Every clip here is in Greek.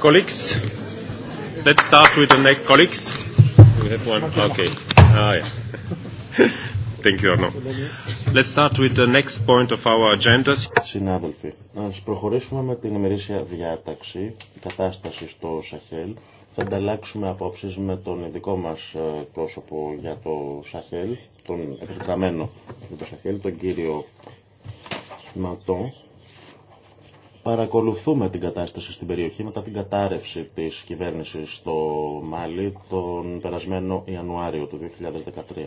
Colleagues, let's start with the next colleagues. We have one. Okay. Ah, yeah. Thank you, Arno. Let's start with the next point of our agenda. Συνάδελφοι, ας προχωρήσουμε με την ημερήσια διάταξη, κατάστασης στο Σαχέλ. Θα ανταλλάξουμε απόψεις με τον ειδικό μας ε, πρόσωπο για το Σαχέλ, τον επιστραμμένο για το Σαχέλ, τον κύριο Ματό, Παρακολουθούμε την κατάσταση στην περιοχή μετά την κατάρρευση της κυβέρνησης στο Μάλι τον περασμένο Ιανουάριο του 2013.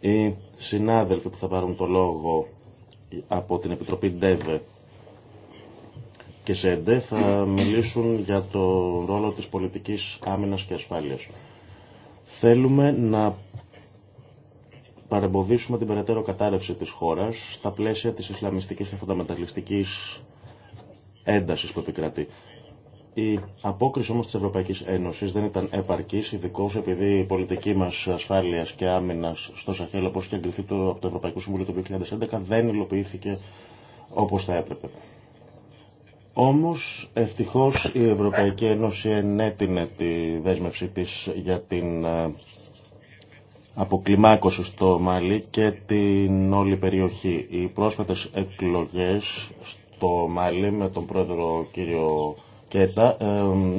Οι συνάδελφοι που θα πάρουν το λόγο από την Επιτροπή ΝΤΕΒΕ και σε θα μιλήσουν για το ρόλο της πολιτικής άμυνας και ασφάλειας. Θέλουμε να παρεμποδίσουμε την περαιτέρω κατάρρευση της χώρας στα πλαίσια της ισλαμιστικής και φονταμεταλλιστικής έντασης που επικρατεί. Η απόκριση όμως της Ευρωπαϊκής Ένωσης δεν ήταν επαρκής, ειδικώ επειδή η πολιτική μας ασφάλειας και άμυνας στο Σαχέλ, όπως και εγκριθεί το, από το Ευρωπαϊκό Συμβούλιο το 2011, δεν υλοποιήθηκε όπως θα έπρεπε. Όμως, ευτυχώς, η Ευρωπαϊκή Ένωση ενέτεινε τη δέσμευση της για την ε, αποκλιμάκωση στο Μάλι και την όλη περιοχή. Οι πρόσφατες εκλογές στο Μάλι με τον πρόεδρο κύριο Κέτα,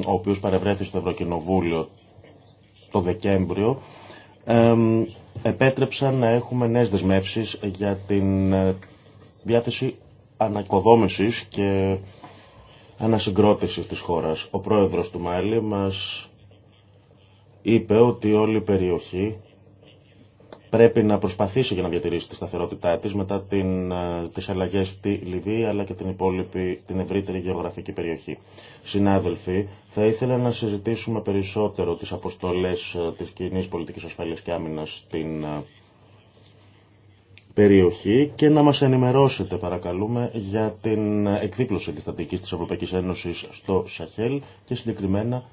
ο οποίος παρευρέθη στο Ευρωκοινοβούλιο το Δεκέμβριο, επέτρεψαν να έχουμε νέες δεσμεύσεις για την ε, διάθεση ανακοδόμησης και ανασυγκρότησης της χώρας. Ο πρόεδρος του Μάλι μας είπε ότι όλη η περιοχή πρέπει να προσπαθήσει για να διατηρήσει τη σταθερότητά τη μετά την, ε, τις αλλαγές στη Λιβύη αλλά και την υπόλοιπη, την ευρύτερη γεωγραφική περιοχή. Συνάδελφοι, θα ήθελα να συζητήσουμε περισσότερο τις αποστολές ε, της κοινή πολιτικής ασφαλείας και άμυνας στην ε, περιοχή και να μας ενημερώσετε παρακαλούμε για την εκδίπλωση της στατικής της Ευρωπαϊκής Ένωσης στο Σαχέλ και συγκεκριμένα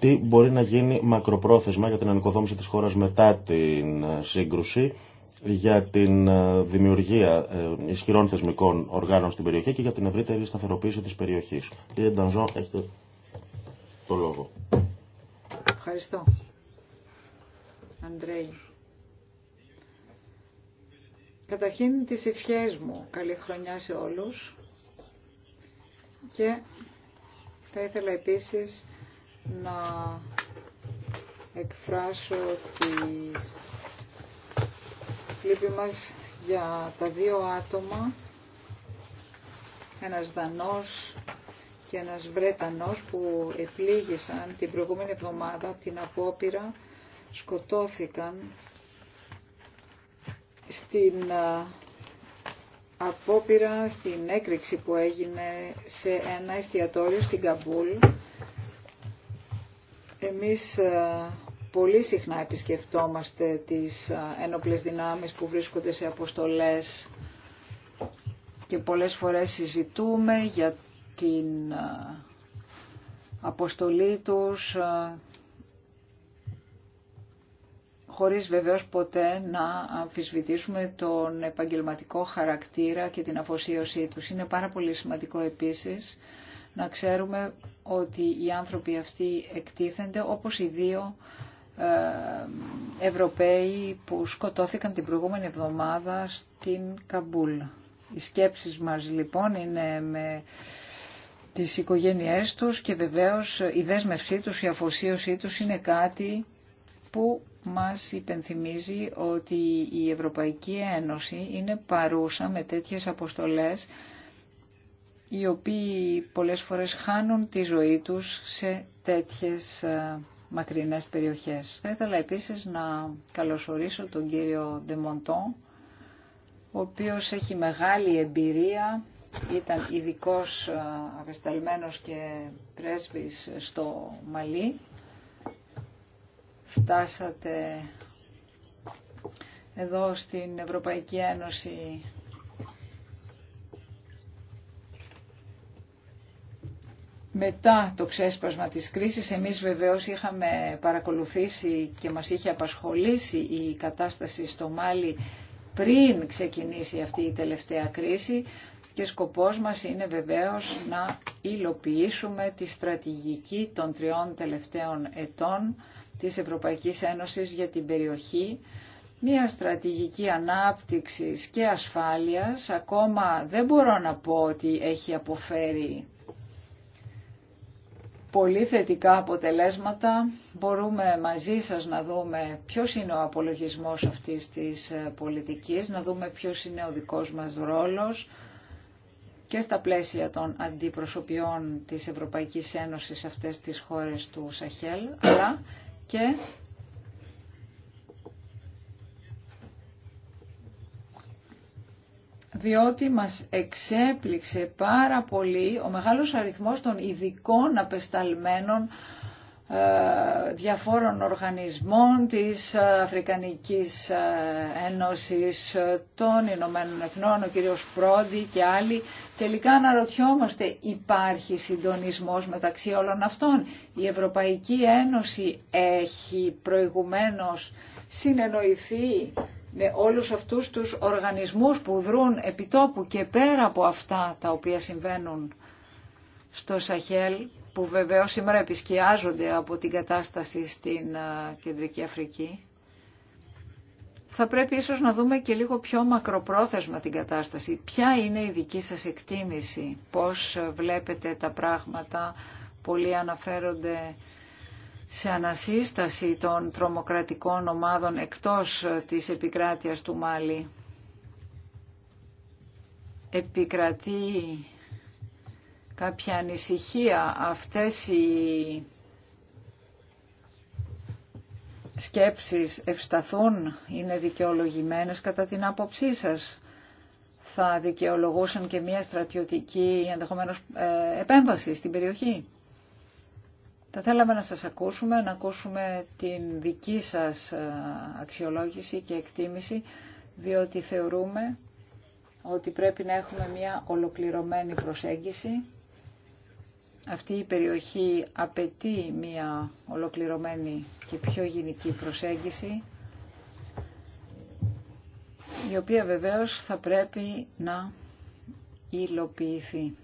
τι μπορεί να γίνει μακροπρόθεσμα για την ανοικοδόμηση της χώρας μετά την ε, σύγκρουση, για την ε, δημιουργία ε, ισχυρών θεσμικών οργάνων στην περιοχή και για την ευρύτερη σταθεροποίηση της περιοχής. Κύριε Ντανζό, έχετε το λόγο. Ευχαριστώ. Αντρέη. Καταρχήν τις ευχές μου. Καλή χρονιά σε όλους. Και θα ήθελα επίσης να εκφράσω τη λύπη μας για τα δύο άτομα, ένας Δανός και ένας Βρετανός που επλήγησαν την προηγούμενη εβδομάδα από την απόπειρα, σκοτώθηκαν στην ε, απόπειρα, στην έκρηξη που έγινε σε ένα εστιατόριο στην Καμπούλ εμείς ε, πολύ συχνά επισκεφτόμαστε τις ε, ένοπλες δυνάμεις που βρίσκονται σε αποστολές και πολλές φορές συζητούμε για την ε, αποστολή τους χωρίς βεβαίως ποτέ να αμφισβητήσουμε τον επαγγελματικό χαρακτήρα και την αφοσίωσή τους. Είναι πάρα πολύ σημαντικό επίσης να ξέρουμε ότι οι άνθρωποι αυτοί εκτίθενται όπως οι δύο ε, Ευρωπαίοι που σκοτώθηκαν την προηγούμενη εβδομάδα στην Καμπούλ. Οι σκέψεις μας λοιπόν είναι με τις οικογένειές τους και βεβαίως η δέσμευσή τους, η αφοσίωσή τους είναι κάτι που μας υπενθυμίζει ότι η Ευρωπαϊκή Ένωση είναι παρούσα με τέτοιες αποστολές οι οποίοι πολλές φορές χάνουν τη ζωή τους σε τέτοιες ε, μακρινές περιοχές. Θα ήθελα επίσης να καλωσορίσω τον κύριο Δεμοντό, ο οποίος έχει μεγάλη εμπειρία, ήταν ειδικό ε, απεσταλμένος και πρέσβης στο Μαλί. Φτάσατε εδώ στην Ευρωπαϊκή Ένωση Μετά το ξέσπασμα της κρίσης, εμείς βεβαίως είχαμε παρακολουθήσει και μας είχε απασχολήσει η κατάσταση στο Μάλι πριν ξεκινήσει αυτή η τελευταία κρίση και σκοπός μας είναι βεβαίως να υλοποιήσουμε τη στρατηγική των τριών τελευταίων ετών της Ευρωπαϊκής Ένωσης για την περιοχή, μια στρατηγική ανάπτυξης και ασφάλειας, ακόμα δεν μπορώ να πω ότι έχει αποφέρει πολύ θετικά αποτελέσματα. Μπορούμε μαζί σας να δούμε ποιος είναι ο απολογισμός αυτής της ε, πολιτικής, να δούμε ποιος είναι ο δικός μας ρόλος και στα πλαίσια των αντιπροσωπιών της Ευρωπαϊκής Ένωσης σε αυτές τις χώρες του Σαχέλ, αλλά και διότι μας εξέπληξε πάρα πολύ ο μεγάλος αριθμός των ειδικών απεσταλμένων ε, διαφόρων οργανισμών της ε, Αφρικανικής ε, Ένωσης των Ηνωμένων Εθνών, ο κύριος Πρόντι και άλλοι. Τελικά αναρωτιόμαστε υπάρχει συντονισμός μεταξύ όλων αυτών. Η Ευρωπαϊκή Ένωση έχει προηγουμένως συνεννοηθεί με όλους αυτούς τους οργανισμούς που δρούν επιτόπου και πέρα από αυτά τα οποία συμβαίνουν στο Σαχέλ, που βεβαίως σήμερα επισκιάζονται από την κατάσταση στην Κεντρική Αφρική. Θα πρέπει ίσως να δούμε και λίγο πιο μακροπρόθεσμα την κατάσταση. Ποια είναι η δική σας εκτίμηση, πώς βλέπετε τα πράγματα, πολλοί αναφέρονται σε ανασύσταση των τρομοκρατικών ομάδων εκτός της επικράτειας του Μάλι. Επικρατεί κάποια ανησυχία αυτές οι σκέψεις ευσταθούν, είναι δικαιολογημένες κατά την άποψή σας. Θα δικαιολογούσαν και μια στρατιωτική ενδεχομένως ε, επέμβαση στην περιοχή. Θα θέλαμε να σας ακούσουμε, να ακούσουμε την δική σας ε, αξιολόγηση και εκτίμηση, διότι θεωρούμε ότι πρέπει να έχουμε μια ολοκληρωμένη προσέγγιση. Αυτή η περιοχή απαιτεί μια ολοκληρωμένη και πιο γενική προσέγγιση, η οποία βεβαίως θα πρέπει να υλοποιηθεί.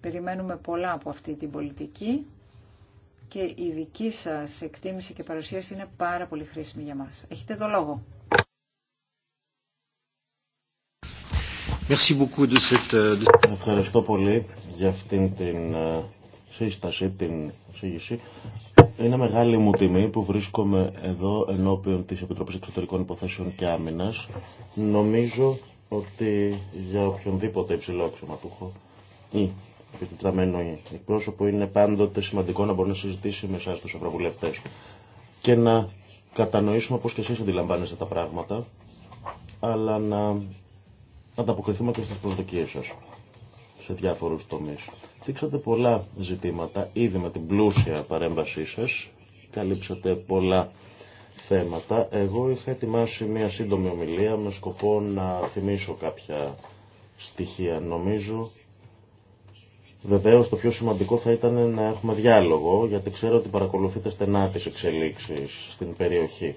Περιμένουμε πολλά από αυτή την πολιτική και η δική σας εκτίμηση και παρουσίαση είναι πάρα πολύ χρήσιμη για μας. Έχετε το λόγο. Euh, Ευχαριστώ πολύ για αυτήν την ε, σύσταση, την εξήγηση. Είναι μεγάλη μου τιμή που βρίσκομαι εδώ ενώπιον της Επιτροπής Εξωτερικών Υποθέσεων και Άμυνας. Νομίζω ότι για οποιονδήποτε υψηλό αξιωματούχο ή επιτετραμένο εκπρόσωπο, είναι πάντοτε σημαντικό να μπορεί να συζητήσει με εσά του ευρωβουλευτέ και να κατανοήσουμε πώ και εσεί αντιλαμβάνεστε τα πράγματα, αλλά να ανταποκριθούμε και στι προσδοκίε σα σε διάφορου τομεί. Δείξατε πολλά ζητήματα ήδη με την πλούσια παρέμβασή σα. Καλύψατε πολλά θέματα. Εγώ είχα ετοιμάσει μια σύντομη ομιλία με σκοπό να θυμίσω κάποια στοιχεία. Νομίζω Βεβαίως το πιο σημαντικό θα ήταν να έχουμε διάλογο, γιατί ξέρω ότι παρακολουθείτε στενά τις εξελίξεις στην περιοχή.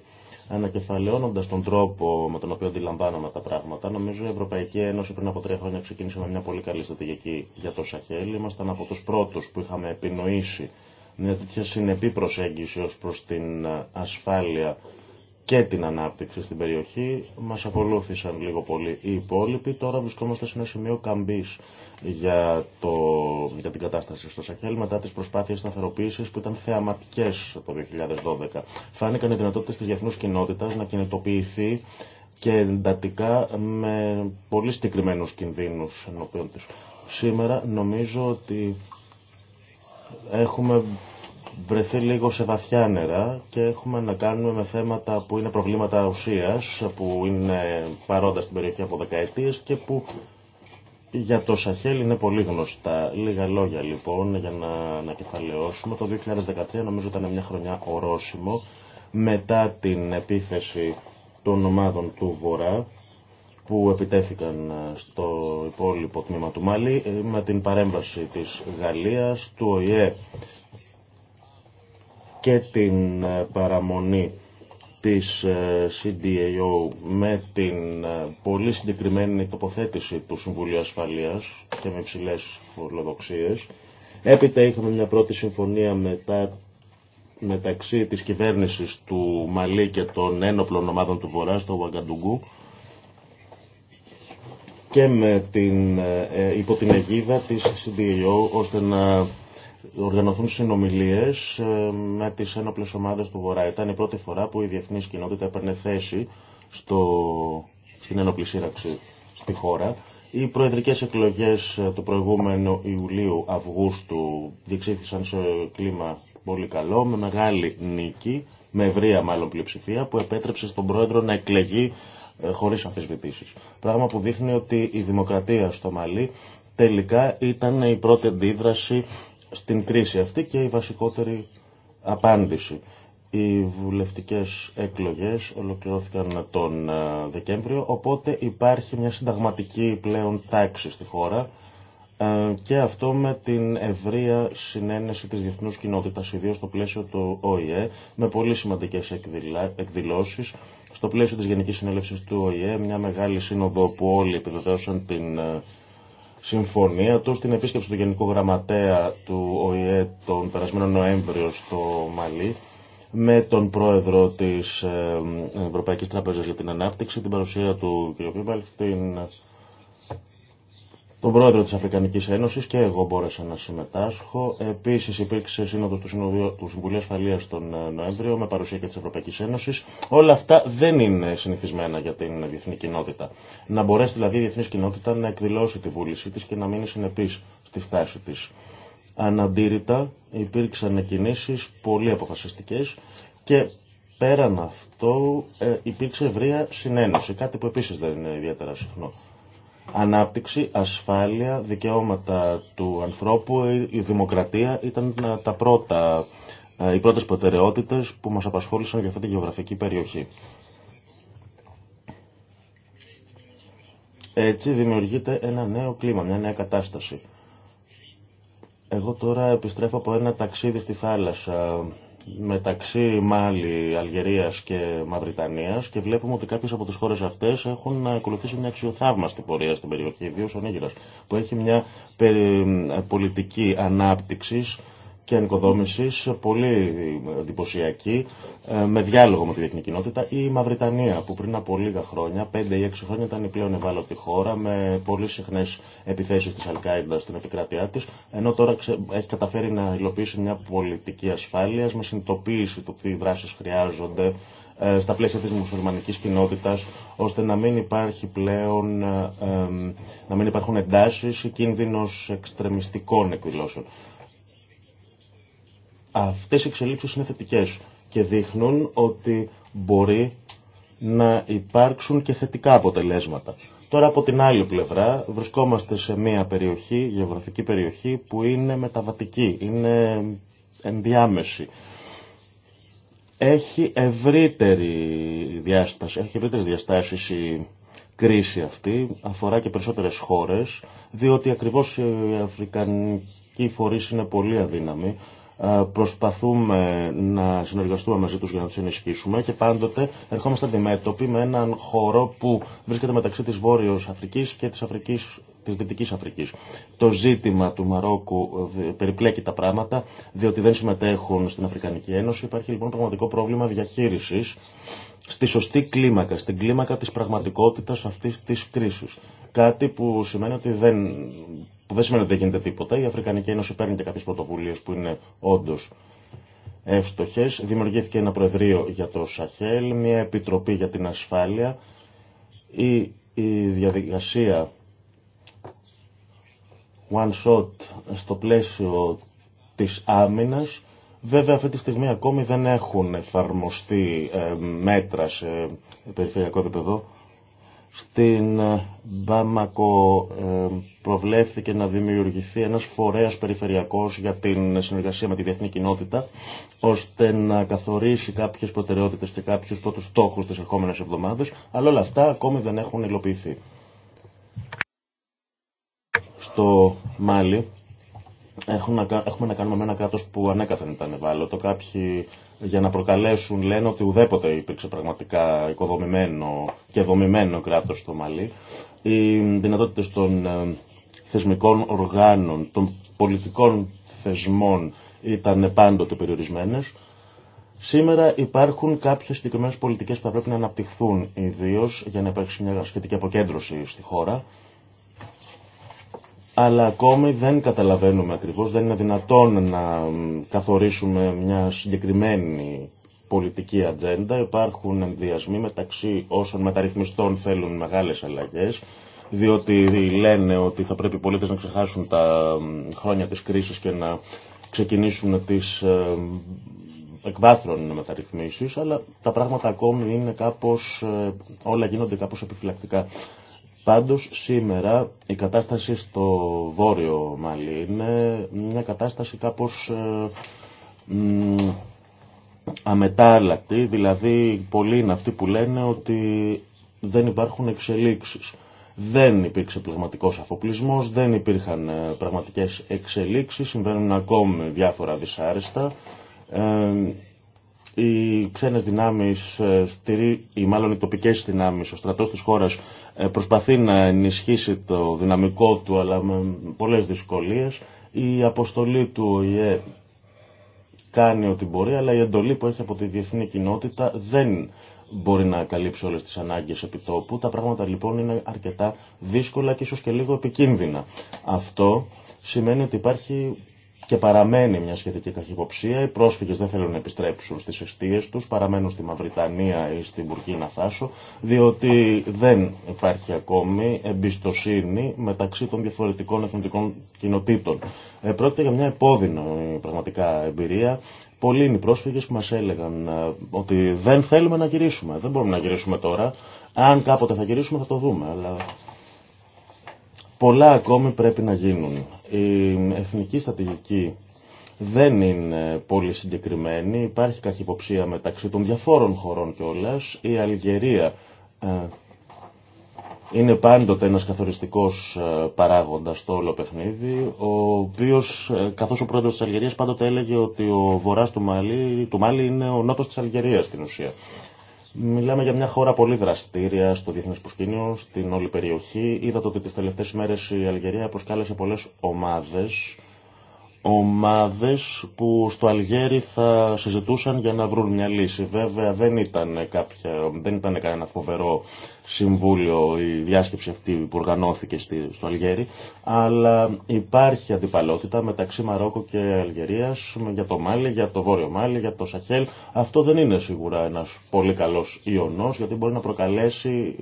Ανακεφαλαιώνοντα τον τρόπο με τον οποίο αντιλαμβάνομαι τα πράγματα, νομίζω η Ευρωπαϊκή Ένωση πριν από τρία χρόνια ξεκίνησε με μια πολύ καλή στρατηγική για το Σαχέλ. Ήμασταν από του πρώτου που είχαμε επινοήσει μια τέτοια συνεπή προσέγγιση ω προ την ασφάλεια και την ανάπτυξη στην περιοχή. Μα ακολούθησαν λίγο πολύ οι υπόλοιποι. Τώρα βρισκόμαστε σε ένα σημείο καμπή για, το, για την κατάσταση στο Σαχέλ μετά τι προσπάθειε σταθεροποίηση που ήταν θεαματικές το 2012. Φάνηκαν οι δυνατότητε τη διεθνού κοινότητα να κινητοποιηθεί και εντατικά με πολύ συγκεκριμένου κινδύνου ενώπιον τη. Σήμερα νομίζω ότι έχουμε βρεθεί λίγο σε βαθιά νερά και έχουμε να κάνουμε με θέματα που είναι προβλήματα ουσίας, που είναι παρόντα στην περιοχή από δεκαετίες και που για το Σαχέλ είναι πολύ γνωστά. Λίγα λόγια λοιπόν για να ανακεφαλαιώσουμε. Το 2013 νομίζω ήταν μια χρονιά ορόσημο μετά την επίθεση των ομάδων του Βορρά που επιτέθηκαν στο υπόλοιπο τμήμα του Μάλι με την παρέμβαση της Γαλλίας, του ΟΗΕ και την ε, παραμονή της ε, CDAO με την ε, πολύ συγκεκριμένη τοποθέτηση του Συμβουλίου Ασφαλείας και με υψηλές φορολογίες. Έπειτα είχαμε μια πρώτη συμφωνία μετά μεταξύ της κυβέρνησης του Μαλή και των ένοπλων ομάδων του Βορρά στο Ουαγκαντουγκού και με την, υπό την αιγίδα της CDAO ώστε να οργανωθούν συνομιλίε ε, με τι ένοπλες ομάδε του Βορρά. Ήταν η πρώτη φορά που η διεθνή κοινότητα έπαιρνε θέση στο, στην ένοπλη σύραξη στη χώρα. Οι προεδρικές εκλογές ε, του προηγούμενου Ιουλίου-Αυγούστου διεξήθησαν σε κλίμα πολύ καλό, με μεγάλη νίκη, με ευρεία μάλλον πλειοψηφία, που επέτρεψε στον πρόεδρο να εκλεγεί ε, χωρίς αμφισβητήσεις. Πράγμα που δείχνει ότι η δημοκρατία στο Μαλί τελικά ήταν η πρώτη αντίδραση στην κρίση αυτή και η βασικότερη απάντηση. Οι βουλευτικές εκλογές ολοκληρώθηκαν τον ε, Δεκέμβριο, οπότε υπάρχει μια συνταγματική πλέον τάξη στη χώρα ε, και αυτό με την ευρεία συνένεση της διεθνούς κοινότητας, ιδίως στο πλαίσιο του ΟΗΕ, με πολύ σημαντικές εκδηλώσεις. Στο πλαίσιο της Γενικής Συνέλευσης του ΟΗΕ, μια μεγάλη σύνοδο που όλοι επιβεβαίωσαν την ε, συμφωνία του στην επίσκεψη του Γενικού Γραμματέα του ΟΗΕ τον περασμένο Νοέμβριο στο Μαλί με τον πρόεδρο της ε, Ευρωπαϊκής Τράπεζας για την Ανάπτυξη, την παρουσία του κ. Πίμπαλ τον πρόεδρο της Αφρικανικής Ένωσης και εγώ μπόρεσα να συμμετάσχω. Επίσης υπήρξε σύνοδος του, του Συμβουλίου Ασφαλείας τον ε, Νοέμβριο με παρουσία και της Ευρωπαϊκής Ένωσης. Όλα αυτά δεν είναι συνηθισμένα για την διεθνή κοινότητα. Να μπορέσει δηλαδή η διεθνή κοινότητα να εκδηλώσει τη βούλησή της και να μείνει συνεπής στη φτάση της. Αναντήρητα υπήρξαν κινήσεις πολύ αποφασιστικές και πέραν αυτό ε, υπήρξε ευρεία συνένεση, κάτι που επίσης δεν είναι ιδιαίτερα συχνό. Ανάπτυξη, ασφάλεια, δικαιώματα του ανθρώπου, η δημοκρατία ήταν ε, τα πρώτα, ε, οι πρώτες προτεραιότητες που μας απασχόλησαν για αυτή τη γεωγραφική περιοχή. Έτσι δημιουργείται ένα νέο κλίμα, μια νέα κατάσταση. Εγώ τώρα επιστρέφω από ένα ταξίδι στη θάλασσα μεταξύ Μάλι, Αλγερίας και Μαυριτανίας και βλέπουμε ότι κάποιες από τις χώρες αυτές έχουν ακολουθήσει μια αξιοθαύμαστη πορεία στην περιοχή, ιδίω ο που έχει μια πολιτική ανάπτυξης και ενοικοδόμηση πολύ εντυπωσιακή ε, με διάλογο με τη διεθνή κοινότητα ή η Μαυριτανία που πριν από λίγα χρόνια, χρόνια ήταν η πλέον ευάλωτη χώρα με πολύ συχνές επιθέσεις της Αλκάιντα στην επικράτειά τη, ενώ τώρα έχει καταφέρει να υλοποιήσει μια πολιτική ασφάλεια με συνειδητοποίηση του τι δράσει χρειάζονται ε, στα πλαίσια της μουσουλμανικής κοινότητας ώστε να μην υπάρχει πλέον ε, να μην υπάρχουν εντάσεις ή κίνδυνος εξτρεμιστικών εκδηλώσεων. Αυτέ οι εξελίξει είναι θετικές και δείχνουν ότι μπορεί να υπάρξουν και θετικά αποτελέσματα. Τώρα από την άλλη πλευρά βρισκόμαστε σε μια περιοχή, γεωγραφική περιοχή που είναι μεταβατική, είναι ενδιάμεση. Έχει ευρύτερη διάσταση, έχει ευρύτερες διαστάσεις η κρίση αυτή, αφορά και περισσότερες χώρες, διότι ακριβώς οι αφρικανικοί φορείς είναι πολύ αδύναμη ε, προσπαθούμε να συνεργαστούμε μαζί τους για να τους ενισχύσουμε και πάντοτε ερχόμαστε αντιμέτωποι με έναν χώρο που βρίσκεται μεταξύ της Βόρειος Αφρικής και της, Αφρικής, της Δυτικής Αφρικής. Το ζήτημα του Μαρόκου ε, περιπλέκει τα πράγματα διότι δεν συμμετέχουν στην Αφρικανική Ένωση. Υπάρχει λοιπόν πραγματικό πρόβλημα διαχείρισης στη σωστή κλίμακα, στην κλίμακα της πραγματικότητας αυτής της κρίσης. Κάτι που σημαίνει ότι δεν που δεν σημαίνει ότι δεν γίνεται τίποτα. Η Αφρικανική Ένωση παίρνει και κάποιε πρωτοβουλίε που είναι όντω εύστοχε. Δημιουργήθηκε ένα Προεδρείο για το Σαχέλ, μια Επιτροπή για την Ασφάλεια. Η, η διαδικασία one shot στο πλαίσιο της άμυνας Βέβαια αυτή τη στιγμή ακόμη δεν έχουν εφαρμοστεί ε, μέτρα σε περιφερειακό επίπεδο στην ε, Μπάμακο ε, προβλέφθηκε να δημιουργηθεί ένας φορέας περιφερειακός για την συνεργασία με τη διεθνή κοινότητα, ώστε να καθορίσει κάποιες προτεραιότητες και κάποιους πρώτους στόχους τις ερχόμενες εβδομάδες, αλλά όλα αυτά ακόμη δεν έχουν υλοποιηθεί. Στο Μάλι Έχουμε να κάνουμε με ένα κράτο που ανέκαθεν ήταν ευάλωτο. Κάποιοι για να προκαλέσουν λένε ότι ουδέποτε υπήρξε πραγματικά οικοδομημένο και δομημένο κράτο στο Μαλή. Οι δυνατότητε των ε, θεσμικών οργάνων, των πολιτικών θεσμών ήταν πάντοτε περιορισμένε. Σήμερα υπάρχουν κάποιε συγκεκριμένε πολιτικέ που θα πρέπει να αναπτυχθούν, ιδίω για να υπάρξει μια σχετική αποκέντρωση στη χώρα αλλά ακόμη δεν καταλαβαίνουμε ακριβώς, δεν είναι δυνατόν να καθορίσουμε μια συγκεκριμένη πολιτική ατζέντα. Υπάρχουν ενδιασμοί μεταξύ όσων μεταρρυθμιστών θέλουν μεγάλες αλλαγές, διότι λένε ότι θα πρέπει οι πολίτες να ξεχάσουν τα χρόνια της κρίσης και να ξεκινήσουν τις ε, εκβάθρων μεταρρυθμίσεις, αλλά τα πράγματα ακόμη είναι κάπως, ε, όλα γίνονται κάπως επιφυλακτικά. Πάντως σήμερα η κατάσταση στο βόρειο Μαλή είναι μια κατάσταση κάπως ε, αμετάλλακτη, δηλαδή πολλοί είναι αυτοί που λένε ότι δεν υπάρχουν εξελίξεις. Δεν υπήρξε πραγματικός αφοπλισμός, δεν υπήρχαν ε, πραγματικές εξελίξεις, συμβαίνουν ακόμη διάφορα δυσάρεστα. Ε, οι ξένες δυνάμεις, ή μάλλον οι τοπικές δυνάμεις, ο στρατός της χώρας ε, προσπαθεί να ενισχύσει το δυναμικό του αλλά με πολλές δυσκολίες. Η αποστολή του ΟΗΕ κάνει ό,τι μπορεί αλλά η εντολή που έχει από τη διεθνή κοινότητα δεν μπορεί να καλύψει όλες τις ανάγκες επιτόπου. Τα πράγματα λοιπόν είναι αρκετά δύσκολα και ίσως και λίγο επικίνδυνα. Αυτό σημαίνει ότι υπάρχει και παραμένει μια σχετική καχυποψία. Οι πρόσφυγε δεν θέλουν να επιστρέψουν στι αιστείε του, παραμένουν στη Μαυριτανία ή στην Μπουρκίνα Θάσο, διότι δεν υπάρχει ακόμη εμπιστοσύνη μεταξύ των διαφορετικών εθνικών κοινοτήτων. Ε, πρόκειται για μια επώδυνο ε, πραγματικά εμπειρία. Πολλοί είναι οι πρόσφυγε που μα έλεγαν ε, ότι δεν θέλουμε να γυρίσουμε. Δεν μπορούμε να γυρίσουμε τώρα. Αν κάποτε θα γυρίσουμε θα το δούμε, αλλά πολλά ακόμη πρέπει να γίνουν η εθνική στρατηγική δεν είναι πολύ συγκεκριμένη. Υπάρχει καχυποψία μεταξύ των διαφόρων χωρών κιόλα. Η Αλγερία ε, είναι πάντοτε ένας καθοριστικός ε, παράγοντας στο όλο παιχνίδι, ο οποίος, ε, καθώς ο πρόεδρος της Αλγερίας πάντοτε έλεγε ότι ο βορράς του Μάλι, του Μάλι είναι ο νότος της Αλγερίας στην ουσία. Μιλάμε για μια χώρα πολύ δραστήρια στο διεθνές προσκήνιο, στην όλη περιοχή. Είδατε ότι τι τελευταίες μέρες η Αλγερία προσκάλεσε πολλέ ομάδες, ομάδες που στο Αλγέρι θα συζητούσαν για να βρουν μια λύση. Βέβαια δεν ήταν, κάποια, δεν ήταν κανένα φοβερό συμβούλιο, η διάσκεψη αυτή που οργανώθηκε στο Αλγέρι, αλλά υπάρχει αντιπαλότητα μεταξύ Μαρόκο και Αλγερίας για το Μάλι, για το Βόρειο Μάλι, για το Σαχέλ. Αυτό δεν είναι σίγουρα ένας πολύ καλός ιονός, γιατί μπορεί να προκαλέσει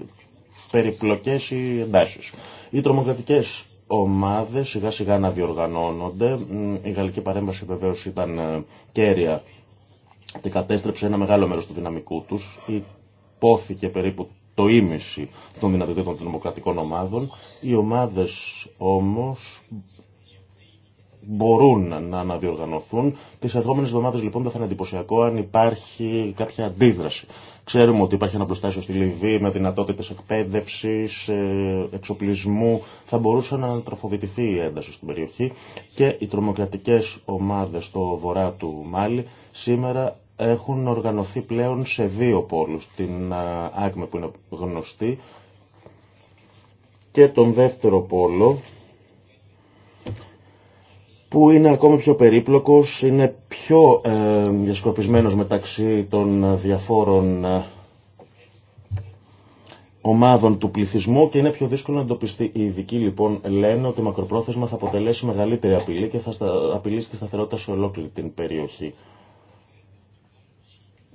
περιπλοκές ή εντάσεις. Οι τρομοκρατικές ομάδες σιγά σιγά να διοργανώνονται. Η γαλλική παρέμβαση βεβαίως γαλλικη παρεμβαση βεβαίω κέρια και κατέστρεψε ένα μεγάλο μέρος του δυναμικού τους. Υπόθηκε περίπου το ίμιση των δυνατοτήτων των δημοκρατικών ομάδων. Οι ομάδες όμως μπορούν να αναδιοργανωθούν. Τις ερχόμενες εβδομάδες λοιπόν δεν θα είναι εντυπωσιακό αν υπάρχει κάποια αντίδραση. Ξέρουμε ότι υπάρχει ένα προστάσιο στη Λιβύη με δυνατότητες εκπαίδευσης, ε, εξοπλισμού. Θα μπορούσε να τραφοδητηθεί η ένταση στην περιοχή και οι τρομοκρατικές ομάδες στο βορρά του Μάλι σήμερα έχουν οργανωθεί πλέον σε δύο πόλους, την ΑΚΜΕ που είναι γνωστή και τον δεύτερο πόλο που είναι ακόμη πιο περίπλοκος, είναι πιο ε, διασκορπισμένος μεταξύ των διαφόρων ε, ομάδων του πληθυσμού και είναι πιο δύσκολο να εντοπιστεί. Οι ειδικοί λοιπόν λένε ότι μακροπρόθεσμα θα αποτελέσει μεγαλύτερη απειλή και θα απειλήσει τη σταθερότητα σε ολόκληρη την περιοχή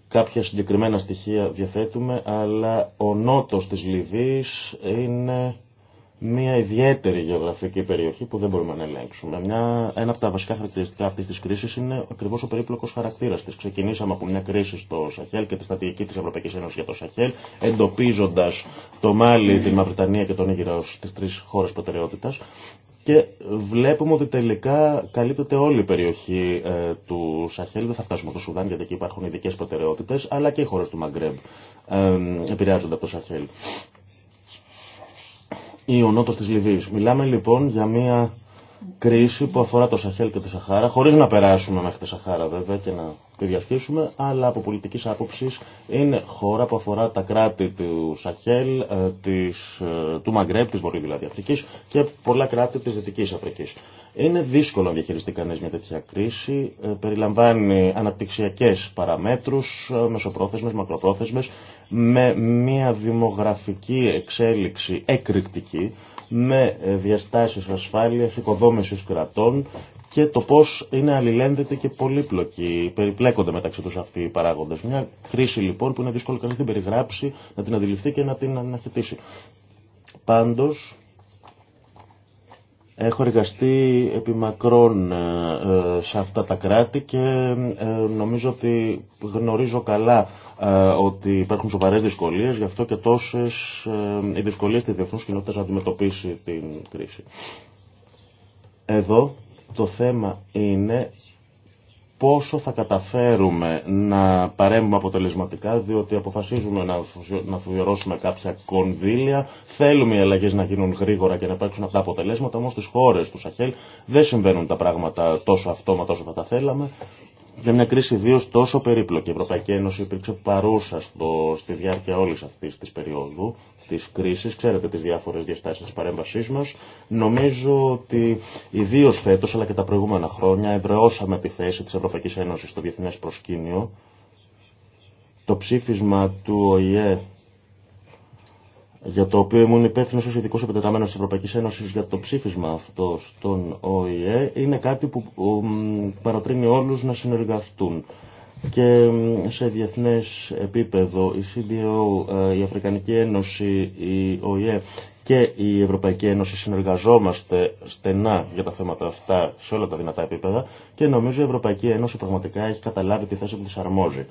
κάποια συγκεκριμένα στοιχεία διαθέτουμε, αλλά ο νότος της Λιβύης είναι μια ιδιαίτερη γεωγραφική περιοχή που δεν μπορούμε να ελέγξουμε. Μια, ένα από τα βασικά χαρακτηριστικά αυτή τη κρίση είναι ακριβώ ο περίπλοκο χαρακτήρα τη. Ξεκινήσαμε από μια κρίση στο Σαχέλ και τη στρατηγική τη Ευρωπαϊκή Ένωση για το Σαχέλ, εντοπίζοντα το Μάλι, τη Μαυριτανία και τον Ήγηρα ω τι τρει χώρε προτεραιότητα. Και βλέπουμε ότι τελικά καλύπτεται όλη η περιοχή ε, του Σαχέλ. Δεν θα φτάσουμε στο Σουδάν γιατί εκεί υπάρχουν ειδικέ προτεραιότητε, αλλά και οι χώρε του Μαγκρέμπ ε, επηρεάζονται από το Σαχέλ ή ο νότος της Λιβύης. Μιλάμε λοιπόν για μια κρίση που αφορά το Σαχέλ και τη Σαχάρα, χωρίς να περάσουμε μέχρι τη Σαχάρα βέβαια και να τη διασχίσουμε, αλλά από πολιτικής άποψης είναι χώρα που αφορά τα κράτη του Σαχέλ, ε, της, ε, του Μαγκρέπ, της Βορείου δηλαδή Αφρικής και πολλά κράτη της Δυτικής Αφρικής. Είναι δύσκολο να διαχειριστεί κανεί μια τέτοια κρίση. Ε, περιλαμβάνει αναπτυξιακές παραμέτρους, ε, μεσοπρόθεσμε, μακροπρόθεσμε, με μια δημογραφική εξέλιξη εκρηκτική, με ε, διαστάσεις ασφάλειας, οικοδόμηση κρατών και το πώς είναι αλληλένδετοι και πολύπλοκοι, περιπλέκονται μεταξύ τους αυτοί οι παράγοντες. Μια κρίση λοιπόν που είναι δύσκολο κανεί να την περιγράψει, να την αντιληφθεί και να την αναχαιτήσει. Πάντως, Έχω εργαστεί επί επιμακρών ε, ε, σε αυτά τα κράτη και ε, νομίζω ότι γνωρίζω καλά ότι υπάρχουν σοβαρές δυσκολίες, γι' αυτό και τόσες οι δυσκολίες της διεθνούς κοινότητα να αντιμετωπίσει την κρίση. Εδώ το θέμα είναι πόσο θα καταφέρουμε να παρέμβουμε αποτελεσματικά, διότι αποφασίζουμε να αφιερώσουμε κάποια κονδύλια, θέλουμε οι αλλαγέ να γίνουν γρήγορα και να υπάρξουν αυτά αποτελέσματα, όμω στι χώρε του Σαχέλ δεν συμβαίνουν τα πράγματα τόσο αυτόματα όσο θα τα θέλαμε. Για μια κρίση ιδίω τόσο περίπλοκη, η Ευρωπαϊκή Ένωση υπήρξε παρούσα στο, στη διάρκεια όλη αυτή τη περίοδου Τη κρίση, ξέρετε τι διάφορε διαστάσει τη παρέμβασή μα. Νομίζω ότι ιδίω φέτο, αλλά και τα προηγούμενα χρόνια εδραιώσαμε τη θέση τη Ευρωπαϊκή Ένωση στο διεθνέ προσκήνιο. Το ψήφισμα του ΟΗΕ για το οποίο ήμουν υπεύθυνο ω ειδικό επιτεταμένο τη Ευρωπαϊκή Ένωση για το ψήφισμα αυτό στον ΟΗΕ, είναι κάτι που παροτρύνει όλου να συνεργαστούν και σε διεθνές επίπεδο η CDO, ε, η Αφρικανική Ένωση, η ΟΗΕ και η Ευρωπαϊκή Ένωση συνεργαζόμαστε στενά για τα θέματα αυτά σε όλα τα δυνατά επίπεδα και νομίζω η Ευρωπαϊκή Ένωση πραγματικά έχει καταλάβει τη θέση που της αρμόζει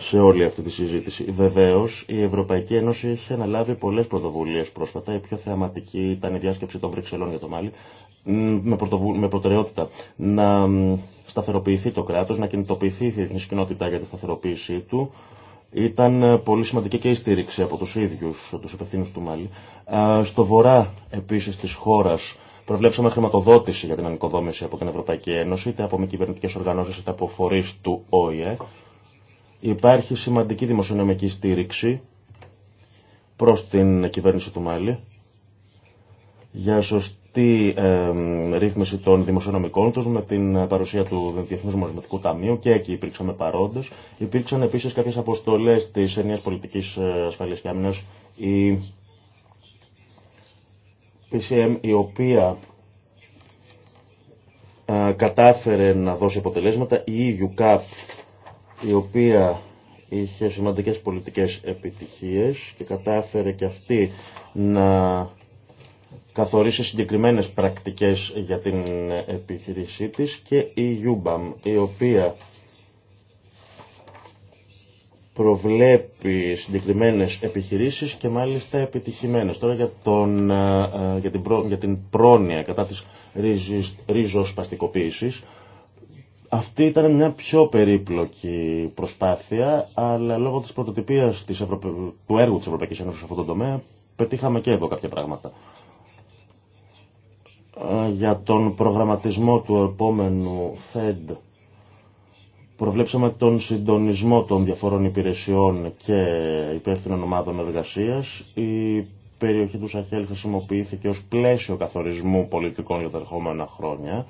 σε όλη αυτή τη συζήτηση. Βεβαίω, η Ευρωπαϊκή Ένωση είχε αναλάβει πολλέ πρωτοβουλίε πρόσφατα. Η πιο θεαματική ήταν η διάσκεψη των Βρυξελών για το Μάλι, με, με προτεραιότητα να σταθεροποιηθεί το κράτο, να κινητοποιηθεί η διεθνή κοινότητα για τη σταθεροποίησή του. Ήταν ε, πολύ σημαντική και η στήριξη από του ίδιου του υπευθύνου του Μάλι. Στο βορρά επίση τη χώρα προβλέψαμε χρηματοδότηση για την ανοικοδόμηση από την Ευρωπαϊκή Ένωση, είτε από μη κυβερνητικέ οργανώσει είτε από φορεί του ΟΗΕ. Υπάρχει σημαντική δημοσιονομική στήριξη προς την κυβέρνηση του Μάλι για σωστή ρύθμιση των δημοσιονομικών τους με την παρουσία του Διεθνούς Ταμείου και εκεί υπήρξαμε παρόντες. Υπήρξαν επίσης κάποιες αποστολές της ενιαίας πολιτικής ε, ασφαλείας και η PCM η οποία ε, κατάφερε να δώσει αποτελέσματα. Η EUCAP η οποία είχε σημαντικές πολιτικές επιτυχίες και κατάφερε και αυτή να καθορίσει συγκεκριμένες πρακτικές για την επιχειρήσή της και η UBAM, η οποία προβλέπει συγκεκριμένες επιχειρήσεις και μάλιστα επιτυχημένες. Τώρα για, τον, ε, ε, για, την, προ, πρόνοια κατά της ρίζος, ρίζος παστικοποίησης, αυτή ήταν μια πιο περίπλοκη προσπάθεια, αλλά λόγω της πρωτοτυπίας της του έργου της Ευρωπαϊκής Ένωσης σε αυτόν τον τομέα, πετύχαμε και εδώ κάποια πράγματα. Ε, για τον προγραμματισμό του επόμενου Fed. προβλέψαμε τον συντονισμό των διαφορών υπηρεσιών και υπεύθυνων ομάδων εργασίας. Η περιοχή του Σαχέλ χρησιμοποιήθηκε ως πλαίσιο καθορισμού πολιτικών για τα ερχόμενα χρόνια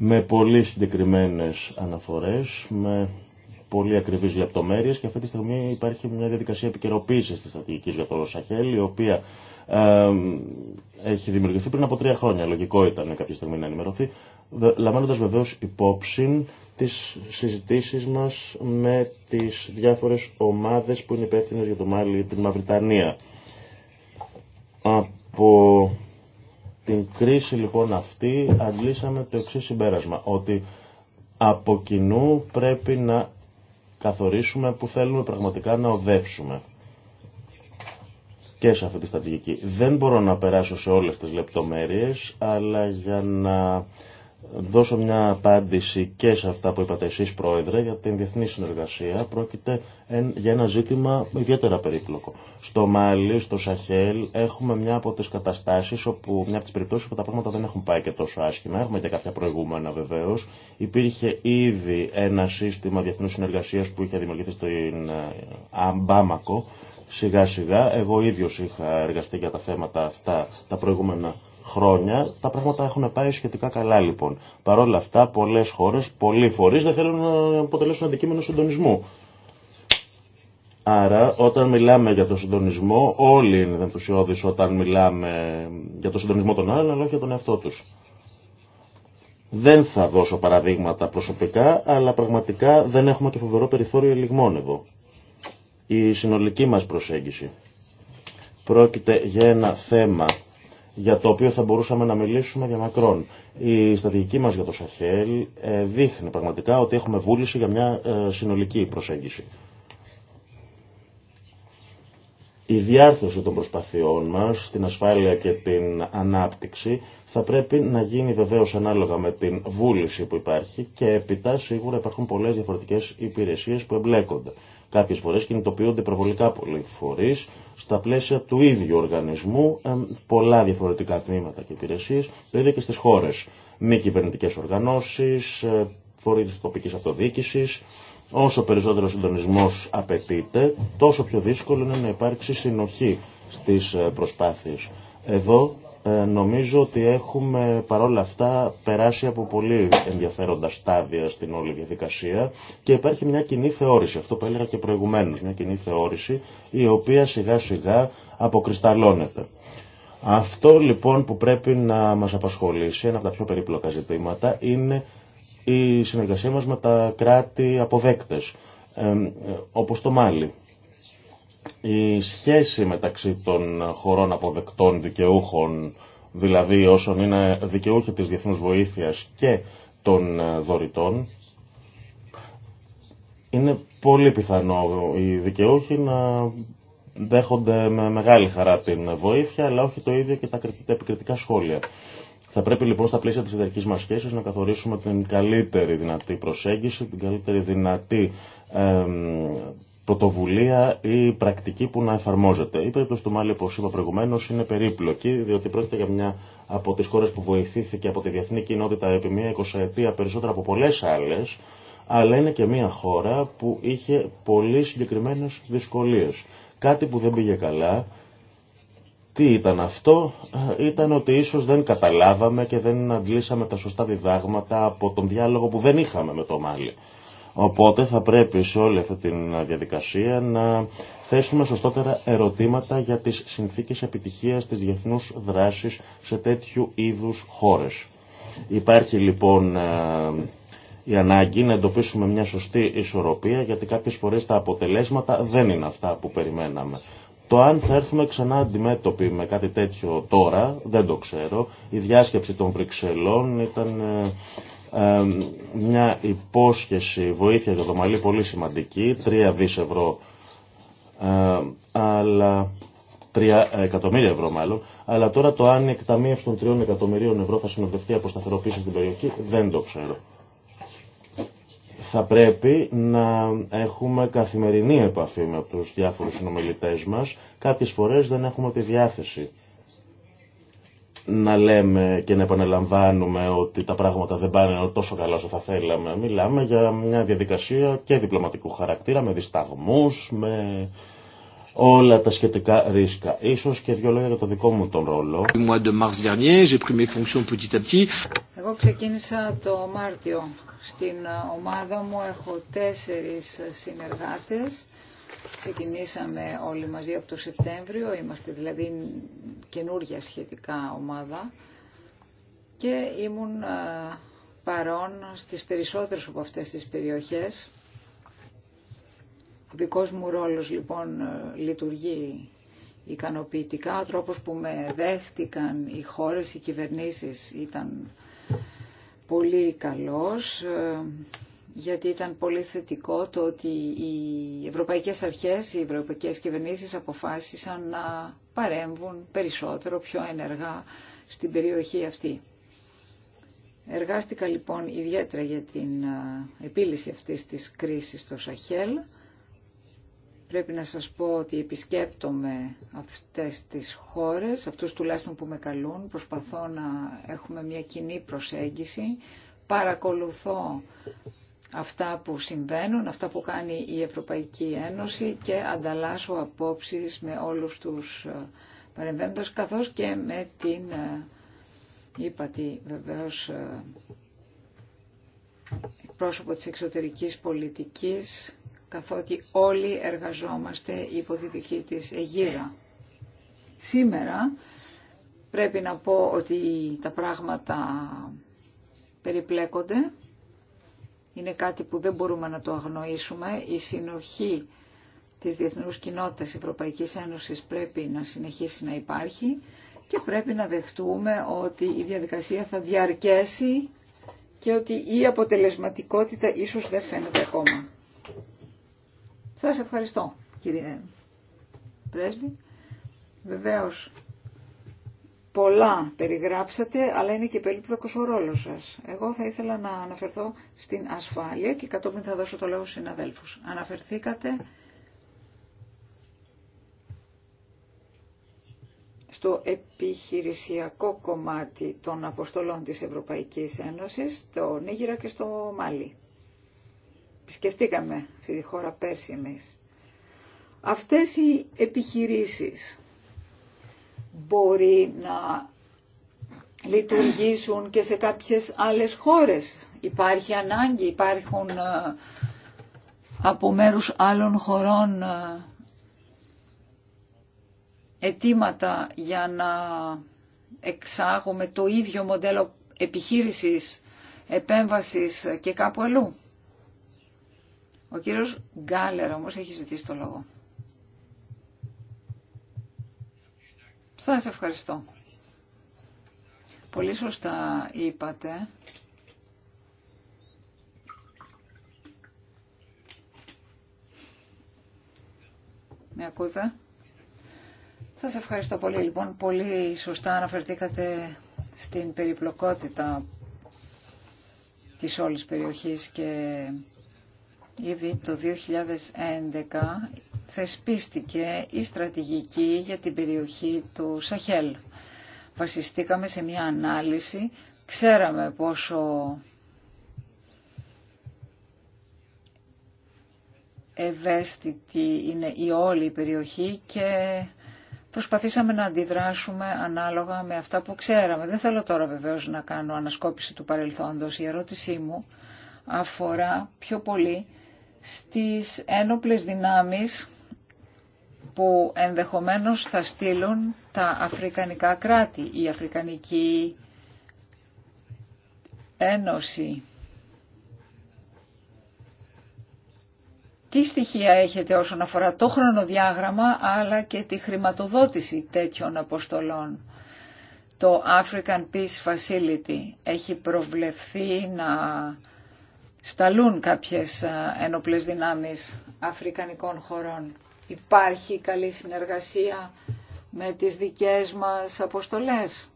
με πολύ συγκεκριμένες αναφορές, με πολύ ακριβείς λεπτομέρειες και αυτή τη στιγμή υπάρχει μια διαδικασία επικαιροποίηση της στρατηγικής για το Ροσαχέλ η οποία έχει δημιουργηθεί πριν από τρία χρόνια. Λογικό ήταν κάποια στιγμή να ενημερωθεί, λαμβάνοντας βεβαίως υπόψη τις συζητήσεις μας με τις διάφορες ομάδες που είναι υπεύθυνε για το Μάλι την Μαυριτανία. Από την κρίση λοιπόν αυτή αντλήσαμε το εξή συμπέρασμα, ότι από κοινού πρέπει να καθορίσουμε που θέλουμε πραγματικά να οδεύσουμε και σε αυτή τη στρατηγική. Δεν μπορώ να περάσω σε όλες τις λεπτομέρειες, αλλά για να δώσω μια απάντηση και σε αυτά που είπατε εσείς Πρόεδρε για την διεθνή συνεργασία πρόκειται για ένα ζήτημα ιδιαίτερα περίπλοκο. Στο Μάλι, στο Σαχέλ έχουμε μια από τις καταστάσεις όπου μια από τις περιπτώσεις που τα πράγματα δεν έχουν πάει και τόσο άσχημα. Έχουμε και κάποια προηγούμενα βεβαίω. Υπήρχε ήδη ένα σύστημα διεθνούς συνεργασίας που είχε δημιουργηθεί στην ε, Αμπάμακο σιγά σιγά. Εγώ ίδιος είχα εργαστεί για τα θέματα αυτά τα προηγούμενα χρόνια τα πράγματα έχουν πάει σχετικά καλά λοιπόν. Παρ' όλα αυτά πολλές χώρες, πολλοί φορείς δεν θέλουν να αποτελέσουν αντικείμενο συντονισμού. Άρα όταν μιλάμε για τον συντονισμό όλοι είναι ενθουσιώδεις όταν μιλάμε για τον συντονισμό των άλλων αλλά όχι για τον εαυτό τους. Δεν θα δώσω παραδείγματα προσωπικά, αλλά πραγματικά δεν έχουμε και φοβερό περιθώριο ελιγμών εδώ. Η συνολική μας προσέγγιση πρόκειται για ένα θέμα για το οποίο θα μπορούσαμε να μιλήσουμε για μακρόν. Η στρατηγική μας για το Σαχέλ ε, δείχνει πραγματικά ότι έχουμε βούληση για μια ε, συνολική προσέγγιση. Η διάρθρωση των προσπαθειών μας στην ασφάλεια και την ανάπτυξη θα πρέπει να γίνει βεβαίως ανάλογα με την βούληση που υπάρχει και επιτα, σίγουρα υπάρχουν πολλές διαφορετικές υπηρεσίες που εμπλέκονται. Κάποιε φορέ κινητοποιούνται προβολικά πολλοί φορεί στα πλαίσια του ίδιου οργανισμού, ε, πολλά διαφορετικά τμήματα και υπηρεσίε, το ίδιο και στις χώρες. Μη κυβερνητικές ε, φορεί τη τοπική αυτοδιοίκηση, Όσο περισσότερο συντονισμό απαιτείται, τόσο πιο δύσκολο είναι να υπάρξει συνοχή στι ε, προσπάθειε Εδώ ε, νομίζω ότι έχουμε παρόλα αυτά περάσει από πολύ ενδιαφέροντα στάδια στην όλη διαδικασία και υπάρχει μια κοινή θεώρηση, αυτό που έλεγα και προηγουμένως, μια κοινή θεώρηση η οποία σιγά σιγά αποκρισταλώνεται. Αυτό λοιπόν που πρέπει να μας απασχολήσει, ένα από τα πιο περίπλοκα ζητήματα, είναι η συνεργασία μας με τα κράτη αποδέκτες, ε, ε, όπως το Μάλι η σχέση μεταξύ των χωρών αποδεκτών δικαιούχων, δηλαδή όσων είναι δικαιούχοι της διεθνούς βοήθειας και των ε, δωρητών, είναι πολύ πιθανό οι δικαιούχοι να δέχονται με μεγάλη χαρά την βοήθεια, αλλά όχι το ίδιο και τα επικριτικά σχόλια. Θα πρέπει λοιπόν στα πλαίσια της εταιρικής μας σχέσης να καθορίσουμε την καλύτερη δυνατή προσέγγιση, την καλύτερη δυνατή πρωτοβουλία ή πρακτική που να εφαρμόζεται. Η περίπτωση του Μάλι, όπω είπα προηγουμένω, είναι περίπλοκη, διότι πρόκειται για μια από τι χώρε που βοηθήθηκε από τη διεθνή κοινότητα επί μια εικοσαετία περισσότερα από πολλέ άλλε, αλλά είναι και μια χώρα που είχε πολύ συγκεκριμένε δυσκολίε. Κάτι που δεν πήγε καλά. Τι ήταν αυτό, ήταν ότι ίσω δεν καταλάβαμε και δεν αντλήσαμε τα σωστά διδάγματα από τον διάλογο που δεν είχαμε με το Μάλι. Οπότε θα πρέπει σε όλη αυτή τη διαδικασία να θέσουμε σωστότερα ερωτήματα για τις συνθήκες επιτυχίας της διεθνούς δράσης σε τέτοιου είδους χώρες. Υπάρχει λοιπόν ε, η ανάγκη να εντοπίσουμε μια σωστή ισορροπία γιατί κάποιες φορές τα αποτελέσματα δεν είναι αυτά που περιμέναμε. Το αν θα έρθουμε ξανά αντιμέτωποι με κάτι τέτοιο τώρα, δεν το ξέρω. Η διάσκεψη των Βρυξελών ήταν ε, μια υπόσχεση βοήθεια για το Μαλί πολύ σημαντική, 3 δις ευρώ, αλλά 3 εκατομμύρια ευρώ μάλλον, αλλά τώρα το αν η των 3 εκατομμυρίων ευρώ θα συνοδευτεί από σταθεροποίηση στην περιοχή δεν το ξέρω. Θα πρέπει να έχουμε καθημερινή επαφή με τους διάφορους συνομιλητές μας. Κάποιες φορές δεν έχουμε τη διάθεση να λέμε και να επαναλαμβάνουμε ότι τα πράγματα δεν πάνε τόσο καλά όσο θα θέλαμε. Μιλάμε για μια διαδικασία και διπλωματικού χαρακτήρα, με δισταγμούς, με όλα τα σχετικά ρίσκα. Ίσως και δύο λόγια για το δικό μου τον ρόλο. Εγώ ξεκίνησα το Μάρτιο. Στην ε, ομάδα μου έχω τέσσερις συνεργάτες Ξεκινήσαμε όλοι μαζί από το Σεπτέμβριο, είμαστε δηλαδή καινούργια σχετικά ομάδα και ήμουν ε, παρόν στις περισσότερες από αυτές τις περιοχές. Ο δικός μου ρόλος λοιπόν ε, λειτουργεί ικανοποιητικά. Ο τρόπος που με δέχτηκαν οι χώρες, οι κυβερνήσεις ήταν πολύ καλός. Ε, γιατί ήταν πολύ θετικό το ότι οι ευρωπαϊκές αρχές, οι ευρωπαϊκές κυβερνήσεις αποφάσισαν να παρέμβουν περισσότερο, πιο ενεργά στην περιοχή αυτή. Εργάστηκα λοιπόν ιδιαίτερα για την επίλυση αυτής της κρίσης στο Σαχέλ. Πρέπει να σας πω ότι επισκέπτομαι αυτές τις χώρες, αυτούς τουλάχιστον που με καλούν, προσπαθώ να έχουμε μια κοινή προσέγγιση, παρακολουθώ αυτά που συμβαίνουν, αυτά που κάνει η Ευρωπαϊκή Ένωση και ανταλλάσσω απόψεις με όλους τους ε, παρεμβαίνοντας καθώς και με την ε, ύπατη βεβαίως ε, πρόσωπο της εξωτερικής πολιτικής καθότι όλοι εργαζόμαστε υπό τη δική της αιγύρα. Σήμερα πρέπει να πω ότι τα πράγματα περιπλέκονται είναι κάτι που δεν μπορούμε να το αγνοήσουμε. Η συνοχή της Διεθνούς Κοινότητας Ευρωπαϊκής Ένωσης πρέπει να συνεχίσει να υπάρχει και πρέπει να δεχτούμε ότι η διαδικασία θα διαρκέσει και ότι η αποτελεσματικότητα ίσως δεν φαίνεται ακόμα. Σας ευχαριστώ κύριε Πρέσβη. Βεβαίως πολλά περιγράψατε, αλλά είναι και περίπλοκος ο ρόλος σας. Εγώ θα ήθελα να αναφερθώ στην ασφάλεια και κατόπιν θα δώσω το λόγο στους συναδέλφους. Αναφερθήκατε στο επιχειρησιακό κομμάτι των αποστολών της Ευρωπαϊκής Ένωσης, το Νίγηρα και στο Μάλι. Επισκεφτήκαμε αυτή τη χώρα πέρσι εμείς. Αυτές οι επιχειρήσεις μπορεί να λειτουργήσουν και σε κάποιες άλλες χώρες. Υπάρχει ανάγκη, υπάρχουν ε, από μέρους άλλων χωρών ε, αιτήματα για να εξάγουμε το ίδιο μοντέλο επιχείρησης, επέμβασης και κάπου αλλού. Ο κύριος Γκάλερ όμως έχει ζητήσει το λόγο. Σας ευχαριστώ. Πολύ σωστά είπατε. Με ακούτε. Σας ευχαριστώ πολύ. Λοιπόν, πολύ σωστά αναφερθήκατε στην περιπλοκότητα της όλης περιοχής και ήδη το 2011 θεσπίστηκε η στρατηγική για την περιοχή του Σαχέλ. Βασιστήκαμε σε μια ανάλυση, ξέραμε πόσο ευαίσθητη είναι η όλη περιοχή και προσπαθήσαμε να αντιδράσουμε ανάλογα με αυτά που ξέραμε. Δεν θέλω τώρα βεβαίως να κάνω ανασκόπηση του παρελθόντος. Η ερώτησή μου αφορά πιο πολύ στις ένοπλες δυνάμεις που ενδεχομένως θα στείλουν τα αφρικανικά κράτη, η Αφρικανική Ένωση. Τι στοιχεία έχετε όσον αφορά το χρονοδιάγραμμα αλλά και τη χρηματοδότηση τέτοιων αποστολών. Το African Peace Facility έχει προβλεφθεί να σταλούν κάποιες ε, ενοπλές δυνάμεις αφρικανικών χωρών υπάρχει καλή συνεργασία με τις δικές μας αποστολές.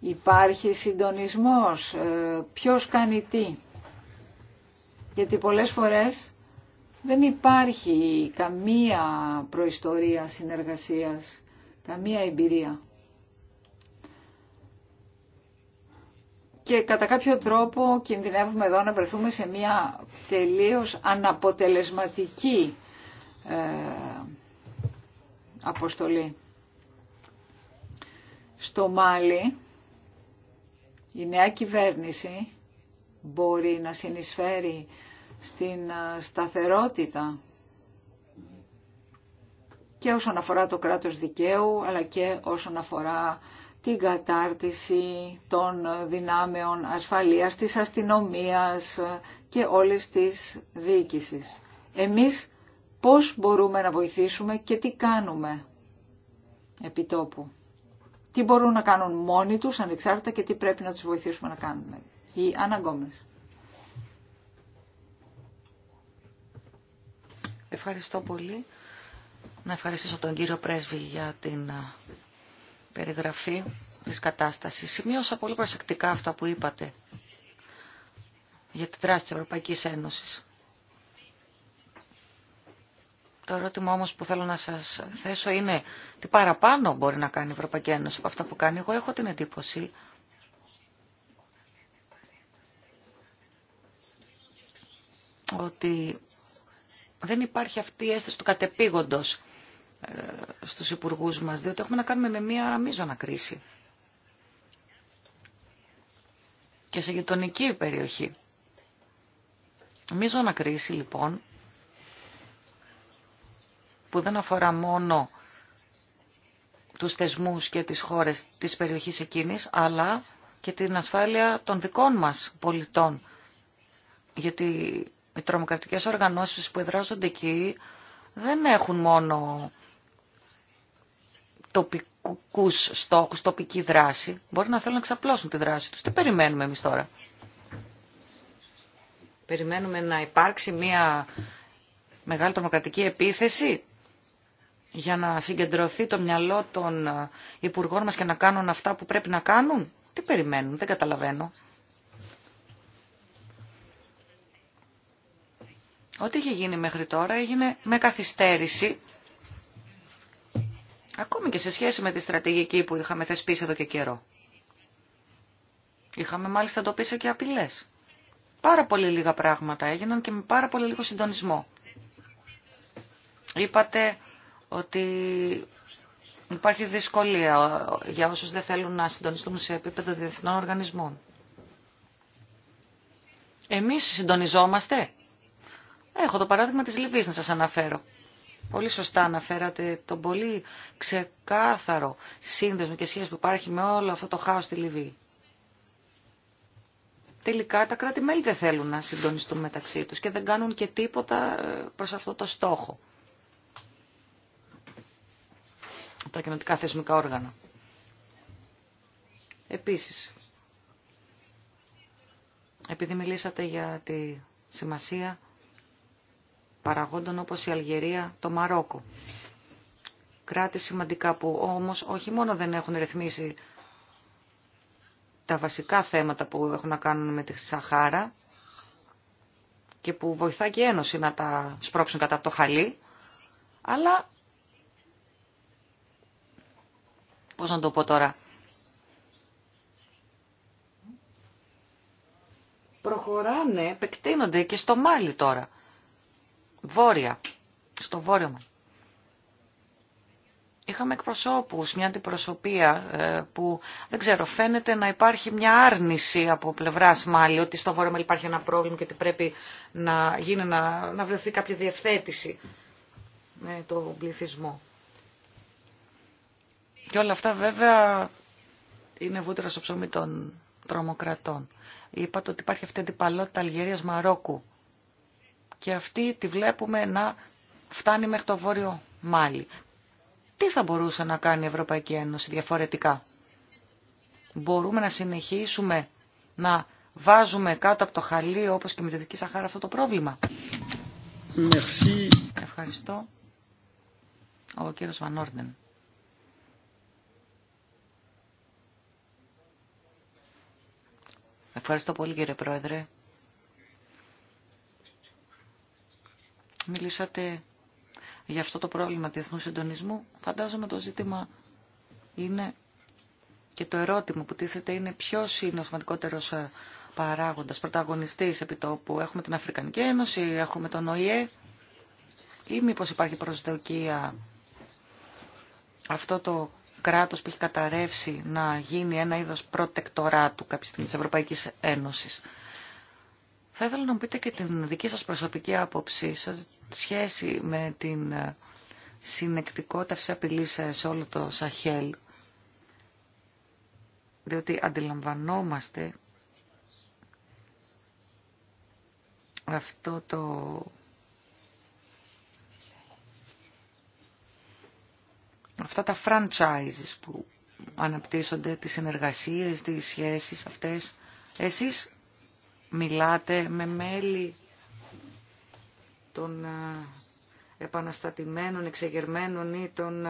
Υπάρχει συντονισμός, ε, ποιος κάνει τι. Γιατί πολλές φορές δεν υπάρχει καμία προϊστορία συνεργασίας, καμία εμπειρία. Και κατά κάποιο τρόπο κινδυνεύουμε εδώ να βρεθούμε σε μια τελείως αναποτελεσματική ε, αποστολή στο Μάλι η νέα κυβέρνηση μπορεί να συνεισφέρει στην ε, σταθερότητα και όσον αφορά το κράτος δικαίου αλλά και όσον αφορά την κατάρτιση των δυνάμεων ασφαλείας, της αστυνομίας και όλες της διοίκησης. Εμείς πώς μπορούμε να βοηθήσουμε και τι κάνουμε επί τόπου. Τι μπορούν να κάνουν μόνοι τους ανεξάρτητα και τι πρέπει να τους βοηθήσουμε να κάνουμε. Η αναγκόμες. Ευχαριστώ πολύ. Να ευχαριστήσω τον κύριο Πρέσβη για την περιγραφή της κατάστασης. Σημείωσα πολύ προσεκτικά αυτά που είπατε για τη δράση της Ευρωπαϊκής Ένωσης. Το ερώτημα όμως που θέλω να σας θέσω είναι τι παραπάνω μπορεί να κάνει η Ευρωπαϊκή Ένωση από αυτά που κάνει. Εγώ έχω την εντύπωση ότι δεν υπάρχει αυτή η αίσθηση του κατεπήγοντος ε, στους υπουργούς μας, διότι έχουμε να κάνουμε με μία μείζωνα κρίση. Και σε γειτονική περιοχή. Μείζωνα κρίση, λοιπόν, που δεν αφορά μόνο τους θεσμούς και τις χώρες της περιοχής εκείνης, αλλά και την ασφάλεια των δικών μας πολιτών. Γιατί οι τρομοκρατικές οργανώσεις που εδράζονται εκεί δεν έχουν μόνο τοπικούς στόχους, τοπική δράση. Μπορεί να θέλουν να ξαπλώσουν τη δράση τους. Τι περιμένουμε εμείς τώρα. Περιμένουμε να υπάρξει μια μεγάλη τρομοκρατική επίθεση για να συγκεντρωθεί το μυαλό των ε, υπουργών μας και να κάνουν αυτά που πρέπει να κάνουν. Τι περιμένουν, δεν καταλαβαίνω. Ό,τι είχε γίνει μέχρι τώρα έγινε με καθυστέρηση, ακόμη και σε σχέση με τη στρατηγική που είχαμε θεσπίσει εδώ και καιρό. Είχαμε μάλιστα το πίσω και απειλές. Πάρα πολύ λίγα πράγματα έγιναν και με πάρα πολύ λίγο συντονισμό. Είπατε ότι υπάρχει δυσκολία για όσους δεν θέλουν να συντονιστούν σε επίπεδο διεθνών οργανισμών. Εμείς συντονιζόμαστε. Έχω το παράδειγμα της Λιβύης να σας αναφέρω. Πολύ σωστά αναφέρατε τον πολύ ξεκάθαρο σύνδεσμο και σχέση που υπάρχει με όλο αυτό το χάος στη Λιβύη. Τελικά τα κράτη-μέλη δεν θέλουν να συντονιστούν μεταξύ τους και δεν κάνουν και τίποτα ε, προς αυτό το στόχο. τα κοινωτικά θεσμικά όργανα. Επίσης, επειδή μιλήσατε για τη σημασία παραγόντων όπως η Αλγερία, το Μαρόκο. Κράτη σημαντικά που όμως όχι μόνο δεν έχουν ρυθμίσει τα βασικά θέματα που έχουν να κάνουν με τη Σαχάρα και που βοηθάει και η Ένωση να τα σπρώξουν κατά το χαλί, αλλά πώς να το πω τώρα, προχωράνε, επεκτείνονται και στο Μάλι τώρα. Βόρεια, στο βόρειο μου. Είχαμε εκπροσώπους, μια αντιπροσωπεία ε, που δεν ξέρω, φαίνεται να υπάρχει μια άρνηση από πλευράς Μάλι ότι στο Βόρειο Μάλι υπάρχει ένα πρόβλημα και ότι πρέπει να, γίνει, να, να βρεθεί κάποια διευθέτηση με τον πληθυσμό. Και όλα αυτά βέβαια είναι βούτυρο στο ψωμί των τρομοκρατών. Είπατε ότι υπάρχει αυτή η αντιπαλότητα Αλγερίας Μαρόκου και αυτή τη βλέπουμε να φτάνει μέχρι το βόρειο Μάλι. Τι θα μπορούσε να κάνει η Ευρωπαϊκή Ένωση διαφορετικά. Μπορούμε να συνεχίσουμε να βάζουμε κάτω από το χαλί όπως και με τη Δυτική Σαχάρα αυτό το πρόβλημα. Merci. Ευχαριστώ. Ο κύριος Βανόρντεν. Ευχαριστώ πολύ κύριε Πρόεδρε. Μιλήσατε για αυτό το πρόβλημα διεθνού συντονισμού. Φαντάζομαι το ζήτημα είναι και το ερώτημα που τίθεται είναι ποιος είναι ο σημαντικότερος ε, παράγοντας, πρωταγωνιστής που Έχουμε την Αφρικανική Ένωση, έχουμε τον ΟΗΕ ή μήπως υπάρχει προσδοκία αυτό το κράτος που έχει καταρρεύσει να γίνει ένα είδος προτεκτοράτου κάποια της Ευρωπαϊκής Ένωσης. Θα ήθελα να μου πείτε και την δική σας προσωπική άποψη σε σχέση με την ε, συνεκτικότητα της απειλής ε, σε όλο το Σαχέλ. Διότι αντιλαμβανόμαστε αυτό το αυτά τα franchises που αναπτύσσονται, τις συνεργασίες, τις σχέσεις αυτές. Εσείς μιλάτε με μέλη των επαναστατημένων, εξεγερμένων ή των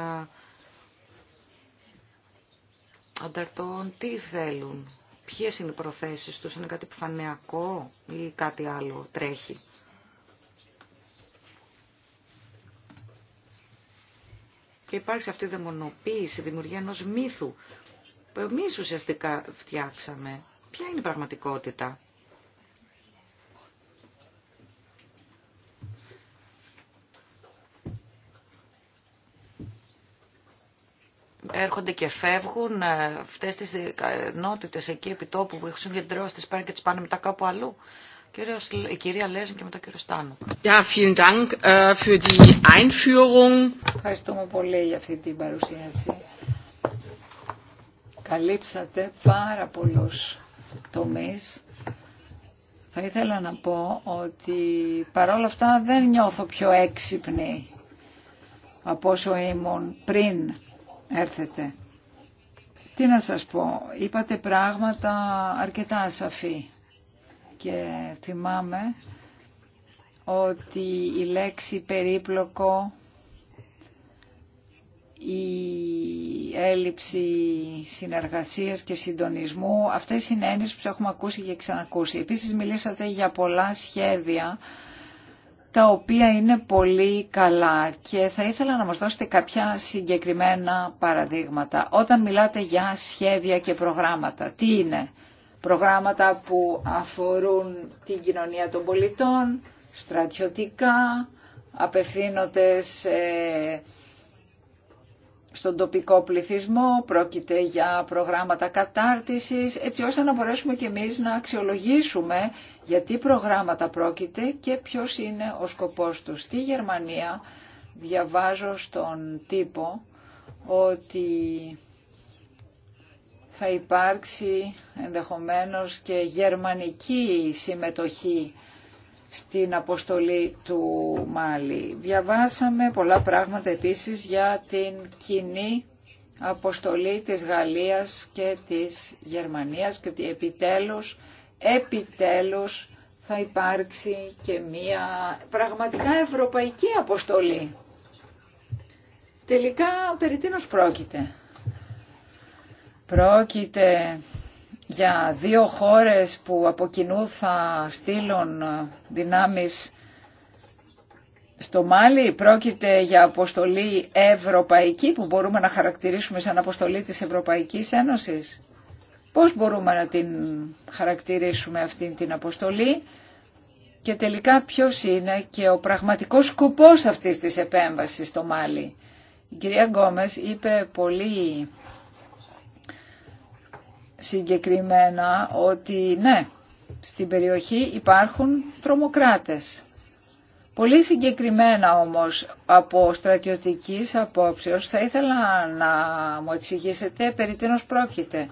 ανταρτών. Τι θέλουν, ποιες είναι οι προθέσεις τους, είναι κάτι επιφανειακό ή κάτι άλλο τρέχει. και υπάρχει αυτή η δαιμονοποίηση, η δημιουργία ενός μύθου που εμείς ουσιαστικά φτιάξαμε. Ποια είναι η πραγματικότητα. έρχονται και φεύγουν ε, αυτές τις ενότητες εκεί επί τόπου που έχουν συγκεντρώσει τις πάνε και τις πάνε μετά κάπου αλλού. Κύριος, η κυρία Λέζιν και μετά ο κύριος Τάνοκ. Ja, vielen Dank äh, Ευχαριστούμε πολύ για αυτή την παρουσίαση. Καλύψατε πάρα πολλούς τομείς. Θα ήθελα να πω ότι παρόλα αυτά δεν νιώθω πιο έξυπνη από όσο ήμουν πριν έρθετε. Τι να σας πω, είπατε πράγματα αρκετά ασαφή και θυμάμαι ότι η λέξη περίπλοκο, η έλλειψη συνεργασίας και συντονισμού, αυτές είναι έννοιες που έχουμε ακούσει και ξανακούσει. Επίσης μιλήσατε για πολλά σχέδια τα οποία είναι πολύ καλά και θα ήθελα να μας δώσετε κάποια συγκεκριμένα παραδείγματα. Όταν μιλάτε για σχέδια και προγράμματα, τι είναι προγράμματα που αφορούν την κοινωνία των πολιτών, στρατιωτικά, απευθύνονται στον τοπικό πληθυσμό, πρόκειται για προγράμματα κατάρτισης, έτσι ώστε να μπορέσουμε και εμείς να αξιολογήσουμε για τι προγράμματα πρόκειται και ποιος είναι ο σκοπός τους. Στη Γερμανία διαβάζω στον τύπο ότι θα υπάρξει ενδεχομένως και γερμανική συμμετοχή στην αποστολή του Μάλι. Διαβάσαμε πολλά πράγματα επίσης για την κοινή αποστολή της Γαλλίας και της Γερμανίας και ότι επιτέλους, επιτέλους θα υπάρξει και μία πραγματικά ευρωπαϊκή αποστολή. Τελικά περί τίνος πρόκειται. Πρόκειται για δύο χώρες που από κοινού θα στείλουν δυνάμεις στο Μάλι. Πρόκειται για αποστολή ευρωπαϊκή που μπορούμε να χαρακτηρίσουμε σαν αποστολή της Ευρωπαϊκής Ένωσης. Πώς μπορούμε να την χαρακτηρίσουμε αυτή την αποστολή και τελικά ποιος είναι και ο πραγματικός σκοπός αυτής της επέμβασης στο Μάλι. Η κυρία Γκόμες είπε πολύ συγκεκριμένα ότι ναι, στην περιοχή υπάρχουν τρομοκράτες. Πολύ συγκεκριμένα όμως από στρατιωτικής απόψεως θα ήθελα να μου εξηγήσετε περί τίνος πρόκειται.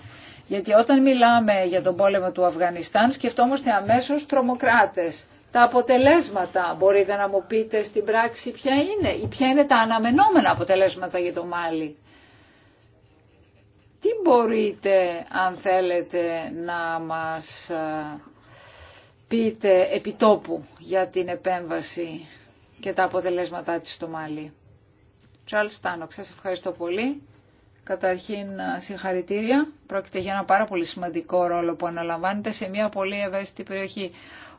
Γιατί όταν μιλάμε για τον πόλεμο του Αφγανιστάν σκεφτόμαστε αμέσως τρομοκράτες. Τα αποτελέσματα μπορείτε να μου πείτε στην πράξη ποια είναι ή ποια είναι τα αναμενόμενα αποτελέσματα για το Μάλι. Τι μπορείτε, αν θέλετε, να μας ε, πείτε επιτόπου για την επέμβαση και τα αποτελέσματά της στο Μάλι. Τσάλ Στάνοξ, σας ευχαριστώ πολύ. Καταρχήν ε, συγχαρητήρια. Πρόκειται για ένα πάρα πολύ σημαντικό ρόλο που αναλαμβάνεται σε μια πολύ ευαίσθητη περιοχή.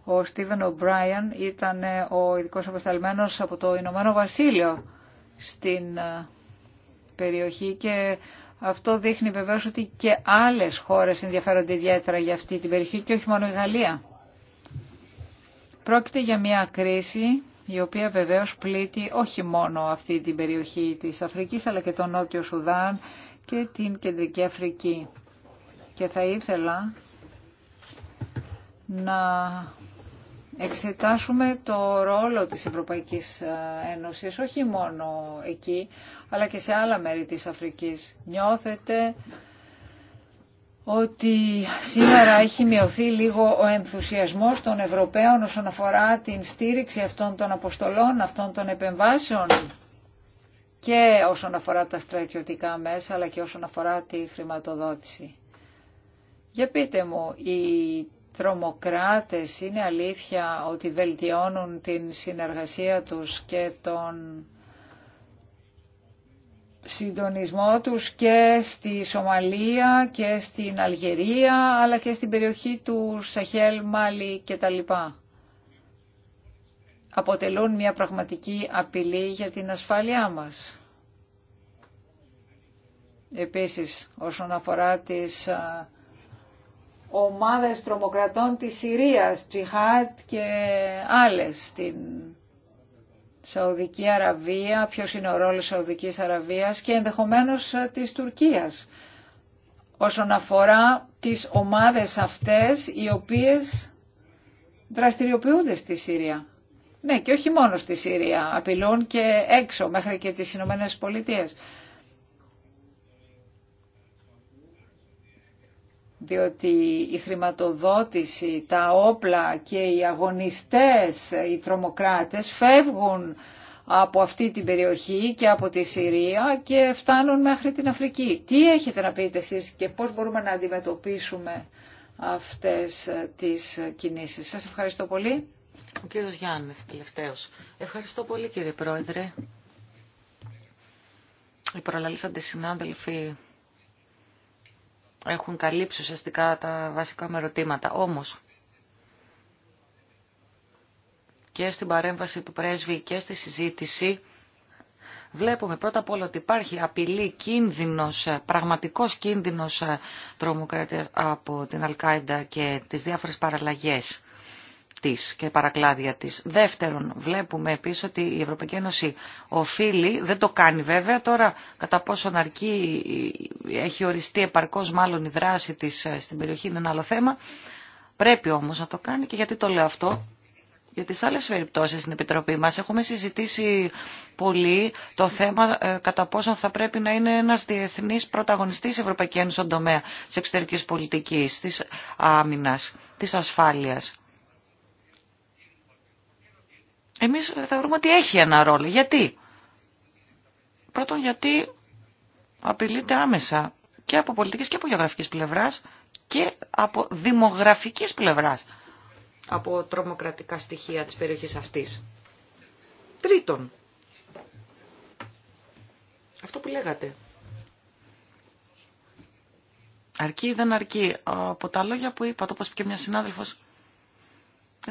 Ο Στίβεν Ομπράιαν ήταν ε, ο ειδικός απεσταλμένος από το Ηνωμένο Βασίλειο στην περιοχή και αυτό δείχνει βεβαίως ότι και άλλες χώρες ενδιαφέρονται ιδιαίτερα για αυτή την περιοχή και όχι μόνο η Γαλλία. Πρόκειται για μια κρίση η οποία βεβαίως πλήττει όχι μόνο αυτή την περιοχή της Αφρικής αλλά και τον Νότιο Σουδάν και την Κεντρική Αφρική. Και θα ήθελα να εξετάσουμε το ρόλο της Ευρωπαϊκής ε, Ένωσης, όχι μόνο εκεί, αλλά και σε άλλα μέρη της Αφρικής. Νιώθετε ότι σήμερα έχει μειωθεί λίγο ο ενθουσιασμός των Ευρωπαίων όσον αφορά την στήριξη αυτών των αποστολών, αυτών των επεμβάσεων και όσον αφορά τα στρατιωτικά μέσα αλλά και όσον αφορά τη χρηματοδότηση. Για πείτε μου, τρομοκράτες είναι αλήθεια ότι βελτιώνουν την συνεργασία τους και τον συντονισμό τους και στη Σομαλία και στην Αλγερία αλλά και στην περιοχή του Σαχέλ, Μάλι λοιπά Αποτελούν μια πραγματική απειλή για την ασφάλειά μας. Επίσης όσον αφορά τις ομάδες τρομοκρατών της Συρίας, Τζιχάτ και άλλες στην Σαουδική Αραβία, ποιο είναι ο ρόλος της Σαουδικής Αραβίας και ενδεχομένως ε, της Τουρκίας όσον αφορά τις ομάδες αυτές οι οποίες δραστηριοποιούνται στη Συρία. Ναι, και όχι μόνο στη Συρία, απειλούν και έξω, μέχρι και τις Ηνωμένες Πολιτείες. διότι η χρηματοδότηση, τα όπλα και οι αγωνιστές, οι τρομοκράτες φεύγουν από αυτή την περιοχή και από τη Συρία και φτάνουν μέχρι την Αφρική. Τι έχετε να πείτε εσείς και πώς μπορούμε να αντιμετωπίσουμε αυτές τις κινήσεις. Σας ευχαριστώ πολύ. Ο κύριος Γιάννης, τελευταίος. Ευχαριστώ πολύ κύριε Πρόεδρε. Οι προλαλήσαντες συνάδελφοι έχουν καλύψει ουσιαστικά τα βασικά με ερωτήματα. Όμως, και στην παρέμβαση του πρέσβη και στη συζήτηση, βλέπουμε πρώτα απ' όλα ότι υπάρχει απειλή, κίνδυνος, πραγματικός κίνδυνος τρομοκρατίας από την Αλκάιντα και τις διάφορες παραλλαγές της και παρακλάδια της. Δεύτερον, βλέπουμε επίσης ότι η Ευρωπαϊκή Ένωση οφείλει, δεν το κάνει βέβαια τώρα, κατά πόσον αρκεί έχει οριστεί επαρκώς μάλλον η δράση της ε, στην περιοχή είναι ένα άλλο θέμα, πρέπει όμως να το κάνει και γιατί το λέω αυτό. Για τις άλλες περιπτώσεις στην Επιτροπή μας έχουμε συζητήσει πολύ το θέμα ε, κατά πόσο θα πρέπει να είναι ένας διεθνής πρωταγωνιστής Ευρωπαϊκή Ένωση στον τομέα της εξωτερικής πολιτικής, της άμυνας, της ασφάλειας εμείς θεωρούμε ότι έχει ένα ρόλο. Γιατί. Πρώτον γιατί απειλείται άμεσα και από πολιτικής και από γεωγραφικής πλευράς και από δημογραφικής πλευράς από τρομοκρατικά στοιχεία της περιοχής αυτής. Τρίτον, αυτό που λέγατε. Αρκεί ή δεν αρκεί. Από τα λόγια που είπα, το πως είπε και μια συνάδελφος,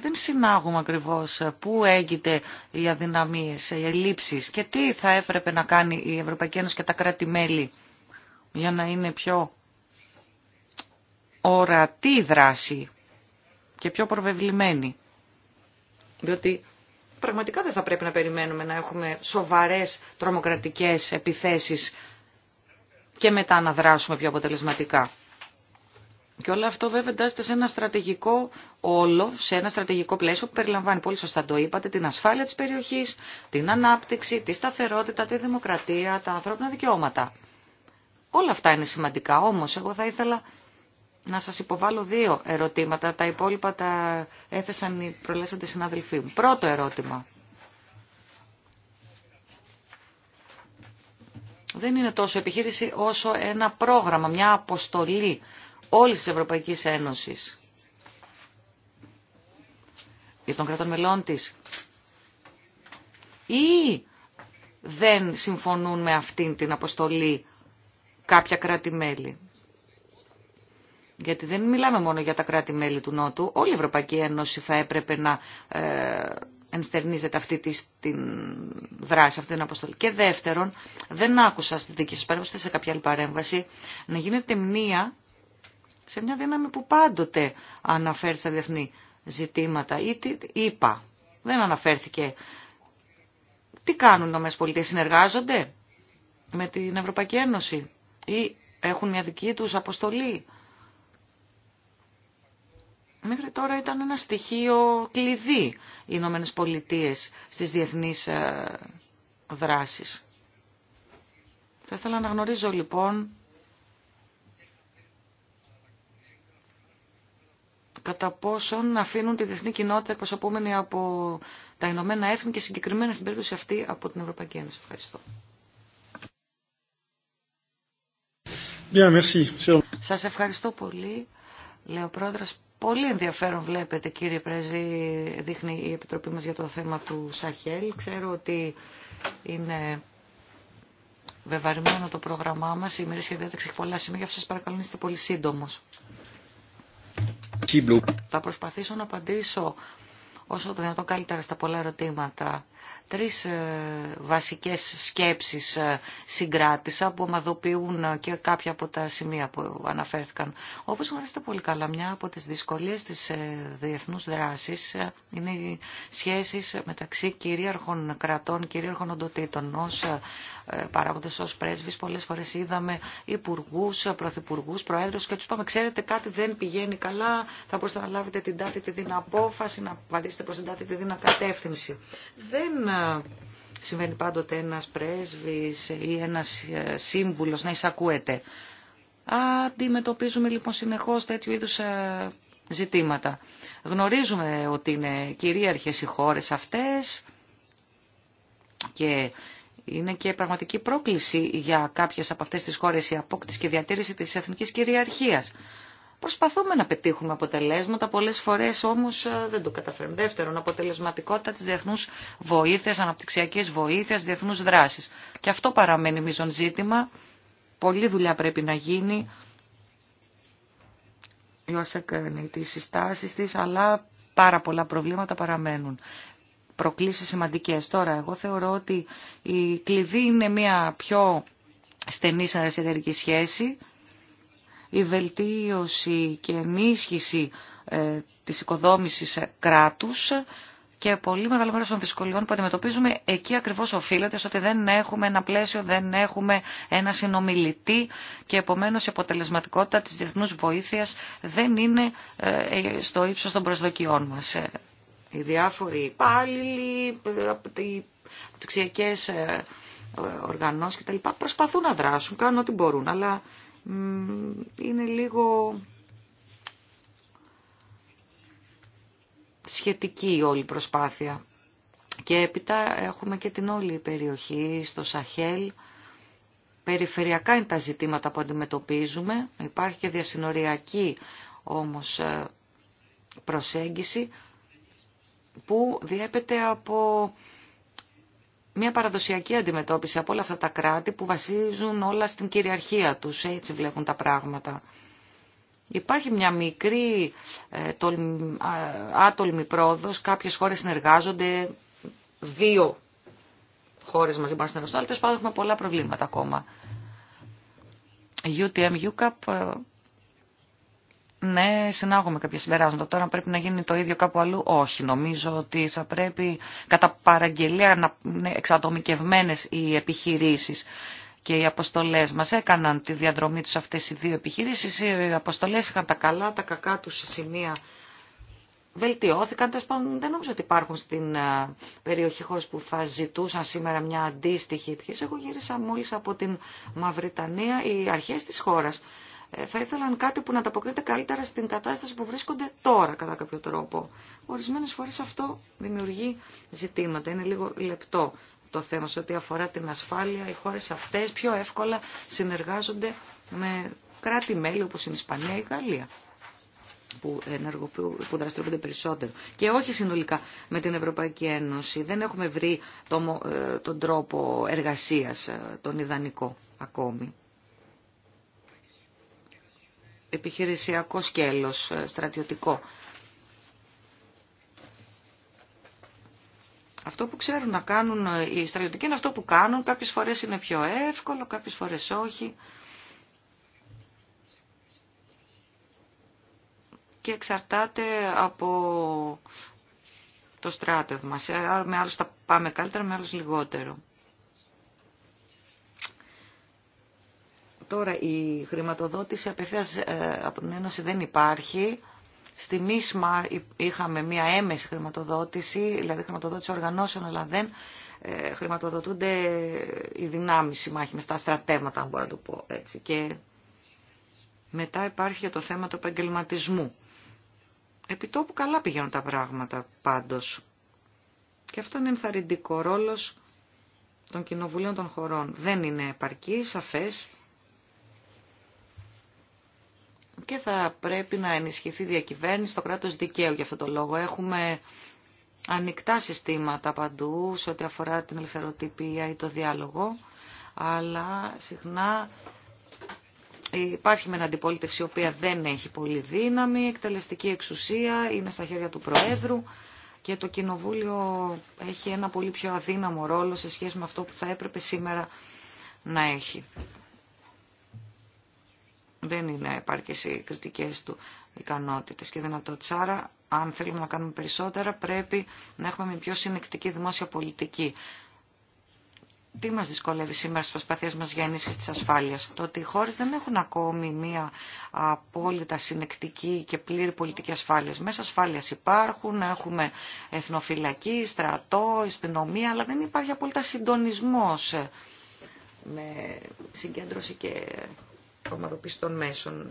δεν συνάγουμε ακριβώς ε, πού έγινε οι αδυναμίες, ε, οι ελλείψεις και τι θα έπρεπε να κάνει η Ευρωπαϊκή Ένωση και τα κράτη-μέλη για να είναι πιο ορατή δράση και πιο προβεβλημένη. Διότι πραγματικά δεν θα πρέπει να περιμένουμε να έχουμε σοβαρές τρομοκρατικές επιθέσεις και μετά να δράσουμε πιο αποτελεσματικά. Και όλο αυτό βέβαια εντάσσεται σε ένα στρατηγικό όλο, σε ένα στρατηγικό πλαίσιο που περιλαμβάνει, πολύ σωστά το είπατε, την ασφάλεια τη περιοχή, την ανάπτυξη, τη σταθερότητα, τη δημοκρατία, τα ανθρώπινα δικαιώματα. Όλα αυτά είναι σημαντικά, Όμω εγώ θα ήθελα να σα υποβάλω δύο ερωτήματα. Τα υπόλοιπα τα έθεσαν οι προλέσαντε συνάδελφοί μου. Πρώτο ερώτημα. Δεν είναι τόσο επιχείρηση όσο ένα πρόγραμμα, μια αποστολή όλης της Ευρωπαϊκής Ένωσης για τον κράτον μελών της ή δεν συμφωνούν με αυτήν την αποστολή κάποια κράτη-μέλη. Γιατί δεν μιλάμε μόνο για τα κράτη-μέλη του Νότου. Όλη η Ευρωπαϊκή Ένωση θα έπρεπε να ε, ενστερνίζεται αυτή τη την δράση, αυτή την αποστολή. Και δεύτερον, δεν άκουσα στη δική σας παρέμβαση, σε κάποια άλλη παρέμβαση, να γίνεται μνήα σε μια δύναμη που πάντοτε αναφέρει στα διεθνή ζητήματα ή τι είπα. Δεν αναφέρθηκε. Τι κάνουν οι ΗΠΑ, συνεργάζονται με την Ευρωπαϊκή Ένωση ή έχουν μια δική τους αποστολή. Μέχρι τώρα ήταν ένα στοιχείο κλειδί οι Ηνωμένες Πολιτείες στις διεθνείς ε, δράσεις. Θα ήθελα να γνωρίζω λοιπόν κατά πόσον αφήνουν τη διεθνή κοινότητα εκπροσωπούμενη από τα Ηνωμένα Έθνη και συγκεκριμένα στην περίπτωση αυτή από την Ευρωπαϊκή Ένωση. Ευχαριστώ. Yeah, Σας ευχαριστώ πολύ, Λέω ο Πρόεδρος. Πολύ ενδιαφέρον βλέπετε κύριε Πρέσβη, δείχνει η Επιτροπή μας για το θέμα του Σαχέλ. Ξέρω ότι είναι βεβαρημένο το πρόγραμμά μας, η ημερήσια διάταξη έχει πολλά σημεία, σας παρακαλώ να είστε πολύ σύντομος. Θα προσπαθήσω να απαντήσω όσο το δυνατόν καλύτερα στα πολλά ερωτήματα. Τρεις ε, βασικές σκέψεις ε, συγκράτησα που ομαδοποιούν ε, και κάποια από τα σημεία που αναφέρθηκαν. Όπως γνωρίζετε πολύ καλά, μια από τις δυσκολίες της διεθνούς δράσης είναι οι σχέσεις μεταξύ κυρίαρχων κρατών, κυρίαρχων οντοτήτων. Ως παράγοντες, ως πρέσβης, πολλές φορές είδαμε υπουργού, πρωθυπουργού, προέδρους και τους είπαμε, ξέρετε κάτι δεν πηγαίνει καλά, θα μπορούσατε να λάβετε την τάτη, την απόφαση, να είστε προσεντάτε τη δίνα κατεύθυνση. Δεν ε, συμβαίνει πάντοτε ένας πρέσβης ή ένας ε, σύμβουλος να εισακούεται. Αντιμετωπίζουμε λοιπόν συνεχώς τέτοιου είδους ε, ζητήματα. Γνωρίζουμε ότι είναι κυρίαρχες οι χώρες αυτές και είναι και πραγματική πρόκληση για κάποιες από αυτές τις χώρες η απόκτηση και διατήρηση της εθνικής κυριαρχίας. Προσπαθούμε να πετύχουμε αποτελέσματα, πολλές φορές όμως ε, δεν το καταφέρνουμε. Δεύτερον, αποτελεσματικότητα τη διεθνού βοήθεια, αναπτυξιακής βοήθεια, διεθνού δράσης. Και αυτό παραμένει μείζον ζήτημα. Πολλή δουλειά πρέπει να γίνει. Η ΟΣΑ κάνει τι συστάσεις της, αλλά πάρα πολλά προβλήματα παραμένουν. Προκλήσεις σημαντικέ. Τώρα, εγώ θεωρώ ότι η κλειδί είναι μια πιο στενή εταιρική σχέση η βελτίωση και ενίσχυση ε, της οικοδόμησης κράτους και πολύ μεγάλο μέρο των δυσκολιών που αντιμετωπίζουμε εκεί ακριβώς οφείλεται στο ότι δεν έχουμε ένα πλαίσιο, δεν έχουμε ένα συνομιλητή και επομένως η αποτελεσματικότητα της διεθνούς βοήθειας δεν είναι ε, στο ύψος των προσδοκιών μα. Ε, οι διάφοροι υπάλληλοι, οι ψηφιακές οργανώσει κτλ. προσπαθούν να δράσουν, κάνουν ό,τι μπορούν, αλλά είναι λίγο σχετική η όλη προσπάθεια. Και έπειτα έχουμε και την όλη περιοχή στο Σαχέλ. Περιφερειακά είναι τα ζητήματα που αντιμετωπίζουμε. Υπάρχει και διασυνοριακή όμως ε, προσέγγιση που διέπεται από μια παραδοσιακή αντιμετώπιση από όλα αυτά τα κράτη που βασίζουν όλα στην κυριαρχία τους. Έτσι βλέπουν τα πράγματα. Υπάρχει μια μικρή ε, άτολμη πρόοδος, κάποιες χώρες συνεργάζονται, δύο χώρες μαζί μας συνεργαστούν, αλλά τέλος πάντων έχουμε πολλά προβλήματα ακόμα. UTM, UCAP ε, ναι, συνάγουμε κάποια συμπεράσματα. Τώρα πρέπει να γίνει το ίδιο κάπου αλλού. Όχι, νομίζω ότι θα πρέπει κατά παραγγελία να είναι εξατομικευμένες οι επιχειρήσεις και οι αποστολές μας έκαναν τη διαδρομή τους αυτές οι δύο επιχειρήσεις. Οι αποστολές είχαν τα καλά, τα κακά τους σημεία βελτιώθηκαν. πάντων, δεν νομίζω ότι υπάρχουν στην ε, περιοχή χώρε που θα ζητούσαν σήμερα μια αντίστοιχη επιχείρηση. Εγώ γύρισα μόλι από την Μαυριτανία. Οι αρχέ τη χώρα ε, θα ήθελαν κάτι που να αποκρίνεται καλύτερα στην κατάσταση που βρίσκονται τώρα κατά κάποιο τρόπο. Ορισμένες φορές αυτό δημιουργεί ζητήματα, είναι λίγο λεπτό το θέμα σε ό,τι αφορά την ασφάλεια. Οι χώρες αυτές πιο εύκολα συνεργάζονται με κράτη-μέλη όπως είναι η Ισπανία ή η Γαλλία που, που δραστηριοποιούνται περισσότερο. Και όχι συνολικά με την Ευρωπαϊκή Ένωση. Δεν έχουμε βρει ε, τον τρόπο εργασίας, ε, τον ιδανικό ακόμη επιχειρησιακό σκέλος, ε, στρατιωτικό. Αυτό που ξέρουν να κάνουν ε, οι στρατιωτικοί είναι αυτό που κάνουν. Κάποιες φορές είναι πιο εύκολο, κάποιες φορές όχι. Και εξαρτάται από το στράτευμα. Με άλλους τα πάμε καλύτερα, με άλλους λιγότερο. Τώρα η χρηματοδότηση απευθείας ε, από την Ένωση δεν υπάρχει. Στη ΜΙΣΜΑΡ είχαμε μία έμεση χρηματοδότηση, δηλαδή χρηματοδότηση οργανώσεων, αλλά δεν ε, χρηματοδοτούνται οι δυνάμεις συμμάχοι στα στρατεύματα αν μπορώ να το πω έτσι. Και μετά υπάρχει και το θέμα του επαγγελματισμού. Επιτόπου καλά πηγαίνουν τα πράγματα πάντως. Και αυτό είναι ενθαρρυντικό ρόλος των κοινοβουλίων των χωρών. Δεν είναι επαρκή, σαφές και θα πρέπει να ενισχυθεί διακυβέρνηση στο κράτος δικαίου για αυτόν τον λόγο. Έχουμε ανοιχτά συστήματα παντού σε ό,τι αφορά την ελευθεροτυπία ή το διάλογο, αλλά συχνά υπάρχει με αντιπολίτευση η οποία δεν έχει πολύ δύναμη, η εκτελεστική εξουσία είναι στα χέρια του Προέδρου και το Κοινοβούλιο έχει ένα πολύ πιο αδύναμο ρόλο σε σχέση με αυτό που θα έπρεπε σήμερα να έχει δεν είναι επάρκε οι κριτικέ του ικανότητε. και δυνατότητε. Άρα, αν θέλουμε να κάνουμε περισσότερα, πρέπει να έχουμε μια πιο συνεκτική δημόσια πολιτική. Τι μα δυσκολεύει σήμερα στι προσπαθίε μα για ενίσχυση της ασφάλειας. Το ότι οι χώρε δεν έχουν ακόμη μια απόλυτα συνεκτική και πλήρη πολιτική ασφάλεια. Μέσα ασφάλεια υπάρχουν, έχουμε εθνοφυλακή, στρατό, αστυνομία, αλλά δεν υπάρχει απόλυτα συντονισμό με συγκέντρωση και πραγματοποίηση των μέσων.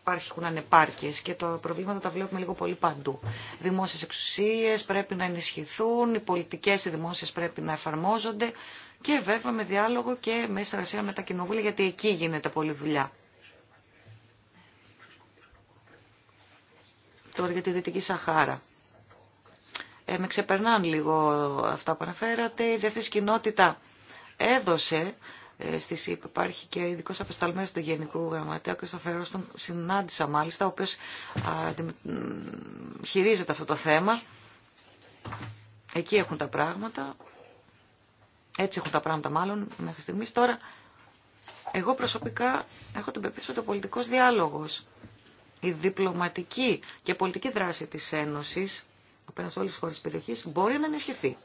Υπάρχουν ανεπάρκειες και τα προβλήματα τα βλέπουμε λίγο πολύ παντού. Δημόσιες εξουσίες πρέπει να ενισχυθούν, οι πολιτικές οι δημόσιες πρέπει να εφαρμόζονται και βέβαια με διάλογο και με συνεργασία με τα κοινοβούλια γιατί εκεί γίνεται πολλή δουλειά. Τώρα για τη Δυτική Σαχάρα. Ε, με ξεπερνάνε λίγο αυτά που αναφέρατε. Η διεθνής κοινότητα έδωσε ε, στη ΣΥΠ υπάρχει και ειδικό απεσταλμένο του Γενικού Γραμματέα, ο κ. στον συνάντησα μάλιστα, ο οποίο χειρίζεται αυτό το θέμα. Εκεί έχουν τα πράγματα. Έτσι έχουν τα πράγματα μάλλον μέχρι στιγμή. Τώρα, εγώ προσωπικά έχω την πεποίθηση ότι ο πολιτικό διάλογο. η διπλωματική και πολιτική δράση τη Ένωση, απέναντι σε όλε τι χώρες τη περιοχή μπορεί να ενισχυθεί.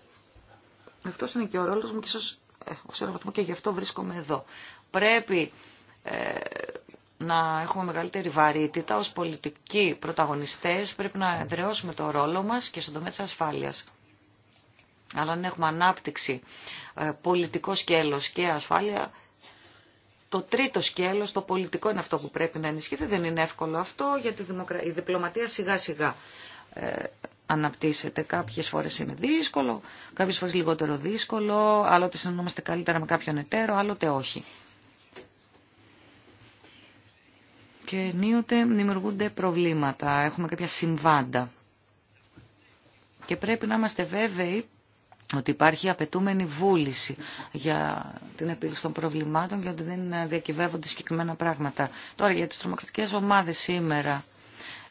Αυτό είναι και ο ρόλο μου και ίσω. Ε, ως και γι' αυτό βρίσκομαι εδώ. Πρέπει ε, να έχουμε μεγαλύτερη βαρύτητα ως πολιτικοί πρωταγωνιστές, πρέπει να εδραιώσουμε το ρόλο μας και στον τομέα της ασφάλειας. Αλλά αν έχουμε ανάπτυξη, ε, πολιτικό σκέλος και ασφάλεια, το τρίτο σκέλος, το πολιτικό είναι αυτό που πρέπει να ενισχύεται. Δεν είναι εύκολο αυτό γιατί η διπλωματία σιγά σιγά αναπτύσσεται. Κάποιες φορές είναι δύσκολο, κάποιε φορές λιγότερο δύσκολο, άλλοτε συνεννόμαστε καλύτερα με κάποιον εταίρο, άλλοτε όχι. Και ενίοτε δημιουργούνται προβλήματα, έχουμε κάποια συμβάντα. Και πρέπει να είμαστε βέβαιοι ότι υπάρχει απαιτούμενη βούληση για την επίλυση των προβλημάτων και ότι δεν διακυβεύονται συγκεκριμένα πράγματα. Τώρα για τις τρομοκρατικές ομάδες σήμερα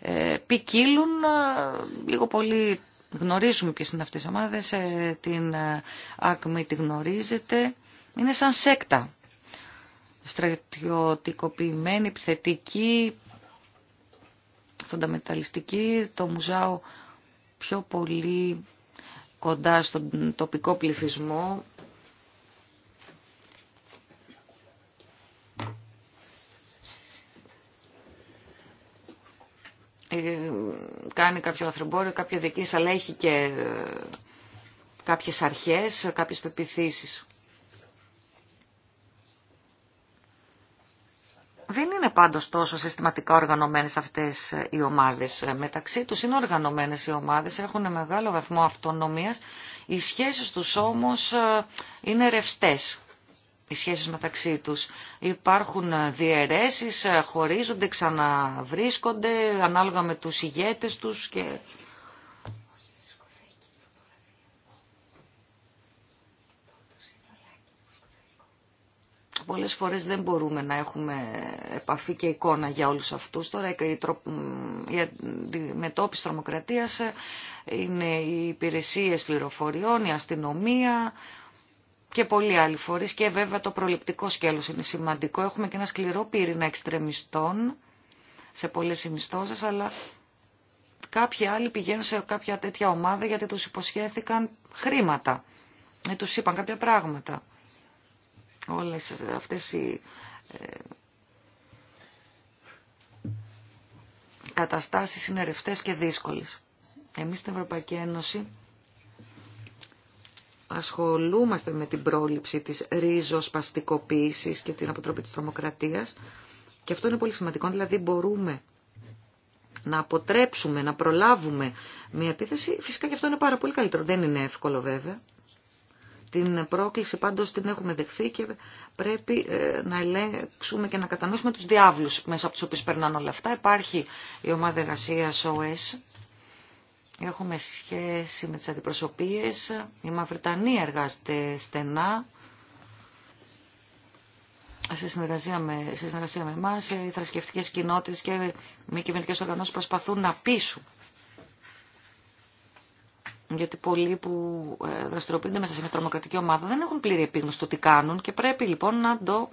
ε, ποικίλουν ε, λίγο πολύ γνωρίζουμε ποιες είναι αυτές οι ομάδες, ε, την ΑΚΜΗ τη γνωρίζετε. Είναι σαν σέκτα. Στρατιωτικοποιημένη, επιθετική, φονταμεταλιστική, το Μουζάο πιο πολύ κοντά στον τοπικό πληθυσμό, Ε, κάνει κάποιο λαθρομπόριο, κάποια δικής, αλλά έχει και ε, κάποιες αρχές, κάποιες πεπιθήσεις. Δεν είναι πάντως τόσο συστηματικά οργανωμένες αυτές ε, οι ομάδες. Μεταξύ τους είναι οργανωμένες οι ομάδες, έχουν μεγάλο βαθμό αυτονομίας. Οι σχέσεις τους όμως είναι ρευστές οι σχέσεις μεταξύ τους. Υπάρχουν ε, διαιρέσεις, ε, χωρίζονται, ξαναβρίσκονται ανάλογα με τους ηγέτες τους και... Πολλές φορές δεν μπορούμε να έχουμε επαφή και εικόνα για όλους αυτούς. Τώρα η, τρο... η αντιμετώπιση τρομοκρατίας ε, είναι οι υπηρεσίες πληροφοριών, η αστυνομία, και πολλοί άλλοι φορείς και βέβαια το προληπτικό σκέλος είναι σημαντικό. Έχουμε και ένα σκληρό πύρινα εξτρεμιστών σε πολλές συνιστώσεις, αλλά κάποιοι άλλοι πηγαίνουν σε κάποια τέτοια ομάδα γιατί τους υποσχέθηκαν χρήματα. ή ε, τους είπαν κάποια πράγματα. Όλες αυτές οι ε, καταστάσεις είναι ρευστές και δύσκολες. Εμείς στην Ευρωπαϊκή Ένωση ασχολούμαστε με την πρόληψη της ρίζοσπαστικοποίησης και την αποτροπή της τρομοκρατίας και αυτό είναι πολύ σημαντικό, δηλαδή μπορούμε να αποτρέψουμε, να προλάβουμε μια επίθεση, φυσικά και αυτό είναι πάρα πολύ καλύτερο, δεν είναι εύκολο βέβαια. Την πρόκληση πάντως την έχουμε δεχθεί και πρέπει ε, να ελέγξουμε και να κατανοήσουμε τους διάβλους μέσα από τους οποίους περνάνε όλα αυτά. Υπάρχει η ομάδα εργασίας OS Έχουμε σχέση με τις αντιπροσωπείες. Η Μαυριτανία εργάζεται στενά σε συνεργασία με, σε συνεργασία με εμάς. Οι θρασκευτικές κοινότητες και μη κυβερνητικές οργανώσεις προσπαθούν να πείσουν γιατί πολλοί που ε, δραστηριοποιούνται μέσα σε μια τρομοκρατική ομάδα δεν έχουν πλήρη επίγνωση του τι κάνουν και πρέπει λοιπόν να, το,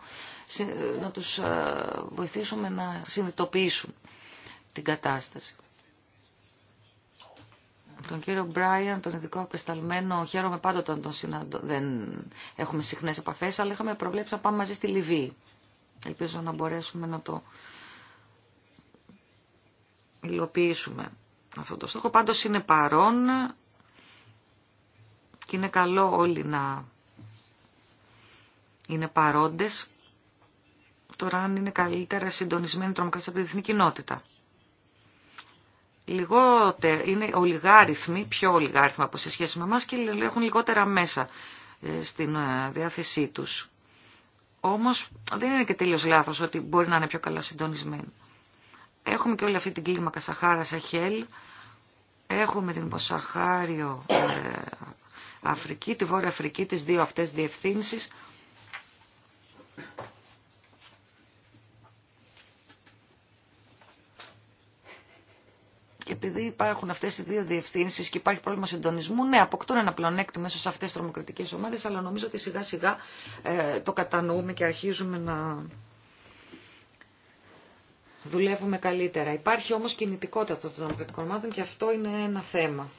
να τους ε, βοηθήσουμε να συνειδητοποιήσουν την κατάσταση τον κύριο Μπράιαν, τον ειδικό απεσταλμένο, χαίρομαι πάντα όταν τον συναντώ. Δεν έχουμε συχνές επαφές, αλλά είχαμε προβλέψει να πάμε μαζί στη Λιβύη. Ελπίζω να μπορέσουμε να το υλοποιήσουμε αυτό το στόχο. Πάντως είναι παρόν και είναι καλό όλοι να είναι παρόντες. Τώρα αν είναι καλύτερα συντονισμένοι τρομοκρατές από τη διεθνή κοινότητα λιγότερο, είναι ολιγάριθμοι, πιο ολιγάριθμοι από σε σχέση με εμάς και έχουν λιγότερα μέσα ε, στην ε, διάθεσή τους. Όμως δεν είναι και τελείως λάθος ότι μπορεί να είναι πιο καλά συντονισμένοι. Έχουμε και όλη αυτή την κλίμακα Σαχάρα Σαχέλ, έχουμε την Ποσαχάριο ε, Αφρική, τη Βόρεια Αφρική, τις δύο αυτές διευθύνσεις επειδή υπάρχουν αυτέ οι δύο διευθύνσει και υπάρχει πρόβλημα συντονισμού, ναι, αποκτούν ένα πλεονέκτημα μέσα σε αυτέ τι τρομοκρατικέ ομάδε, αλλά νομίζω ότι σιγά σιγά ε, το κατανοούμε και αρχίζουμε να δουλεύουμε καλύτερα. Υπάρχει όμω κινητικότητα των τρομοκρατικών ομάδων και αυτό είναι ένα θέμα.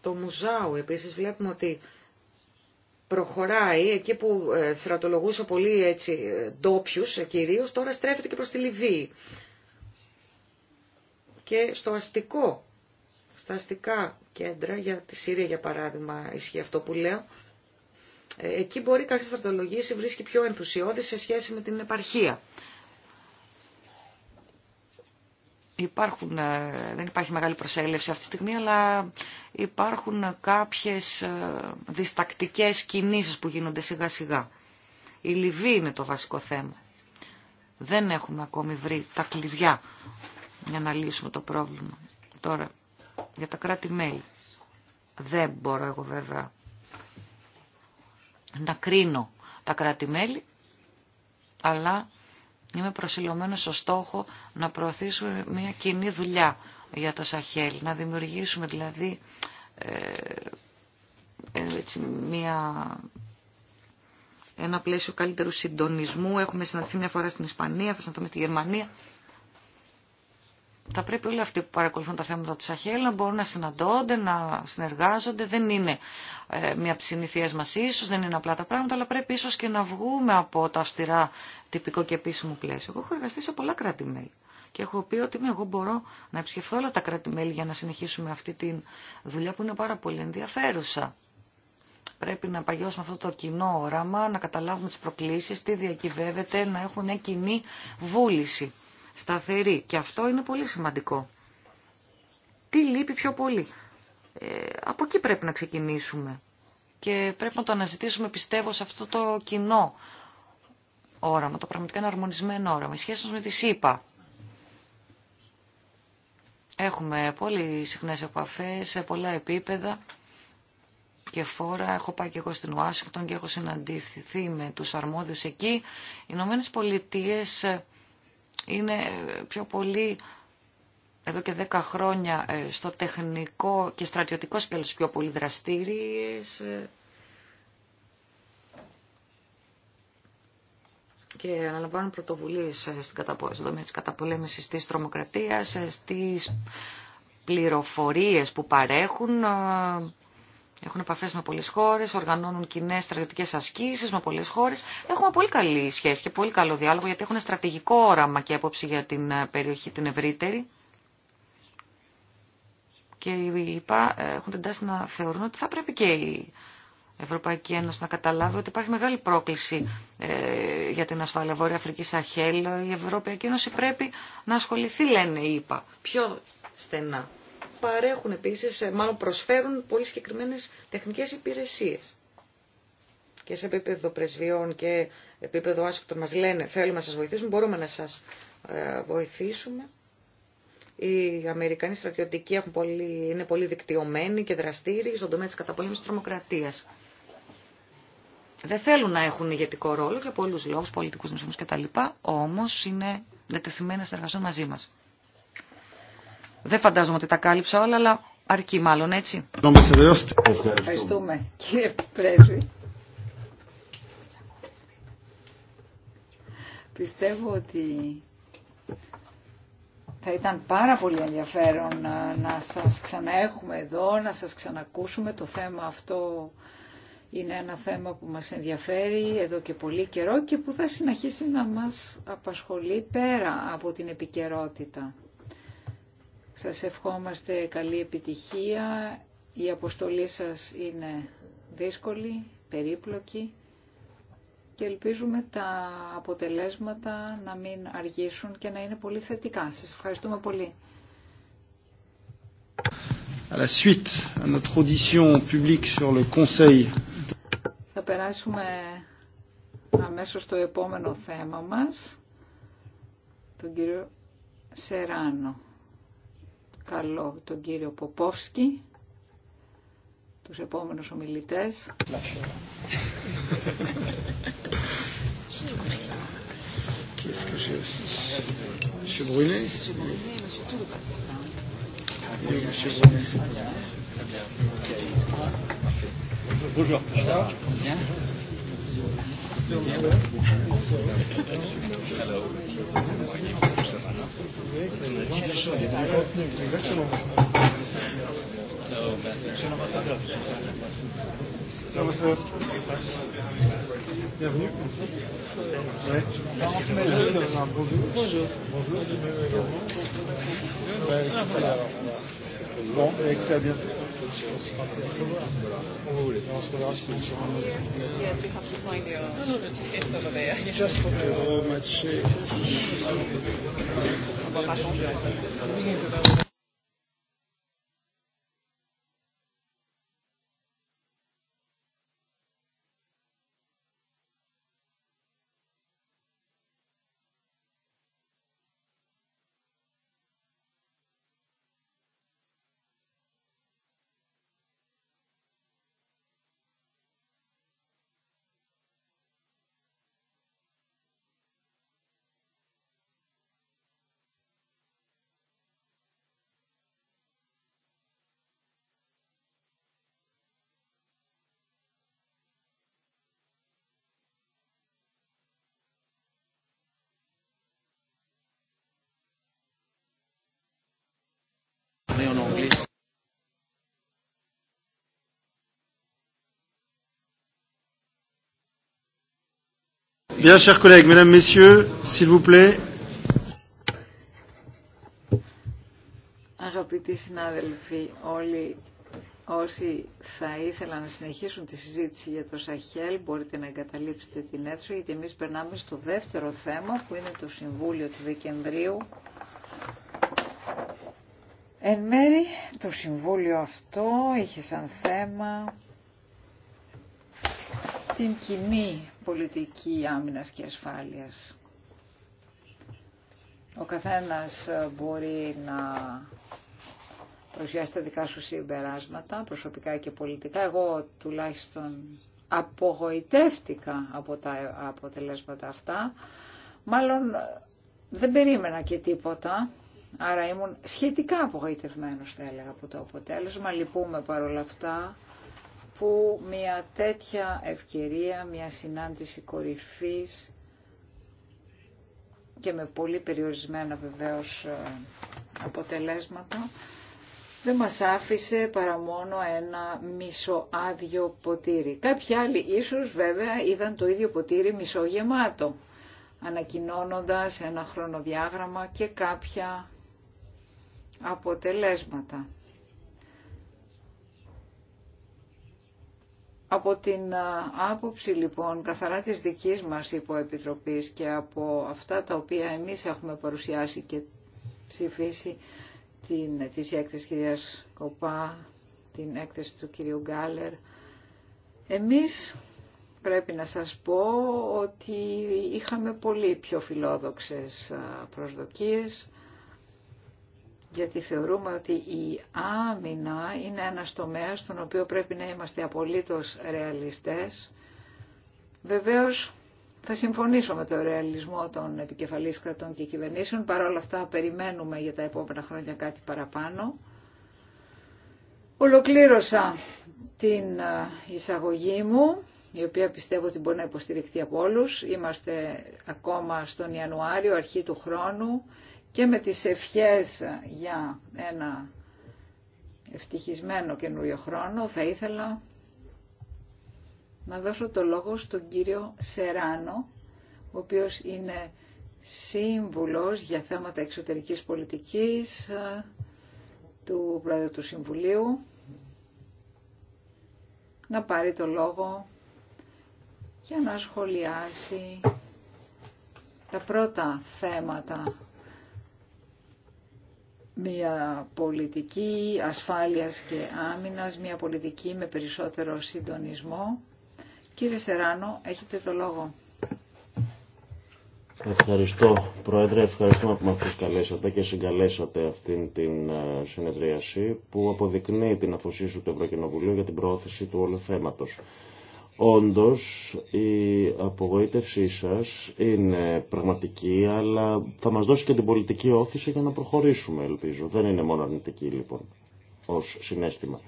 Το Μουζάου επίσης βλέπουμε ότι προχωράει εκεί που στρατολογούσε ε, πολύ έτσι ε, ντόπιου κυρίω, τώρα στρέφεται και προς τη Λιβύη και στο αστικό, στα αστικά κέντρα, για τη Συρία για παράδειγμα ισχύει αυτό που λέω, ε, εκεί μπορεί κάθε να βρίσκει πιο ενθουσιώδη σε σχέση με την επαρχία. Υπάρχουν, ε, δεν υπάρχει μεγάλη προσέλευση αυτή τη στιγμή, αλλά υπάρχουν κάποιες ε, διστακτικές κινήσεις που γίνονται σιγά σιγά. Η Λιβύη είναι το βασικό θέμα. Δεν έχουμε ακόμη βρει τα κλειδιά για να λύσουμε το πρόβλημα. Τώρα, για τα κράτη-μέλη. Δεν μπορώ εγώ βέβαια να κρίνω τα κράτη-μέλη, αλλά είμαι προσιλωμένο στο στόχο να προωθήσουμε μια κοινή δουλειά για τα Σαχέλ, να δημιουργήσουμε δηλαδή ε, ε, έτσι, μια, ένα πλαίσιο καλύτερου συντονισμού. Έχουμε συναντηθεί μια φορά στην Ισπανία, θα συναντηθούμε στη Γερμανία θα πρέπει όλοι αυτοί που παρακολουθούν τα θέματα του Σαχέλ να μπορούν να συναντώνται, να συνεργάζονται. Δεν είναι ε, μια από τις μας ίσως, δεν είναι απλά τα πράγματα, αλλά πρέπει ίσω και να βγούμε από το αυστηρά τυπικό και επίσημο πλαίσιο. Εγώ έχω εργαστεί σε πολλά κράτη-μέλη και έχω πει ότι ναι, εγώ μπορώ να επισκεφθώ όλα τα κράτη-μέλη για να συνεχίσουμε αυτή τη δουλειά που είναι πάρα πολύ ενδιαφέρουσα. Πρέπει να παγιώσουμε αυτό το κοινό όραμα, να καταλάβουμε τις προκλήσεις, τι διακυβεύεται, να έχουμε μια κοινή βούληση σταθερή. Και αυτό είναι πολύ σημαντικό. Τι λείπει πιο πολύ. Ε, από εκεί πρέπει να ξεκινήσουμε. Και πρέπει να το αναζητήσουμε, πιστεύω, σε αυτό το κοινό όραμα, το πραγματικά εναρμονισμένο όραμα. Η σχέση με τη ΣΥΠΑ. Έχουμε πολύ συχνές επαφές σε πολλά επίπεδα και φόρα. Έχω πάει και εγώ στην Ουάσιγκτον και έχω συναντηθεί με τους αρμόδιους εκεί. Οι Ηνωμένε Πολιτείες είναι ε, πιο πολύ εδώ και δέκα χρόνια ε, στο τεχνικό και στρατιωτικό σκέλος πιο πολύ δραστήριες ε, και αναλαμβάνουν πρωτοβουλίες στην καταπολέμηση, της καταπολέμησης της τρομοκρατίας, στις πληροφορίες που παρέχουν έχουν επαφέ με πολλέ χώρε, οργανώνουν κοινέ στρατιωτικέ ασκήσει με πολλέ χώρε. Έχουμε πολύ καλή σχέση και πολύ καλό διάλογο γιατί έχουν στρατηγικό όραμα και έποψη για την ε, περιοχή την ευρύτερη. Και οι ΙΠΑ ε, έχουν την τάση να θεωρούν ότι θα πρέπει και η Ευρωπαϊκή Ένωση να καταλάβει ότι υπάρχει μεγάλη πρόκληση ε, για την ασφάλεια Βόρεια Αφρική Σαχέλ. Η Ευρωπαϊκή Ένωση πρέπει να ασχοληθεί, λένε οι ΙΠΑ, πιο στενά παρέχουν επίσης, ε, μάλλον προσφέρουν πολύ συγκεκριμένες τεχνικές υπηρεσίες. Και σε επίπεδο πρεσβειών και επίπεδο άσκητων μας λένε θέλουμε να σας βοηθήσουμε, μπορούμε να σας ε, βοηθήσουμε. Οι Αμερικανοί στρατιωτικοί έχουν πολύ, είναι πολύ δικτυωμένοι και δραστήριοι στον τομέα της καταπολέμησης της τρομοκρατίας. Δεν θέλουν να έχουν ηγετικό ρόλο για πολλούς λόγους, πολιτικούς τα κτλ. Όμως είναι δετεθειμένοι να συνεργαστούν μαζί μας. Δεν φαντάζομαι ότι τα κάλυψα όλα, αλλά αρκεί μάλλον έτσι. Ευχαριστούμε, κύριε Πρέσβη. Πιστεύω ότι θα ήταν πάρα πολύ ενδιαφέρον να σας ξαναέχουμε εδώ, να σας ξανακούσουμε. Το θέμα αυτό είναι ένα θέμα που μας ενδιαφέρει εδώ και πολύ καιρό και που θα συνεχίσει να μας απασχολεί πέρα από την επικαιρότητα. Σας ευχόμαστε καλή επιτυχία. Η αποστολή σας είναι δύσκολη, περίπλοκη και ελπίζουμε τα αποτελέσματα να μην αργήσουν και να είναι πολύ θετικά. Σας ευχαριστούμε πολύ. Θα περάσουμε αμέσως στο επόμενο θέμα μας, τον κύριο Σεράνο. Καλό τον κύριο Ποπόφσκι, τους επόμενους ah, Bonjour. Bonjour. Bonjour. Bonjour. Bonjour. Bonjour. Bonjour. Yes, you have to find your. It's over there. Just for the Bien, chers Αγαπητοί συνάδελφοι, όλοι όσοι θα ήθελαν να συνεχίσουν τη συζήτηση για το Σαχέλ μπορείτε να εγκαταλείψετε την αίθουσα γιατί εμείς περνάμε στο δεύτερο θέμα που είναι το Συμβούλιο του Δεκεμβρίου. Εν μέρη το Συμβούλιο αυτό είχε σαν θέμα την κοινή πολιτική άμυνας και ασφάλειας. Ο καθένας ε, μπορεί να παρουσιάσει τα δικά σου συμπεράσματα, προσωπικά και πολιτικά. Εγώ τουλάχιστον απογοητεύτηκα από τα αποτελέσματα αυτά. Μάλλον ε, δεν περίμενα και τίποτα, άρα ήμουν σχετικά απογοητευμένος θα έλεγα από το αποτέλεσμα. Λυπούμε παρόλα αυτά που μια τέτοια ευκαιρία, μια συνάντηση κορυφής και με πολύ περιορισμένα βεβαίως ε, αποτελέσματα, δεν μας άφησε παρά μόνο ένα μισοάδιο ποτήρι. Κάποιοι άλλοι ίσως βέβαια είδαν το ίδιο ποτήρι μισογεμάτο, ανακοινώνοντας ένα χρονοδιάγραμμα και κάποια αποτελέσματα. Από την άποψη λοιπόν καθαρά της δικής μας υποεπιτροπής και από αυτά τα οποία εμείς έχουμε παρουσιάσει και ψηφίσει την της έκθεση της κυρίας Κοπά, την έκθεση του κυρίου Γκάλερ, εμείς πρέπει να σας πω ότι είχαμε πολύ πιο φιλόδοξες προσδοκίες γιατί θεωρούμε ότι η άμυνα είναι ένας τομέας στον οποίο πρέπει να είμαστε απολύτως ρεαλιστές. Βεβαίως θα συμφωνήσω με το ρεαλισμό των επικεφαλής κρατών και κυβερνήσεων, παρόλα αυτά περιμένουμε για τα επόμενα χρόνια κάτι παραπάνω. Ολοκλήρωσα την ε, εισαγωγή μου, η οποία πιστεύω ότι μπορεί να υποστηριχθεί από όλους. Είμαστε ακόμα στον Ιανουάριο, αρχή του χρόνου και με τις ευχές για ένα ευτυχισμένο καινούριο χρόνο θα ήθελα να δώσω το λόγο στον κύριο Σεράνο, ο οποίος είναι σύμβουλος για θέματα εξωτερικής πολιτικής ε, του Πρόεδρου του Συμβουλίου, να πάρει το λόγο για να σχολιάσει τα πρώτα θέματα μια πολιτική ασφάλειας και άμυνας, μια πολιτική με περισσότερο συντονισμό. Κύριε Σεράνο, έχετε το λόγο. Ευχαριστώ, Πρόεδρε. Ευχαριστούμε που με προσκαλέσατε και συγκαλέσατε αυτήν την ε, συνεδρίαση που αποδεικνύει την αφοσίωση του Ευρωκοινοβουλίου για την πρόθεση του όλου θέματος. Όντως η απογοήτευσή σας είναι πραγματική, αλλά θα μας δώσει και την πολιτική όθηση για να προχωρήσουμε, ελπίζω. Δεν είναι μόνο αρνητική, λοιπόν, ως συνέστημα.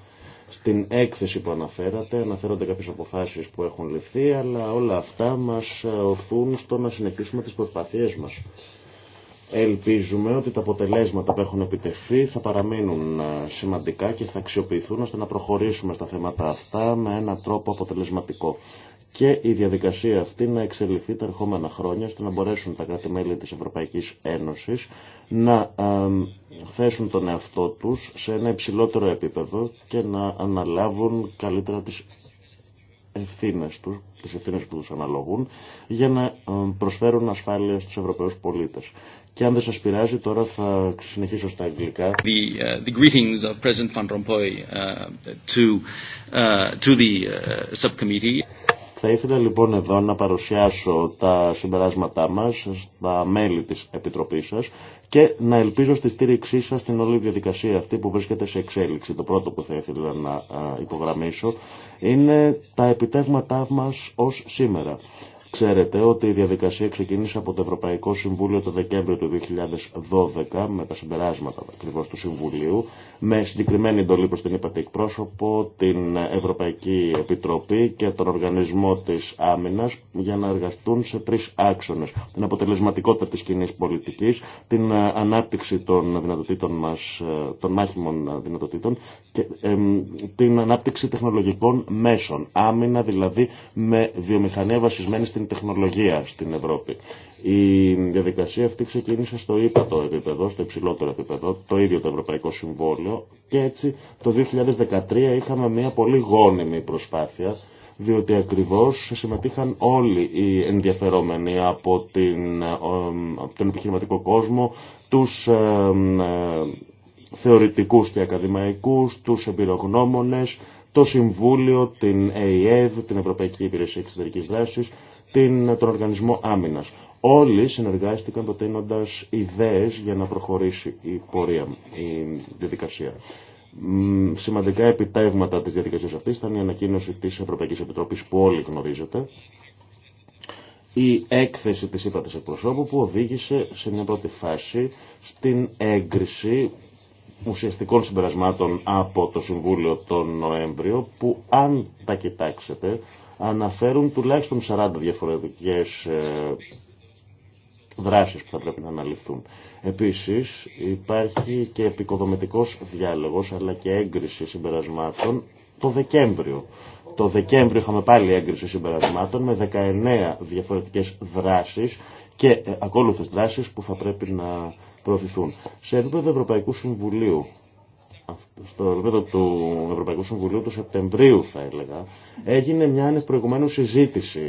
Στην έκθεση που αναφέρατε αναφέρονται κάποιες αποφάσεις που έχουν ληφθεί, αλλά όλα αυτά μας ε, οθούν στο να συνεχίσουμε τις προσπάθειές μας. Ελπίζουμε ότι τα αποτελέσματα που έχουν επιτευχθεί θα παραμείνουν ε, σημαντικά και θα αξιοποιηθούν ώστε να προχωρήσουμε στα θέματα αυτά με έναν τρόπο αποτελεσματικό. Και η διαδικασία αυτή να εξελιχθεί τα ερχόμενα χρόνια ώστε να μπορέσουν τα κράτη-μέλη της Ευρωπαϊκής Ένωσης να ε, θέσουν τον εαυτό τους σε ένα υψηλότερο επίπεδο και να αναλάβουν καλύτερα τις ευθύνες τους, τις ευθύνες που τους αναλογούν, για να ε, προσφέρουν ασφάλεια στους Ευρωπαίους πολίτες. Και αν δεν σας πειράζει, τώρα θα συνεχίσω στα αγγλικά. The, θα ήθελα λοιπόν εδώ να παρουσιάσω τα συμπεράσματά μας στα μέλη της Επιτροπής σας και να ελπίζω στη στήριξή σας στην όλη διαδικασία αυτή που βρίσκεται σε εξέλιξη. Το πρώτο που θα ήθελα να υπογραμμίσω είναι τα επιτεύγματά μας ως σήμερα. Ξέρετε ότι η διαδικασία ξεκίνησε από το Ευρωπαϊκό Συμβούλιο το Δεκέμβριο του 2012 με τα συμπεράσματα ακριβώ του Συμβουλίου με συγκεκριμένη εντολή προ την ΥΠΑΤΗ πρόσωπο, την Ευρωπαϊκή Επιτροπή και τον Οργανισμό τη Άμυνα, για να εργαστούν σε τρει άξονε: Την αποτελεσματικότητα της κοινή πολιτική, την ανάπτυξη των, δυνατοτήτων μας, των μάχημων δυνατοτήτων την ανάπτυξη τεχνολογικών μέσων. Άμυνα δηλαδή με βιομηχανία βασισμένη στην τεχνολογία στην Ευρώπη. Η διαδικασία αυτή ξεκίνησε στο ύπατο επίπεδο, στο υψηλότερο επίπεδο, το ίδιο το Ευρωπαϊκό Συμβόλαιο και έτσι το 2013 είχαμε μια πολύ γόνιμη προσπάθεια διότι ακριβώς συμμετείχαν όλοι οι ενδιαφερόμενοι από, την, από τον επιχειρηματικό κόσμο, τους θεωρητικούς και ακαδημαϊκούς, τους εμπειρογνώμονες, το Συμβούλιο, την ΕΕΔ, την Ευρωπαϊκή Υπηρεσία Εξωτερικής Δράσης, την, τον Οργανισμό Άμυνας. Όλοι συνεργάστηκαν προτείνοντας ιδέες για να προχωρήσει η πορεία, η διαδικασία. Σημαντικά επιτεύγματα της διαδικασίας αυτής ήταν η ανακοίνωση της Ευρωπαϊκής Επιτροπής που όλοι γνωρίζετε, η έκθεση της ύπατης εκπροσώπου που οδήγησε σε μια πρώτη φάση στην έγκριση ουσιαστικών συμπερασμάτων από το Συμβούλιο τον Νοέμβριο που αν τα κοιτάξετε αναφέρουν τουλάχιστον 40 διαφορετικές ε, δράσεις που θα πρέπει να αναλυθούν. Επίσης υπάρχει και επικοδομητικός διάλογος αλλά και έγκριση συμπερασμάτων το Δεκέμβριο. Το Δεκέμβριο είχαμε πάλι έγκριση συμπερασμάτων με 19 διαφορετικές δράσεις και ε, ακόλουθες δράσεις που θα πρέπει να προωθηθούν. Σε επίπεδο Ευρωπαϊκού Συμβουλίου, στο επίπεδο του Ευρωπαϊκού Συμβουλίου του Σεπτεμβρίου θα έλεγα, έγινε μια ανεπροηγουμένου συζήτηση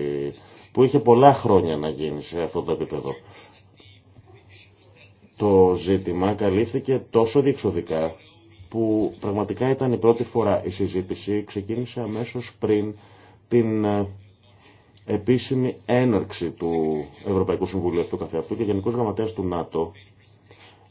που είχε πολλά χρόνια να γίνει σε αυτό το επίπεδο. Το ζήτημα καλύφθηκε τόσο διεξοδικά που πραγματικά ήταν η πρώτη φορά η συζήτηση ξεκίνησε αμέσως πριν την ε, επίσημη έναρξη του Ευρωπαϊκού Συμβουλίου του καθεαυτού και Γενικός Γραμματέας του ΝΑΤΟ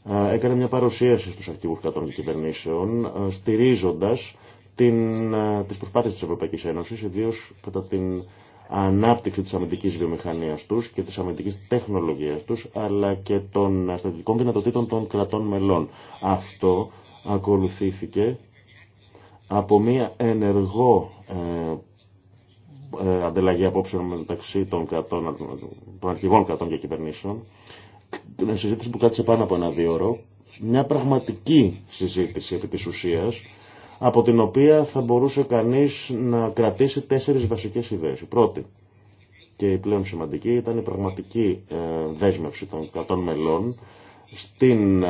ε, έκανε μια παρουσίαση στους αρχηγούς κρατών και κυβερνήσεων, ε, στηρίζοντας την, ε, τις προσπάθειες της Ευρωπαϊκής Ένωσης, ιδίως κατά την ανάπτυξη της αμυντικής βιομηχανίας τους και της αμυντικής τεχνολογίας τους, αλλά και των στρατηγικών δυνατοτήτων των κρατών μελών. Αυτό ακολουθήθηκε από μια ενεργό ε, ε, ανταλλαγή απόψεων μεταξύ των, κρατών, των αρχηγών κρατών και κυβερνήσεων, μια συζήτηση που κάτσε πάνω από ένα δύο ώρο, μια πραγματική συζήτηση επί της ουσίας, από την οποία θα μπορούσε κανείς να κρατήσει τέσσερις βασικές ιδέες. Η πρώτη και η πλέον σημαντική ήταν η πραγματική ε, δέσμευση των 100 μελών στην ε,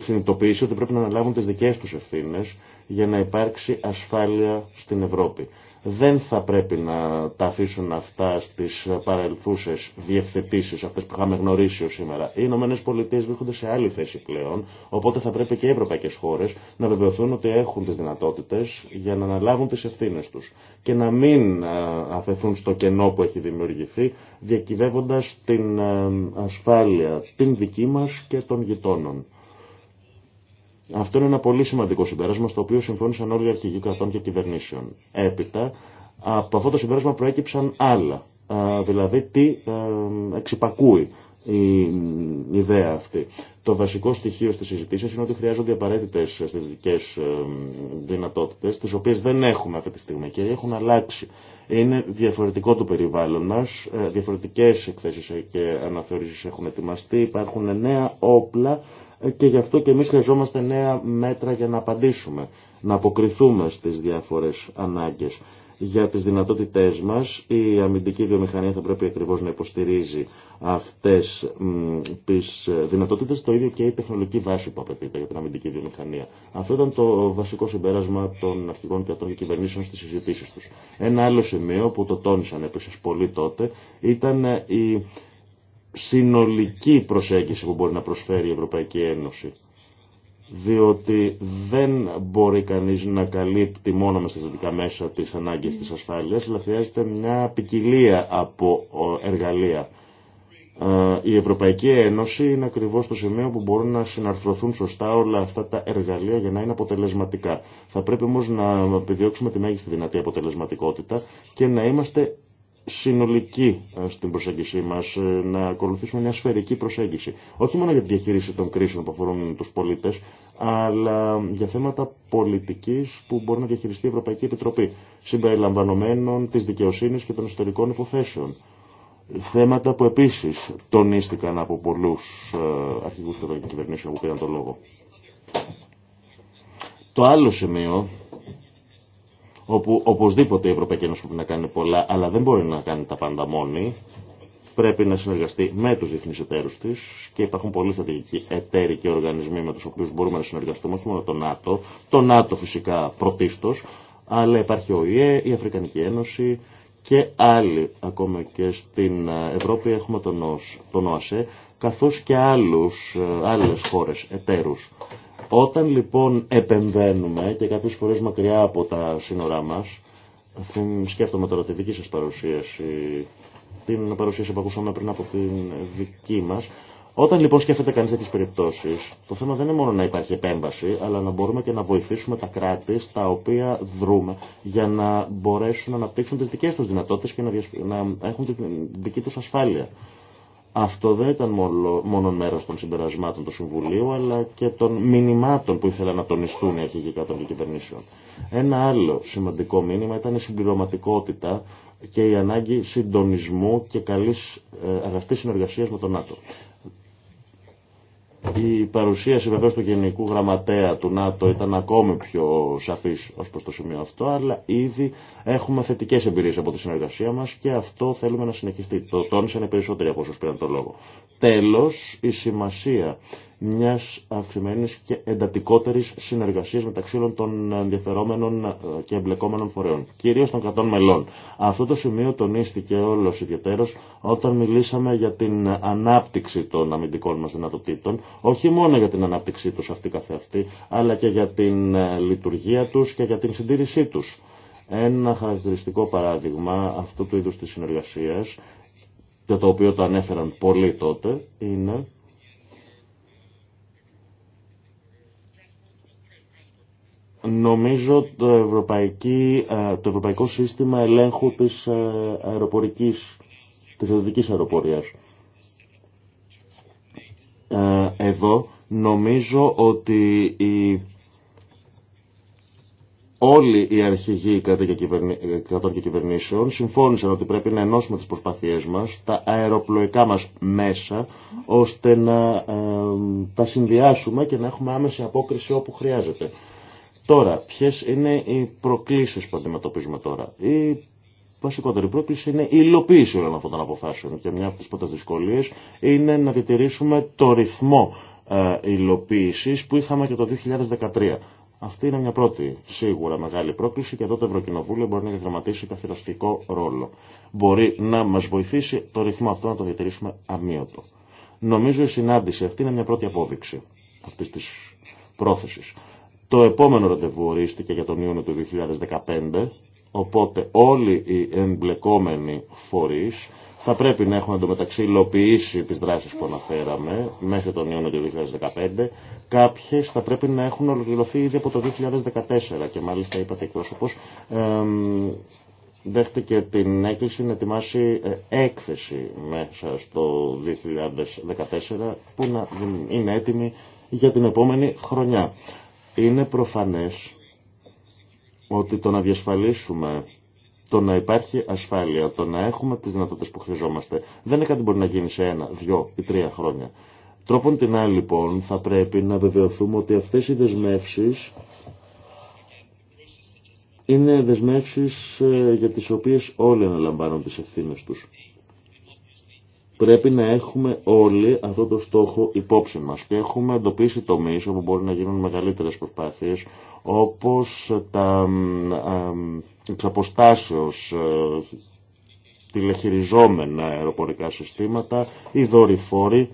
συνειδητοποίηση ότι πρέπει να αναλάβουν τις δικές τους ευθύνες για να υπάρξει ασφάλεια στην Ευρώπη δεν θα πρέπει να τα αφήσουν αυτά στις παρελθούσες διευθετήσεις, αυτές που είχαμε γνωρίσει ως σήμερα. Οι Ηνωμένε Πολιτείε βρίσκονται σε άλλη θέση πλέον, οπότε θα πρέπει και οι ευρωπαϊκές χώρες να βεβαιωθούν ότι έχουν τις δυνατότητες για να αναλάβουν τις ευθύνε τους και να μην ε, αφαιθούν στο κενό που έχει δημιουργηθεί, διακυβεύοντας την ε, ασφάλεια την δική μας και των γειτόνων. Αυτό είναι ένα πολύ σημαντικό συμπέρασμα στο οποίο συμφώνησαν όλοι οι αρχηγοί κρατών και κυβερνήσεων. Έπειτα, από αυτό το συμπέρασμα προέκυψαν άλλα. Δηλαδή, τι ε, εξυπακούει η ιδέα αυτή. Το βασικό στοιχείο στις συζητήσεις είναι ότι χρειάζονται απαραίτητες αισθητικές ε, δυνατότητες, τις οποίες δεν έχουμε αυτή τη στιγμή και έχουν αλλάξει. Είναι διαφορετικό το περιβάλλον μας, ε, διαφορετικές εκθέσεις και αναθεωρήσεις έχουν ετοιμαστεί, υπάρχουν νέα όπλα και γι' αυτό και εμείς χρειαζόμαστε νέα μέτρα για να απαντήσουμε, να αποκριθούμε στις διάφορες ανάγκες. Για τις δυνατότητές μας η αμυντική βιομηχανία θα πρέπει ακριβώς να υποστηρίζει αυτές τι τις δυνατότητες, το ίδιο και η τεχνολογική βάση που απαιτείται για την αμυντική βιομηχανία. Αυτό ήταν το βασικό συμπέρασμα των αρχηγών και των κυβερνήσεων στις συζητήσεις τους. Ένα άλλο σημείο που το τόνισαν επίσης πολύ τότε ήταν η συνολική προσέγγιση που μπορεί να προσφέρει η Ευρωπαϊκή Ένωση. Διότι δεν μπορεί κανείς να καλύπτει μόνο με στρατιωτικά μέσα τις ανάγκες της ασφάλειας, αλλά χρειάζεται μια ποικιλία από εργαλεία. Ε, η Ευρωπαϊκή Ένωση είναι ακριβώ το σημείο που μπορούν να συναρθρωθούν σωστά όλα αυτά τα εργαλεία για να είναι αποτελεσματικά. Θα πρέπει όμω να επιδιώξουμε τη μέγιστη δυνατή αποτελεσματικότητα και να είμαστε συνολική ε, στην προσέγγιση μας, ε, να ακολουθήσουμε μια σφαιρική προσέγγιση. Όχι μόνο για τη διαχείριση των κρίσεων που αφορούν τους πολίτες, αλλά για θέματα πολιτικής που μπορεί να διαχειριστεί η Ευρωπαϊκή Επιτροπή, συμπεριλαμβανομένων της δικαιοσύνης και των ιστορικών υποθέσεων. Θέματα που επίσης τονίστηκαν από πολλούς ε, αρχηγούς και κυβερνήσεων που πήραν τον λόγο. Το άλλο σημείο όπου οπωσδήποτε η Ευρωπαϊκή Ένωση πρέπει να κάνει πολλά, αλλά δεν μπορεί να κάνει τα πάντα μόνη. Πρέπει να συνεργαστεί με του διεθνεί εταίρου τη και υπάρχουν πολλοί στρατηγικοί εταίροι και οργανισμοί με του οποίου μπορούμε να συνεργαστούμε, όχι μόνο το ΝΑΤΟ. Το ΝΑΤΟ φυσικά πρωτίστω, αλλά υπάρχει ο ΙΕ, η Αφρικανική Ένωση και άλλοι. Ακόμα και στην Ευρώπη έχουμε τον, ΟΑΣΕ, καθώς και άλλε άλλες χώρες εταίρους. Όταν λοιπόν επεμβαίνουμε και κάποιες φορές μακριά από τα σύνορά μας, σκέφτομαι τώρα τη δική σας παρουσίαση, την παρουσίαση που ακούσαμε πριν από την δική μας, όταν λοιπόν σκέφτεται κανείς τέτοιες περιπτώσεις, το θέμα δεν είναι μόνο να υπάρχει επέμβαση, αλλά να μπορούμε και να βοηθήσουμε τα κράτη στα οποία δρούμε, για να μπορέσουν να αναπτύξουν τις δικές τους δυνατότητες και να έχουν την δική τους ασφάλεια. Αυτό δεν ήταν μόνο μέρο των συμπερασμάτων του Συμβουλίου, αλλά και των μηνυμάτων που ήθελαν να τονιστούν οι αρχηγοί των κυβερνήσεων. Ένα άλλο σημαντικό μήνυμα ήταν η συμπληρωματικότητα και η ανάγκη συντονισμού και καλή ε, αγαστή συνεργασία με τον ΝΑΤΟ. Η παρουσίαση βεβαίω του Γενικού Γραμματέα του ΝΑΤΟ ήταν ακόμη πιο σαφή ω προ το σημείο αυτό, αλλά ήδη έχουμε θετικέ εμπειρίε από τη συνεργασία μα και αυτό θέλουμε να συνεχιστεί. Το τόνισαν οι περισσότεροι από όσου πήραν το λόγο. Τέλο, η σημασία μια αυξημένη και εντατικότερη συνεργασία μεταξύ όλων των ενδιαφερόμενων ε, και εμπλεκόμενων φορέων, Κύρίω των κρατών μελών. Αυτό το σημείο τονίστηκε όλος ιδιαίτερο όταν μιλήσαμε για την ανάπτυξη των αμυντικών μα δυνατοτήτων, όχι μόνο για την ανάπτυξή του αυτή καθεαυτή, αλλά και για την ε, λειτουργία του και για την συντήρησή του. Ένα χαρακτηριστικό παράδειγμα αυτού του είδου τη συνεργασία και το οποίο το ανέφεραν πολλοί τότε, είναι Νομίζω το, ε, το ευρωπαϊκό σύστημα ελέγχου της ε, αεροπορικής, της ελληνικής αεροπορίας. Ε, εδώ νομίζω ότι όλοι οι αρχηγοί κρατών και κυβερνήσεων συμφώνησαν ότι πρέπει να ενώσουμε τις προσπάθειές μας, τα αεροπλοϊκά μας μέσα, ώστε να τα συνδυάσουμε και να έχουμε άμεση απόκριση όπου χρειάζεται. Τώρα, ποιε είναι οι προκλήσει που αντιμετωπίζουμε τώρα. Η βασικότερη πρόκληση είναι η υλοποίηση όλων αυτών των αποφάσεων και μια από τι πρώτε δυσκολίε είναι να διατηρήσουμε το ρυθμό ε, υλοποίηση που είχαμε και το 2013. Αυτή είναι μια πρώτη σίγουρα μεγάλη πρόκληση και εδώ το Ευρωκοινοβούλιο μπορεί να διαδραματίσει καθιεραστικό ρόλο. Μπορεί να μα βοηθήσει το ρυθμό αυτό να το διατηρήσουμε αμύωτο. Νομίζω η συνάντηση αυτή είναι μια πρώτη απόδειξη αυτή τη πρόθεση. Το επόμενο ραντεβού ορίστηκε για τον Ιούνιο του 2015, οπότε όλοι οι εμπλεκόμενοι φορείς θα πρέπει να έχουν εντωμεταξύ υλοποιήσει τις δράσεις που αναφέραμε μέχρι τον Ιούνιο του 2015. Κάποιες θα πρέπει να έχουν ολοκληρωθεί ήδη από το 2014 και μάλιστα είπατε εκπρόσωπος εμ, δέχτηκε την έκκληση να ετοιμάσει ε, έκθεση μέσα στο 2014 που να είναι έτοιμη για την επόμενη χρονιά. Είναι προφανές ότι το να διασφαλίσουμε το να υπάρχει ασφάλεια, το να έχουμε τις δυνατότητες που χρειαζόμαστε, δεν είναι κάτι που μπορεί να γίνει σε ένα, δυο ή τρία χρόνια. Τρόπον την άλλη λοιπόν θα πρέπει να βεβαιωθούμε ότι αυτές οι δεσμεύσεις είναι δεσμεύσεις ε, για τις οποίες όλοι αναλαμβάνουν τις ευθύνες τους. Πρέπει να έχουμε όλοι αυτό το στόχο υπόψη μας και έχουμε εντοπίσει τομείς όπου μπορεί να γίνουν μεγαλύτερες προσπάθειες όπως τα εξαποστάσεως ε, τηλεχειριζόμενα αεροπορικά συστήματα, οι δορυφόροι,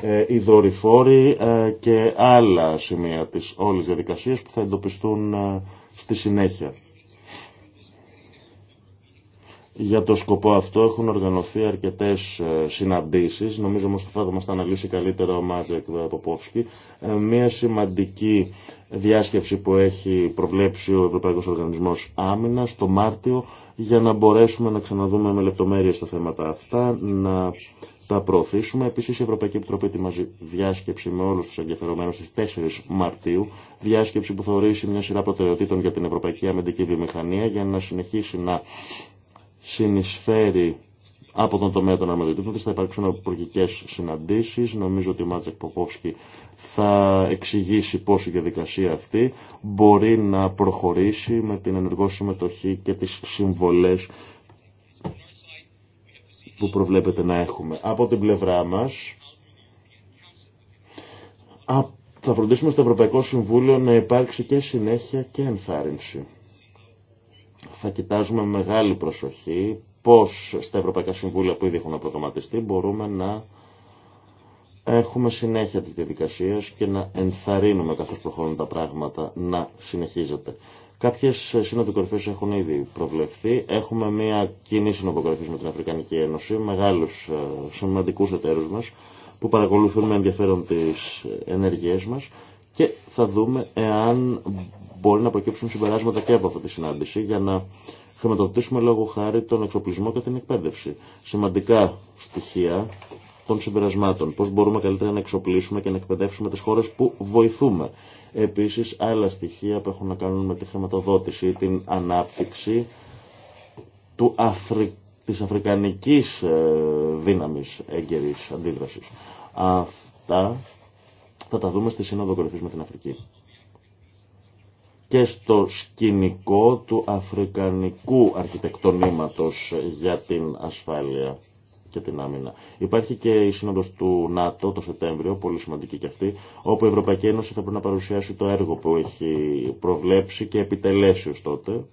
ε, οι δορυφόροι ε, και άλλα σημεία της όλης διαδικασίας που θα εντοπιστούν στη συνέχεια. Για το σκοπό αυτό έχουν οργανωθεί αρκετέ ε, συναντήσει, νομίζω όμω θα μα τα αναλύσει καλύτερα ο Μάτζεκ Ποπόφσκι. Ε, μια σημαντική διάσκεψη που έχει προβλέψει ο Ευρωπαϊκό Οργανισμό Άμυνα το Μάρτιο για να μπορέσουμε να ξαναδούμε με λεπτομέρειε τα θέματα αυτά, να τα προωθήσουμε. Επίση η Ευρωπαϊκή Επιτροπή ετοιμάζει διάσκεψη με όλου του ενδιαφερομένου στι 4 Μαρτίου. Διάσκεψη που θα ορίσει μια σειρά προτεραιοτήτων για την Ευρωπαϊκή Αμυντική Βιομηχανία για να συνεχίσει να συνεισφέρει από τον τομέα των αρμοδιοτήτων της. Θα υπάρξουν υπουργικέ συναντήσεις. Νομίζω ότι ο Μάτζεκ Ποπόφσκι θα εξηγήσει πώς η διαδικασία αυτή μπορεί να προχωρήσει με την ενεργό συμμετοχή και τις συμβολές που προβλέπεται να έχουμε. Από την πλευρά μας θα φροντίσουμε στο Ευρωπαϊκό Συμβούλιο να υπάρξει και συνέχεια και ενθάρρυνση θα κοιτάζουμε μεγάλη προσοχή πώς στα Ευρωπαϊκά Συμβούλια που ήδη έχουν προγραμματιστεί μπορούμε να έχουμε συνέχεια της διαδικασίας και να ενθαρρύνουμε καθώς προχωρούν τα πράγματα να συνεχίζεται. Κάποιες σύνοδοι έχουν ήδη προβλεφθεί. Έχουμε μια κοινή συνοδοκορφή με την Αφρικανική Ένωση, μεγάλους ε, σημαντικούς εταίρους μας που παρακολουθούν με ενδιαφέρον τις ενέργειές μας και θα δούμε εάν μπορεί να προκύψουν συμπεράσματα και από αυτή τη συνάντηση για να χρηματοδοτήσουμε λόγω χάρη τον εξοπλισμό και την εκπαίδευση. Σημαντικά στοιχεία των συμπερασμάτων. Πώς μπορούμε καλύτερα να εξοπλίσουμε και να εκπαιδεύσουμε τις χώρες που βοηθούμε. Επίσης άλλα στοιχεία που έχουν να κάνουν με τη χρηματοδότηση, την ανάπτυξη του Αφρικ... της αφρικανικής ε, δύναμης έγκαιρης αντίδρασης. Αυτά θα τα δούμε στη Σύνοδο Κορυφής με την Αφρική. Και στο σκηνικό του αφρικανικού αρχιτεκτονήματος για την ασφάλεια και την άμυνα. Υπάρχει και η Σύνοδος του ΝΑΤΟ το Σεπτέμβριο, πολύ σημαντική και αυτή, όπου η Ευρωπαϊκή Ένωση θα πρέπει να παρουσιάσει το έργο που έχει προβλέψει και επιτελέσει ως τότε,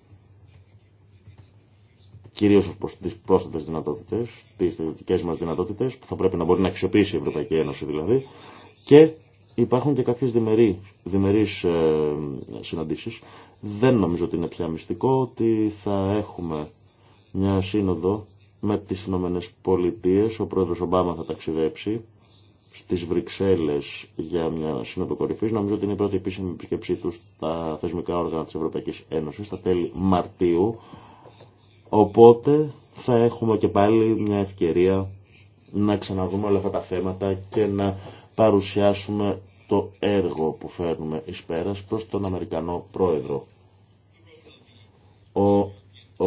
κυρίως ως προς τις πρόσθετες δυνατότητες, τις μα μας δυνατότητες, που θα πρέπει να μπορεί να αξιοποιήσει η Ευρωπαϊκή Ένωση δηλαδή, και Υπάρχουν και κάποιες διμερεί, διμερείς ε, συναντήσεις. Δεν νομίζω ότι είναι πια μυστικό ότι θα έχουμε μια σύνοδο με τις Ηνωμένες Πολιτείες. Ο πρόεδρος Ομπάμα θα ταξιδέψει στις Βρυξέλλες για μια σύνοδο κορυφής. Νομίζω ότι είναι η πρώτη επίσημη επισκεψή του στα θεσμικά όργανα της Ευρωπαϊκής Ένωσης στα τέλη Μαρτίου. Οπότε θα έχουμε και πάλι μια ευκαιρία να ξαναδούμε όλα αυτά τα θέματα και να παρουσιάσουμε το έργο που φέρνουμε εις πέρας προς τον Αμερικανό Πρόεδρο. Ο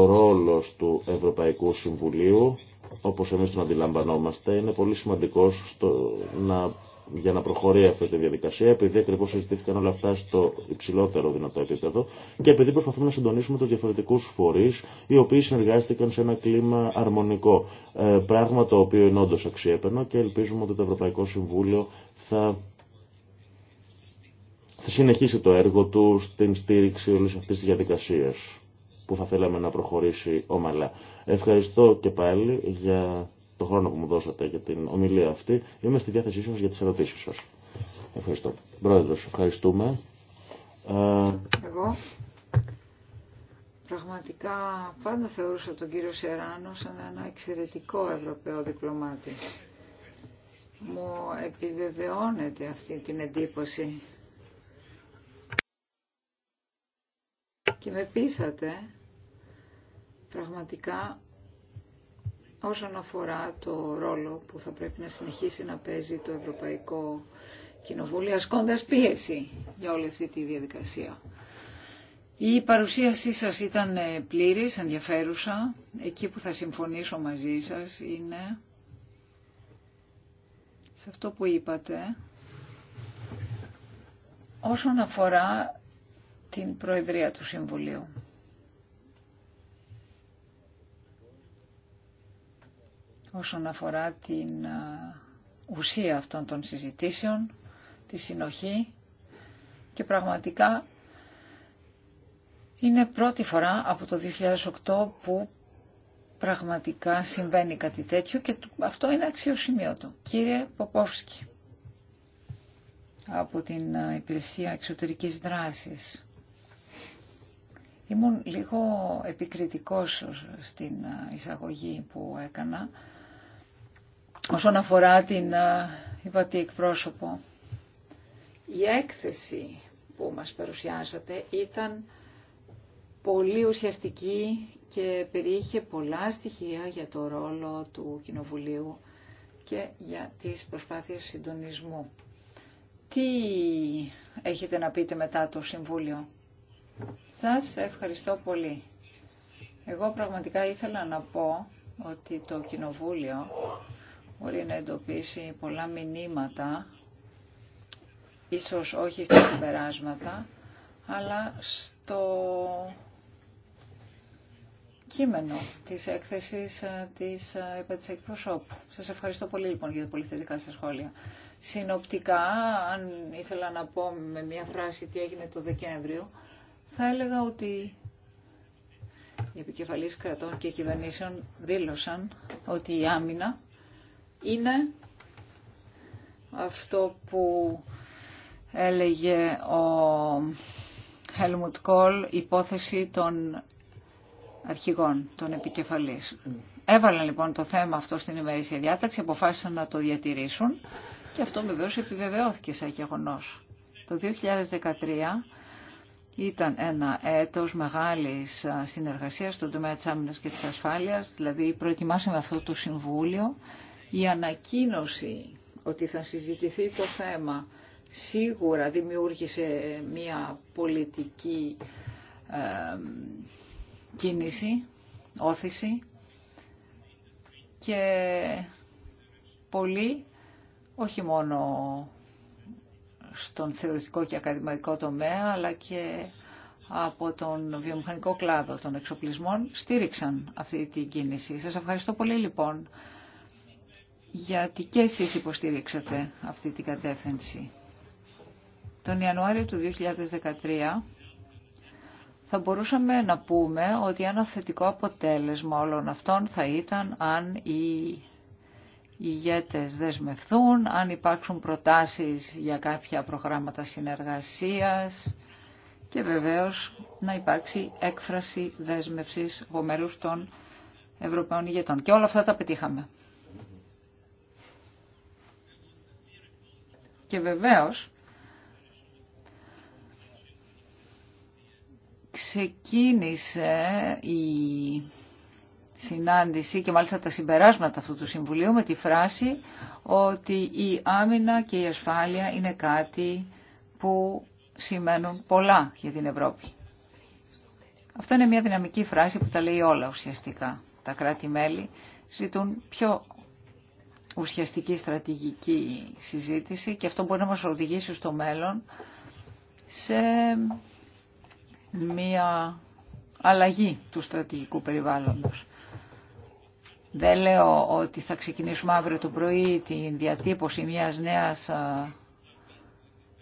ρόλος του Ευρωπαϊκού Συμβουλίου, όπως εμείς τον αντιλαμβανόμαστε, είναι πολύ σημαντικός στο να για να προχωρεί αυτή τη διαδικασία, επειδή ακριβώ συζητήθηκαν όλα αυτά στο υψηλότερο δυνατό επίπεδο και επειδή προσπαθούμε να συντονίσουμε του διαφορετικού φορεί οι οποίοι συνεργάστηκαν σε ένα κλίμα αρμονικό. Ε, πράγμα το οποίο είναι όντω αξιέπαινο και ελπίζουμε ότι το Ευρωπαϊκό Συμβούλιο θα θα συνεχίσει το έργο του στην στήριξη όλη αυτή τη διαδικασία που θα θέλαμε να προχωρήσει ομαλά. Ευχαριστώ και πάλι για το χρόνο που μου δώσατε για την ομιλία αυτή. Είμαι στη διάθεσή σας για τις ερωτήσεις σας. Ευχαριστώ. Πρόεδρος, ευχαριστούμε. Ε, Εγώ πραγματικά πάντα θεωρούσα τον κύριο Σεράνο σαν ένα εξαιρετικό Ευρωπαίο διπλωμάτη. Μου επιβεβαιώνεται αυτή την εντύπωση. Και με πείσατε πραγματικά όσον αφορά το ρόλο που θα πρέπει να συνεχίσει να παίζει το Ευρωπαϊκό Κοινοβούλιο ασκώντας πίεση για όλη αυτή τη διαδικασία. Η παρουσίασή σας ήταν ε, πλήρης, ενδιαφέρουσα. Εκεί που θα συμφωνήσω μαζί σας είναι σε αυτό που είπατε όσον αφορά την Προεδρία του Συμβουλίου. όσον αφορά την ε, ουσία αυτών των συζητήσεων, τη συνοχή και πραγματικά είναι πρώτη φορά από το 2008 που πραγματικά συμβαίνει κάτι τέτοιο και αυτό είναι αξιοσημείωτο. Κύριε Ποπόφσκι, από την ε, Υπηρεσία Εξωτερικής Δράσης. Ήμουν λίγο επικριτικός στην ε, εισαγωγή που έκανα όσον αφορά την υπατή εκπρόσωπο. Η έκθεση που μας παρουσιάσατε ήταν πολύ ουσιαστική και περιείχε πολλά στοιχεία για το ρόλο του Κοινοβουλίου και για τις προσπάθειες συντονισμού. Τι έχετε να πείτε μετά το Συμβούλιο. Σας ευχαριστώ πολύ. Εγώ πραγματικά ήθελα να πω ότι το Κοινοβούλιο μπορεί να εντοπίσει πολλά μηνύματα, ίσως όχι στα συμπεράσματα, αλλά στο κείμενο της έκθεσης ε, της ε, ΕΠΕ της Σας ευχαριστώ πολύ λοιπόν για τα πολυθετικά σας σχόλια. Συνοπτικά, αν ήθελα να πω με μια φράση τι έγινε το Δεκέμβριο, θα έλεγα ότι οι επικεφαλής κρατών και κυβερνήσεων δήλωσαν ότι η άμυνα είναι αυτό που έλεγε ο Helmut Kohl, υπόθεση των αρχηγών, των επικεφαλής. Έβαλαν λοιπόν το θέμα αυτό στην ημερήσια διάταξη, αποφάσισαν να το διατηρήσουν και αυτό βεβαίω επιβεβαιώθηκε σαν γεγονό. Το 2013 ήταν ένα έτος μεγάλης συνεργασίας στον τομέα της άμυνας και της ασφάλειας, δηλαδή προετοιμάσαμε αυτό το Συμβούλιο η ανακοίνωση ότι θα συζητηθεί το θέμα σίγουρα δημιούργησε μια πολιτική κίνηση, όθηση και πολύ όχι μόνο στον θεωρητικό και ακαδημαϊκό τομέα, αλλά και από τον βιομηχανικό κλάδο των εξοπλισμών, στήριξαν αυτή την κίνηση. Σας ευχαριστώ πολύ λοιπόν γιατί και εσείς υποστήριξατε αυτή την κατεύθυνση. Τον Ιανουάριο του 2013 θα μπορούσαμε να πούμε ότι ένα θετικό αποτέλεσμα όλων αυτών θα ήταν αν οι ηγέτες δεσμευθούν, αν υπάρξουν προτάσεις για κάποια προγράμματα συνεργασίας και βεβαίως να υπάρξει έκφραση δέσμευσης από μέρους των Ευρωπαίων ηγετών. Και όλα αυτά τα πετύχαμε. Και βεβαίως ξεκίνησε η συνάντηση και μάλιστα τα συμπεράσματα αυτού του Συμβουλίου με τη φράση ότι η άμυνα και η ασφάλεια είναι κάτι που σημαίνουν πολλά για την Ευρώπη. Αυτό είναι μια δυναμική φράση που τα λέει όλα ουσιαστικά. Τα κράτη-μέλη ζητούν πιο ουσιαστική στρατηγική συζήτηση και αυτό μπορεί να μας οδηγήσει στο μέλλον σε μία αλλαγή του στρατηγικού περιβάλλοντος. Δεν λέω ότι θα ξεκινήσουμε αύριο το πρωί την διατύπωση μιας νέας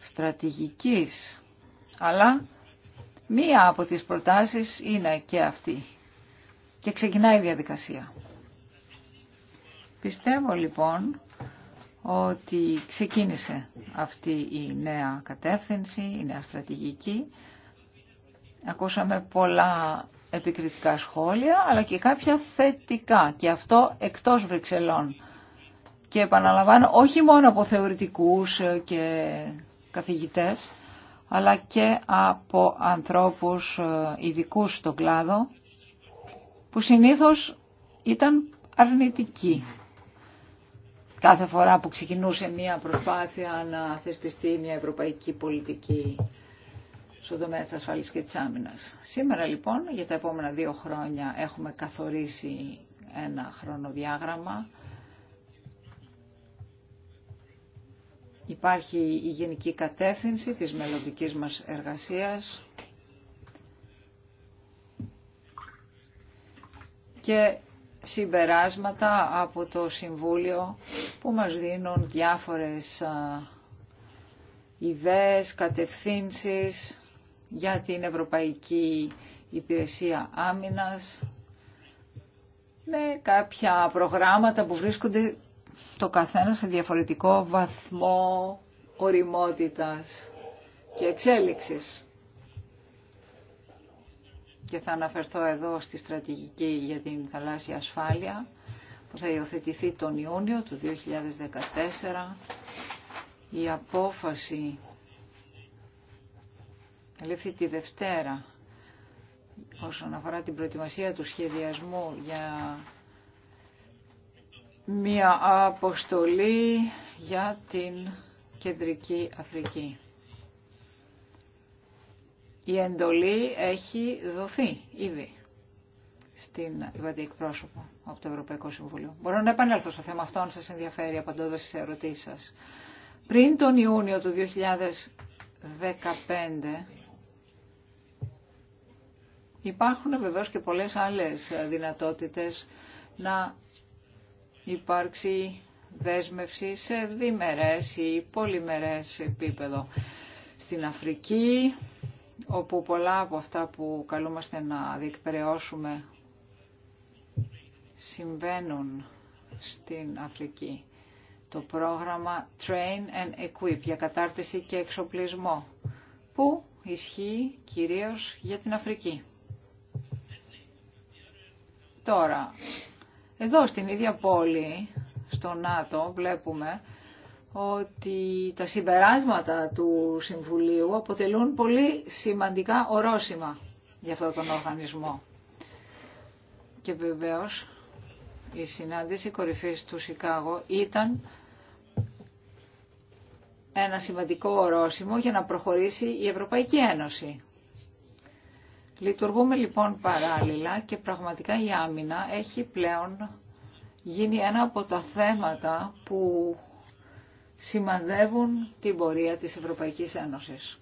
στρατηγικής, αλλά μία από τις προτάσεις είναι και αυτή και ξεκινάει η διαδικασία. Πιστεύω λοιπόν ότι ξεκίνησε αυτή η νέα κατεύθυνση, η νέα στρατηγική. Ακούσαμε πολλά επικριτικά σχόλια, αλλά και κάποια θετικά. Και αυτό εκτός Βρυξελών. Και επαναλαμβάνω, όχι μόνο από θεωρητικούς και καθηγητές, αλλά και από ανθρώπους ε, ειδικού στον κλάδο, που συνήθως ήταν αρνητικοί κάθε φορά που ξεκινούσε μια προσπάθεια να θεσπιστεί μια ευρωπαϊκή πολιτική στον τομέα της και της άμυνας. Σήμερα λοιπόν για τα επόμενα δύο χρόνια έχουμε καθορίσει ένα χρονοδιάγραμμα. Υπάρχει η γενική κατεύθυνση της μελλοντικής μας εργασίας και συμπεράσματα από το Συμβούλιο που μας δίνουν διάφορες ιδέες, κατευθύνσεις για την Ευρωπαϊκή Υπηρεσία Άμυνας με κάποια προγράμματα που βρίσκονται το καθένα σε διαφορετικό βαθμό οριμότητας και εξέλιξης και θα αναφερθώ εδώ στη στρατηγική για την θαλάσσια ασφάλεια που θα υιοθετηθεί τον Ιούνιο του 2014. Η απόφαση λήφθη τη Δευτέρα όσον αφορά την προετοιμασία του σχεδιασμού για μία αποστολή για την Κεντρική Αφρική. Η εντολή έχει δοθεί ήδη στην Ιβαντή εκπρόσωπο από το Ευρωπαϊκό Συμβούλιο. Μπορώ να επανέλθω στο θέμα αυτό αν σας ενδιαφέρει απαντώντας στις ερωτήσεις σας. Πριν τον Ιούνιο του 2015 υπάρχουν βεβαίως και πολλές άλλες δυνατότητες να υπάρξει δέσμευση σε διμερές ή πολυμερές επίπεδο. Στην Αφρική όπου πολλά από αυτά που καλούμαστε να διεκπαιρεώσουμε συμβαίνουν στην Αφρική. Το πρόγραμμα Train and Equip για κατάρτιση και εξοπλισμό που ισχύει κυρίως για την Αφρική. Τώρα, εδώ στην ίδια πόλη, στο ΝΑΤΟ, βλέπουμε ότι τα συμπεράσματα του Συμβουλίου αποτελούν πολύ σημαντικά ορόσημα για αυτόν τον οργανισμό. Και βεβαίως η συνάντηση κορυφής του Σικάγο ήταν ένα σημαντικό ορόσημο για να προχωρήσει η Ευρωπαϊκή Ένωση. Λειτουργούμε λοιπόν παράλληλα και πραγματικά η άμυνα έχει πλέον γίνει ένα από τα θέματα που σημαδεύουν την πορεία της Ευρωπαϊκής Ένωσης.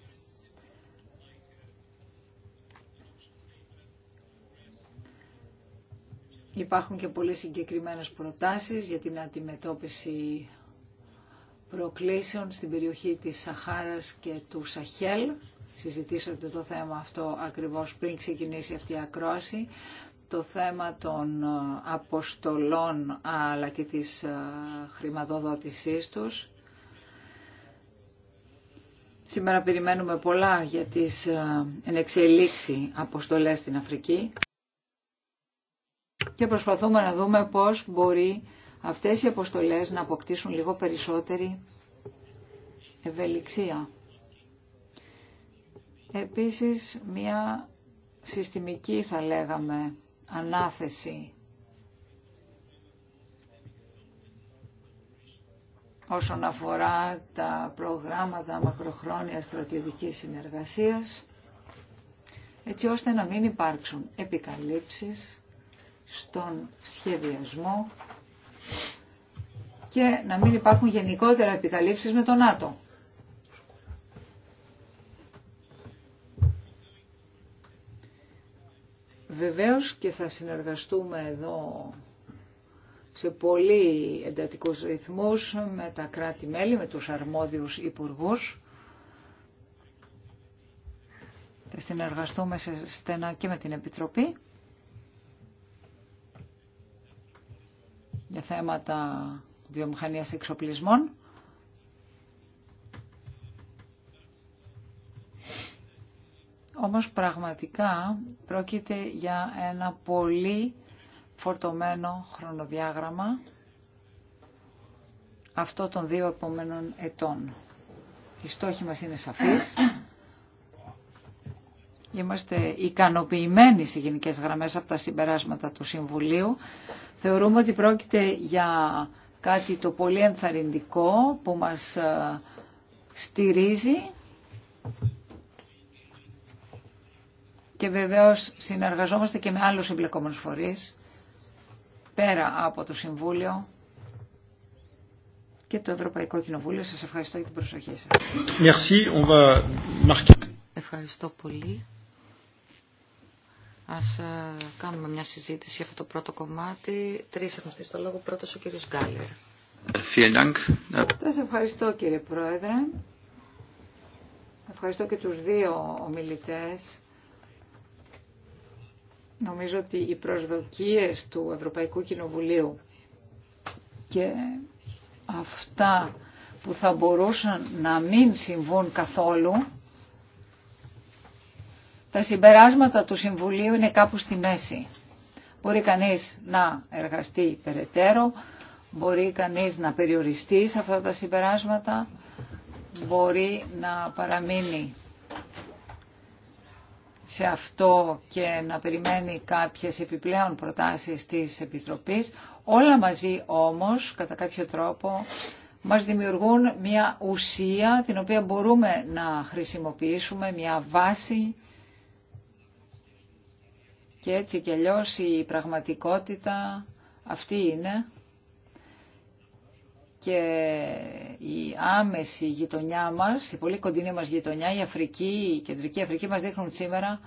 Υπάρχουν και πολλές συγκεκριμένες προτάσεις για την αντιμετώπιση προκλήσεων στην περιοχή της Σαχάρας και του Σαχέλ. Συζητήσατε το θέμα αυτό ακριβώς πριν ξεκινήσει αυτή η ακρόαση. Το θέμα των αποστολών αλλά και της ε, χρηματοδότησής τους. Σήμερα περιμένουμε πολλά για τις ε, ενεξελίξει αποστολές στην Αφρική και προσπαθούμε να δούμε πώς μπορεί αυτές οι αποστολές να αποκτήσουν λίγο περισσότερη ευελιξία. Επίσης, μια συστημική θα λέγαμε ανάθεση όσον αφορά τα προγράμματα μακροχρόνια στρατηγικής συνεργασίας, έτσι ώστε να μην υπάρξουν επικαλύψεις στον σχεδιασμό και να μην υπάρχουν γενικότερα επικαλύψεις με τον ΝΑΤΟ. Βεβαίως και θα συνεργαστούμε εδώ σε πολύ εντατικούς ρυθμούς με τα κράτη-μέλη, με τους αρμόδιους υπουργούς. Θα συνεργαστούμε σε στενά και με την Επιτροπή για θέματα βιομηχανίας εξοπλισμών. Όμως πραγματικά πρόκειται για ένα πολύ φορτωμένο χρονοδιάγραμμα αυτό των δύο επόμενων ετών. Η στόχοι μας είναι σαφής. Είμαστε ικανοποιημένοι σε γενικές γραμμές από τα συμπεράσματα του Συμβουλίου. Θεωρούμε ότι πρόκειται για κάτι το πολύ ενθαρρυντικό που μας ε, στηρίζει και βεβαίως συνεργαζόμαστε και με άλλους εμπλεκόμενους φορείς πέρα από το Συμβούλιο και το Ευρωπαϊκό Κοινοβούλιο. Σας ευχαριστώ για την προσοχή σας. Merci. On Ευχαριστώ πολύ. Ας ε, κάνουμε μια συζήτηση για αυτό το πρώτο κομμάτι. Τρεις έχουν στήσει λόγο. Πρώτος ο κύριος Γκάλερ. Σας ευχαριστώ κύριε Πρόεδρε. Ευχαριστώ και τους δύο ομιλητές Νομίζω ότι οι προσδοκίες του Ευρωπαϊκού Κοινοβουλίου και αυτά που θα μπορούσαν να μην συμβούν καθόλου, τα συμπεράσματα του Συμβουλίου είναι κάπου στη μέση. Μπορεί κανείς να εργαστεί περαιτέρω, μπορεί κανείς να περιοριστεί σε αυτά τα συμπεράσματα, μπορεί να παραμείνει σε αυτό και να περιμένει κάποιες επιπλέον προτάσεις της Επιτροπής. Όλα μαζί όμως, κατά κάποιο τρόπο, μας δημιουργούν μια ουσία την οποία μπορούμε να χρησιμοποιήσουμε, μια βάση και έτσι κι αλλιώς η πραγματικότητα αυτή είναι και η άμεση γειτονιά μας, η πολύ κοντινή μας γειτονιά, η Αφρική, η Κεντρική Αφρική μας δείχνουν σήμερα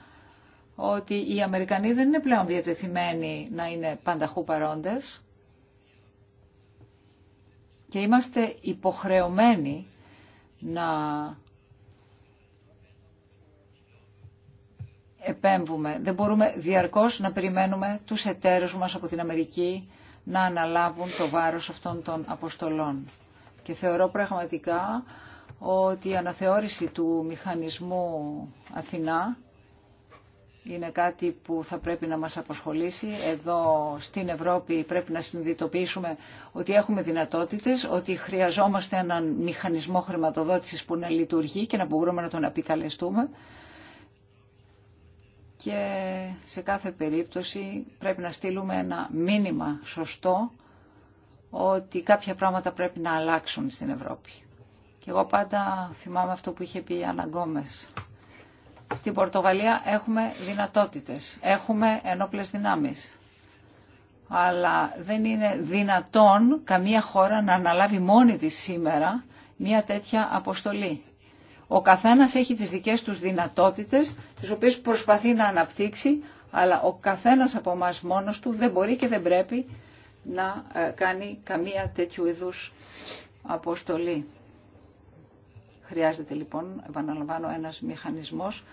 ότι οι Αμερικανοί δεν είναι πλέον διατεθειμένοι να είναι πανταχού παρόντες και είμαστε υποχρεωμένοι να επέμβουμε. Δεν μπορούμε διαρκώς να περιμένουμε τους εταίρους μας από την Αμερική να αναλάβουν το βάρος αυτών των αποστολών. Και θεωρώ πραγματικά ότι η αναθεώρηση του μηχανισμού Αθηνά είναι κάτι που θα πρέπει να μας αποσχολήσει. Εδώ στην Ευρώπη πρέπει να συνειδητοποιήσουμε ότι έχουμε δυνατότητες, ότι χρειαζόμαστε έναν μηχανισμό χρηματοδότησης που να λειτουργεί και να μπορούμε να τον επικαλεστούμε και σε κάθε περίπτωση πρέπει να στείλουμε ένα μήνυμα σωστό ότι κάποια πράγματα πρέπει να αλλάξουν στην Ευρώπη. Και εγώ πάντα θυμάμαι αυτό που είχε πει η Άννα Στην Πορτογαλία έχουμε δυνατότητες, έχουμε ενόπλες δυνάμεις. Αλλά δεν είναι δυνατόν καμία χώρα να αναλάβει μόνη της σήμερα μια τέτοια αποστολή. Ο καθένας έχει τις δικές τους δυνατότητες, τις οποίες προσπαθεί να αναπτύξει, αλλά ο καθένας από εμά μόνος του δεν μπορεί και δεν πρέπει να ε, κάνει καμία τέτοιου είδους αποστολή. Χρειάζεται λοιπόν, επαναλαμβάνω, ένας μηχανισμός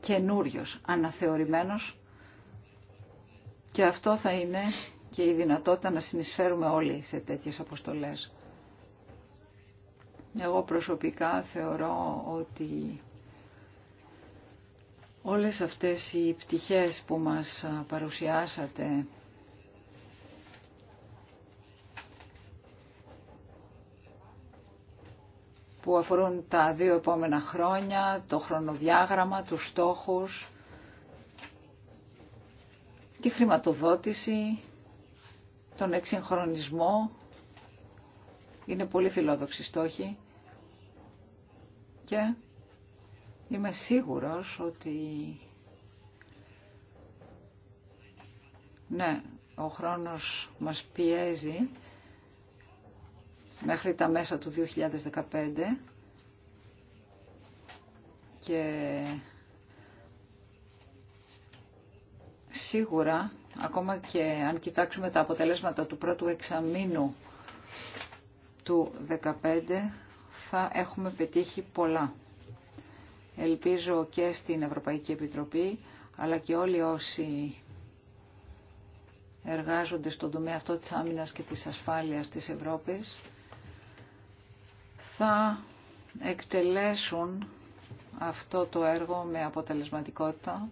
καινούριο, αναθεωρημένος και αυτό θα είναι και η δυνατότητα να συνεισφέρουμε όλοι σε τέτοιες αποστολές. Εγώ προσωπικά θεωρώ ότι όλες αυτές οι πτυχές που μας παρουσιάσατε που αφορούν τα δύο επόμενα χρόνια, το χρονοδιάγραμμα, τους στόχους, τη χρηματοδότηση, τον εξυγχρονισμό. Είναι πολύ φιλόδοξη στόχη και είμαι σίγουρος ότι ναι, ο χρόνος μας πιέζει μέχρι τα μέσα του 2015 και σίγουρα ακόμα και αν κοιτάξουμε τα αποτελέσματα του πρώτου εξαμήνου του 2015 θα έχουμε πετύχει πολλά. Ελπίζω και στην Ευρωπαϊκή Επιτροπή, αλλά και όλοι όσοι εργάζονται στον τομέα αυτό της άμυνας και της ασφάλειας της Ευρώπης, θα εκτελέσουν αυτό το έργο με αποτελεσματικότητα.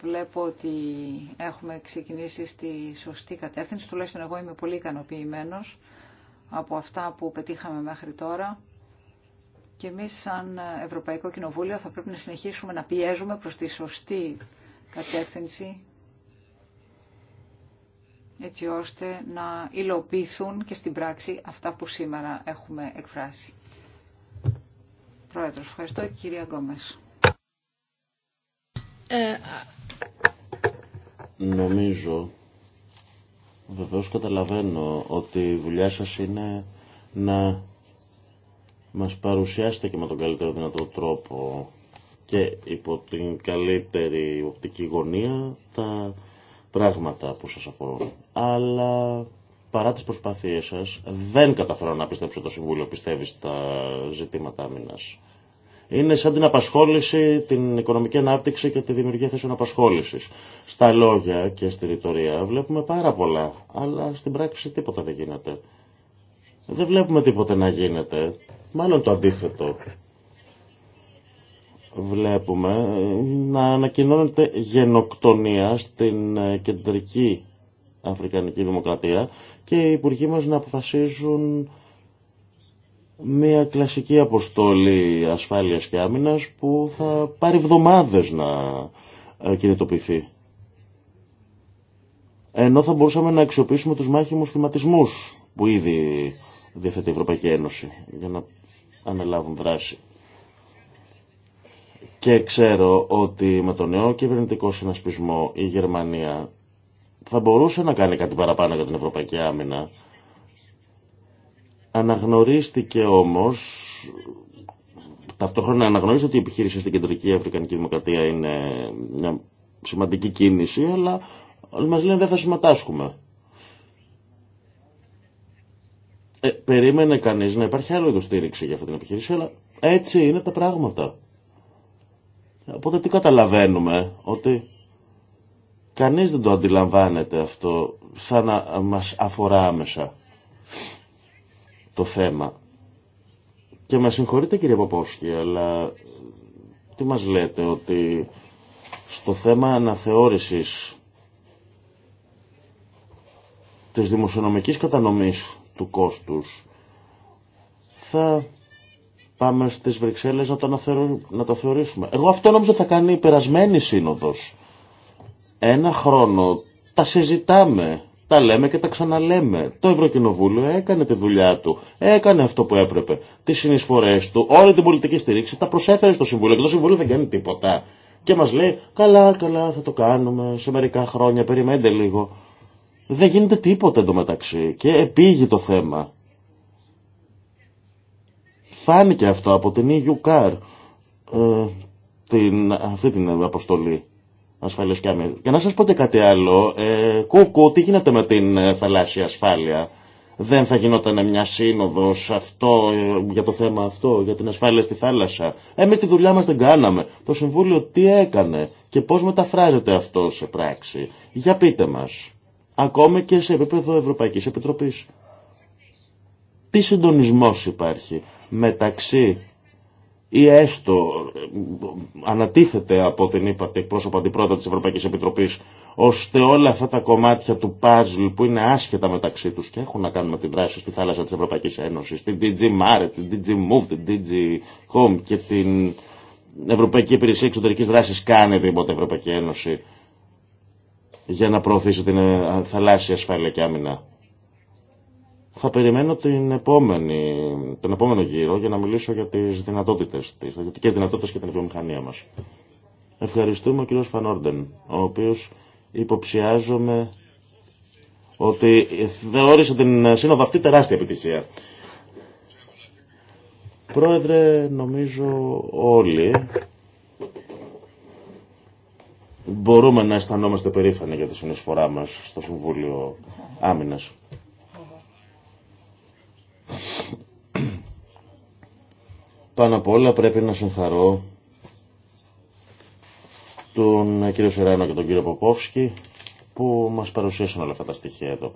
Βλέπω ότι έχουμε ξεκινήσει στη σωστή κατεύθυνση, τουλάχιστον εγώ είμαι πολύ ικανοποιημένος από αυτά που πετύχαμε μέχρι τώρα. Και εμείς σαν Ευρωπαϊκό Κοινοβούλιο θα πρέπει να συνεχίσουμε να πιέζουμε προς τη σωστή κατεύθυνση έτσι ώστε να υλοποιηθούν και στην πράξη αυτά που σήμερα έχουμε εκφράσει. Πρόεδρος, ευχαριστώ. Κυρία Γκόμες. Ε, Νομίζω Βεβαίως καταλαβαίνω ότι η δουλειά σας είναι να μας παρουσιάσετε και με τον καλύτερο δυνατό τρόπο και υπό την καλύτερη οπτική γωνία τα πράγματα που σας αφορούν. Αλλά παρά τις προσπάθειές σας δεν καταφέρω να πιστέψω το Συμβούλιο πιστεύει στα ζητήματα άμυνας. Είναι σαν την απασχόληση, την οικονομική ανάπτυξη και τη δημιουργία θέσεων απασχόληση. Στα λόγια και στη ρητορία βλέπουμε πάρα πολλά, αλλά στην πράξη τίποτα δεν γίνεται. Δεν βλέπουμε τίποτα να γίνεται. Μάλλον το αντίθετο. Βλέπουμε να ανακοινώνεται γενοκτονία στην κεντρική Αφρικανική Δημοκρατία και οι υπουργοί μας να αποφασίζουν μια κλασική αποστόλη ασφάλειας και άμυνας που θα πάρει εβδομάδες να ε, κινητοποιηθεί. Ενώ θα μπορούσαμε να αξιοποιήσουμε τους μάχημους χρηματισμού που ήδη διαθέτει η Ευρωπαϊκή Ένωση για να αναλάβουν δράση. Και ξέρω ότι με τον νέο κυβερνητικό συνασπισμό η Γερμανία θα μπορούσε να κάνει κάτι παραπάνω για την Ευρωπαϊκή Άμυνα Αναγνωρίστηκε όμως, ταυτόχρονα αναγνωρίζει ότι η επιχείρηση στην Κεντρική Αφρικανική Δημοκρατία είναι μια σημαντική κίνηση, αλλά όλοι μας λένε δεν θα συμμετάσχουμε. Ε, περίμενε κανείς να υπάρχει άλλο είδος στήριξη για αυτή την επιχείρηση, αλλά έτσι είναι τα πράγματα. Οπότε τι καταλαβαίνουμε, ότι κανείς δεν το αντιλαμβάνεται αυτό σαν να μας αφορά άμεσα το θέμα. Και με συγχωρείτε κύριε Παπόφσκη, αλλά τι μας λέτε ότι στο θέμα αναθεώρησης της δημοσιονομικής κατανομής του κόστους θα πάμε στις Βρυξέλλες να το, θεωρήσουμε. Εγώ αυτό νόμιζα θα κάνει η περασμένη σύνοδος. Ένα χρόνο τα συζητάμε τα λέμε και τα ξαναλέμε. Το Ευρωκοινοβούλιο έκανε τη δουλειά του. Έκανε αυτό που έπρεπε. Τι συνεισφορέ του, όλη την πολιτική στηρίξη τα προσέφερε στο Συμβούλιο. Και το Συμβούλιο δεν κάνει τίποτα. Και μα λέει, καλά, καλά, θα το κάνουμε σε μερικά χρόνια, περιμένετε λίγο. Δεν γίνεται τίποτα εντωμεταξύ. Και επήγει το θέμα. Φάνηκε αυτό από την EUCAR, ε, την, αυτή την αποστολή και να σας πω και κάτι άλλο, ε, Κούκου, τι γίνεται με την ε, θαλάσσια ασφάλεια. Δεν θα γινόταν μια σύνοδος αυτό, ε, για το θέμα αυτό, για την ασφάλεια στη θάλασσα. Εμείς τη δουλειά μας δεν κάναμε. Το Συμβούλιο τι έκανε και πώς μεταφράζεται αυτό σε πράξη. Για πείτε μας. Ακόμη και σε επίπεδο Ευρωπαϊκής Επιτροπής. Τι συντονισμός υπάρχει μεταξύ ή έστω ε, ανατίθεται από την είπατε εκπρόσωπο αντιπρόεδρο της Ευρωπαϊκής Επιτροπής ώστε όλα αυτά τα κομμάτια του παζλ που είναι άσχετα μεταξύ τους και έχουν να κάνουν με τη δράση στη θάλασσα της Ευρωπαϊκής Ένωσης, την DG Mare, την DG Move, την DG Home και την Ευρωπαϊκή Υπηρεσία Εξωτερικής Δράσης κάνει τίποτα Ευρωπαϊκή Ένωση για να προωθήσει την ε, θαλάσσια ασφάλεια και άμυνα. Θα περιμένω την επόμενη, τον επόμενο γύρο για να μιλήσω για τι δυνατότητε, τις δυνατότητες και την βιομηχανία μας. Ευχαριστούμε ο κύριος Φανόρντεν, ο οποίος υποψιάζομαι ότι θεώρησε την σύνοδο αυτή τεράστια επιτυχία. Πρόεδρε, νομίζω όλοι μπορούμε να αισθανόμαστε περήφανοι για τη συνεισφορά μας στο Συμβούλιο Άμυνας. Πάνω απ' όλα πρέπει να συγχαρώ τον κύριο Σεράνο και τον κύριο Ποπόφσκι που μας παρουσίασαν όλα αυτά τα στοιχεία εδώ.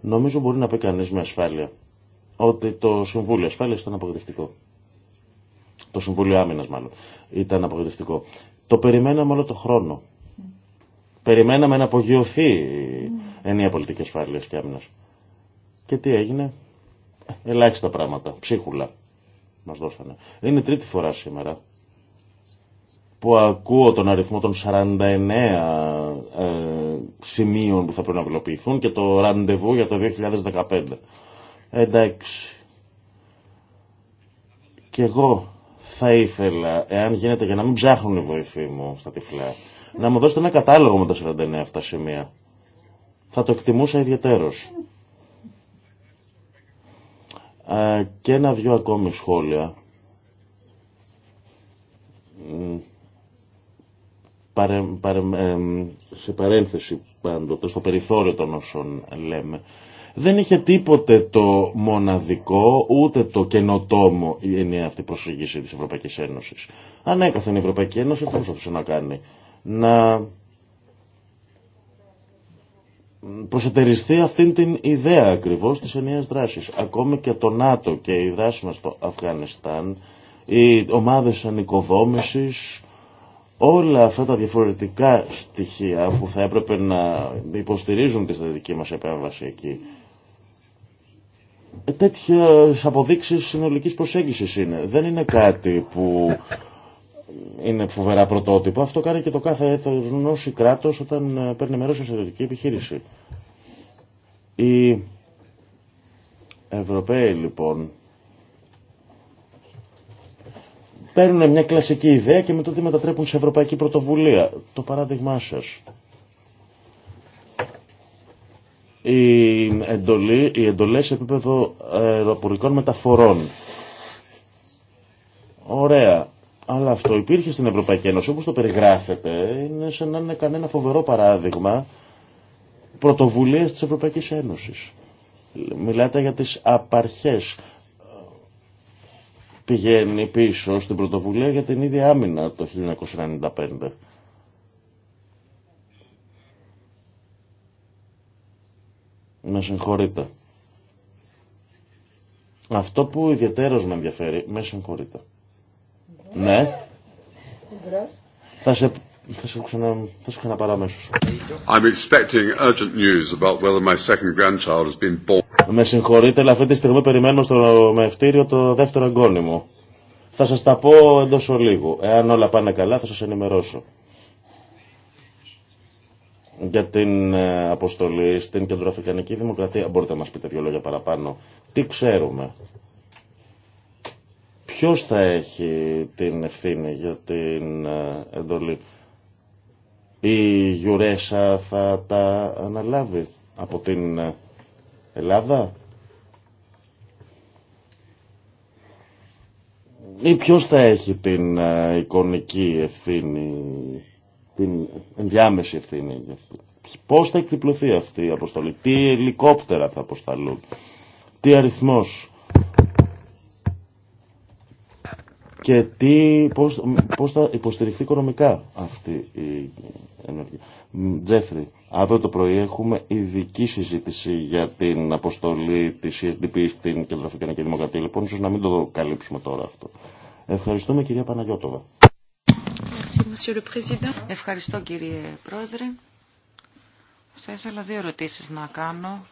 Νομίζω μπορεί να πει κανεί με ασφάλεια ότι το Συμβούλιο Ασφάλειας ήταν απογοητευτικό. Το Συμβούλιο Άμυνα, μάλλον, ήταν απογοητευτικό. Το περιμέναμε όλο το χρόνο. Περιμέναμε να απογειωθεί η ενία πολιτική ασφάλεια και άμυνα. Και τι έγινε. Ελάχιστα πράγματα. Ψίχουλα μας δώσανε. Είναι η τρίτη φορά σήμερα που ακούω τον αριθμό των 49 ε, σημείων που θα πρέπει να βιλοποιηθούν και το ραντεβού για το 2015. Εντάξει. Και εγώ θα ήθελα, εάν γίνεται για να μην ψάχνουν οι βοηθοί μου στα τυφλά, να μου δώσετε ένα κατάλογο με τα 49 αυτά σημεία. Θα το εκτιμούσα ιδιαίτερος και ένα-δυο ακόμη σχόλια. σε παρένθεση πάντοτε, στο περιθώριο των όσων λέμε. Δεν είχε τίποτε το μοναδικό, ούτε το καινοτόμο η ενιαία αυτή προσεγγίση της Ευρωπαϊκής Ένωσης. έκαθεν η Ευρωπαϊκή Ένωση αυτό προσπαθούσε να κάνει. Να προσετεριστεί αυτήν την ιδέα ακριβώς της ενιαίας δράσης. Ακόμη και το ΝΑΤΟ και η δράση μας στο Αφγανιστάν, οι ομάδες ανοικοδόμησης, όλα αυτά τα διαφορετικά στοιχεία που θα έπρεπε να υποστηρίζουν τη στρατηγική μας επέμβαση εκεί. Τέτοιες αποδείξεις συνολικής προσέγγισης είναι. Δεν είναι κάτι που είναι φοβερά πρωτότυπο. Αυτό κάνει και το κάθε έθνος ή κράτος όταν ε, παίρνει μέρος σε στρατιωτική επιχείρηση. Οι Ευρωπαίοι λοιπόν παίρνουν μια κλασική ιδέα και μετά τη μετατρέπουν σε ευρωπαϊκή πρωτοβουλία. Το παράδειγμά σας. Η εντολή, οι εντολές σε επίπεδο ε, αεροπορικών μεταφορών. Ωραία αυτό υπήρχε στην Ευρωπαϊκή Ένωση, όπως το περιγράφεται, είναι σαν να είναι κανένα φοβερό παράδειγμα πρωτοβουλίας της Ευρωπαϊκής Ένωσης. Μιλάτε για τις απαρχές. Πηγαίνει πίσω στην πρωτοβουλία για την ίδια άμυνα το 1995. Με συγχωρείτε. Αυτό που ιδιαίτερος με ενδιαφέρει, με συγχωρείτε. Ναι, θα σε, θα ξανα, Με συγχωρείτε, αλλά αυτή τη στιγμή περιμένουμε στο μευτήριο το δεύτερο εγγόνι μου. Θα σας τα πω εντός ολίγου. Εάν όλα πάνε καλά θα σας ενημερώσω. Για την ε, αποστολή στην Κεντροαφρικανική Δημοκρατία. Μπορείτε να μας πείτε δύο λόγια παραπάνω. Τι ξέρουμε Ποιος θα έχει την ευθύνη για την ε, εντολή. Η Γιουρέσα θα τα αναλάβει από την ε, Ελλάδα. Ή ποιος θα έχει την ε, εικονική ευθύνη, την ενδιάμεση ευθύνη Πώς θα εκτυπλωθεί αυτή η αποστολή, τι ελικόπτερα θα αποσταλούν, τι αριθμός και τι, πώς, πώς θα υποστηριχθεί οικονομικά αυτή η ενέργεια. Τζέφρι, αύριο το πρωί έχουμε ειδική συζήτηση για την αποστολή της CSDP στην Κεντροαφρικανική Δημοκρατία. Λοιπόν, ίσως να μην το καλύψουμε τώρα αυτό. Ευχαριστούμε κυρία Παναγιώτοβα. Ευχαριστώ κύριε Πρόεδρε. Θα ήθελα δύο ερωτήσεις να κάνω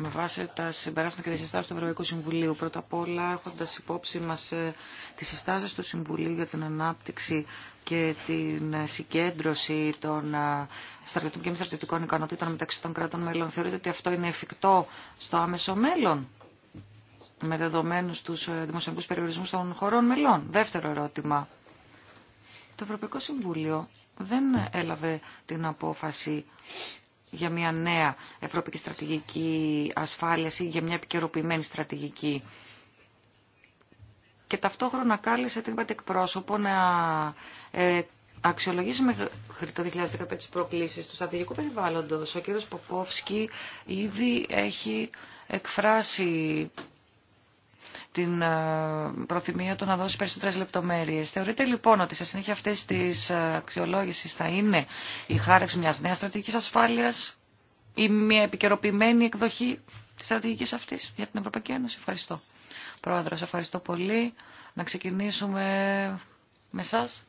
με βάση τα συμπεράσματα και τι συστάσει του Ευρωπαϊκού Συμβουλίου. Πρώτα απ' όλα, έχοντα υπόψη μα ε, τι συστάσει του Συμβουλίου για την ανάπτυξη και την ε, συγκέντρωση των ε, στρατιωτικών και μη στρατιωτικών ικανοτήτων μεταξύ των κρατών μέλων, θεωρείτε ότι αυτό είναι εφικτό στο άμεσο μέλλον, με δεδομένου του δημοσιονομικού περιορισμού των χωρών μελών. Δεύτερο ερώτημα. Το Ευρωπαϊκό Συμβούλιο δεν έλαβε την απόφαση για μια νέα ευρωπαϊκή στρατηγική Ασφάλεια ή για μια επικαιροποιημένη στρατηγική. Και ταυτόχρονα κάλεσε την είπατε να ε, αξιολογήσει μέχρι το 2015 τις προκλήσεις του στρατηγικού περιβάλλοντος. Ο κύριος Ποπόφσκι ήδη έχει εκφράσει την ε, προθυμία του να δώσει περισσότερες λεπτομέρειες. Θεωρείτε λοιπόν ότι σε συνέχεια αυτής της ε, αξιολόγησης θα είναι η χάρεξη μιας νέας στρατηγικής ασφάλειας ή μια επικαιροποιημένη εκδοχή της στρατηγικής αυτής για την Ευρωπαϊκή Ένωση. Ευχαριστώ. Πρόεδρος, ευχαριστώ πολύ. Να ξεκινήσουμε με εσάς.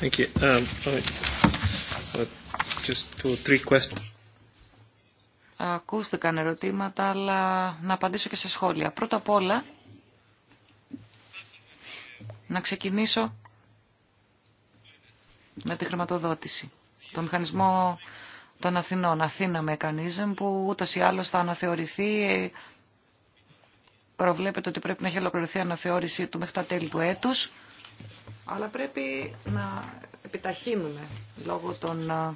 Thank you. Um, uh, just two, three questions. Ακούστηκαν ερωτήματα, αλλά να απαντήσω και σε σχόλια. Πρώτα απ' όλα, να ξεκινήσω με τη χρηματοδότηση. Το μηχανισμό των Αθηνών, Αθήνα Mechanism, που ούτως ή άλλως θα αναθεωρηθεί. Προβλέπεται ότι πρέπει να έχει ολοκληρωθεί η αναθεώρησή του μέχρι τα τέλη του έτους. Αλλά πρέπει να επιταχύνουμε λόγω των ε,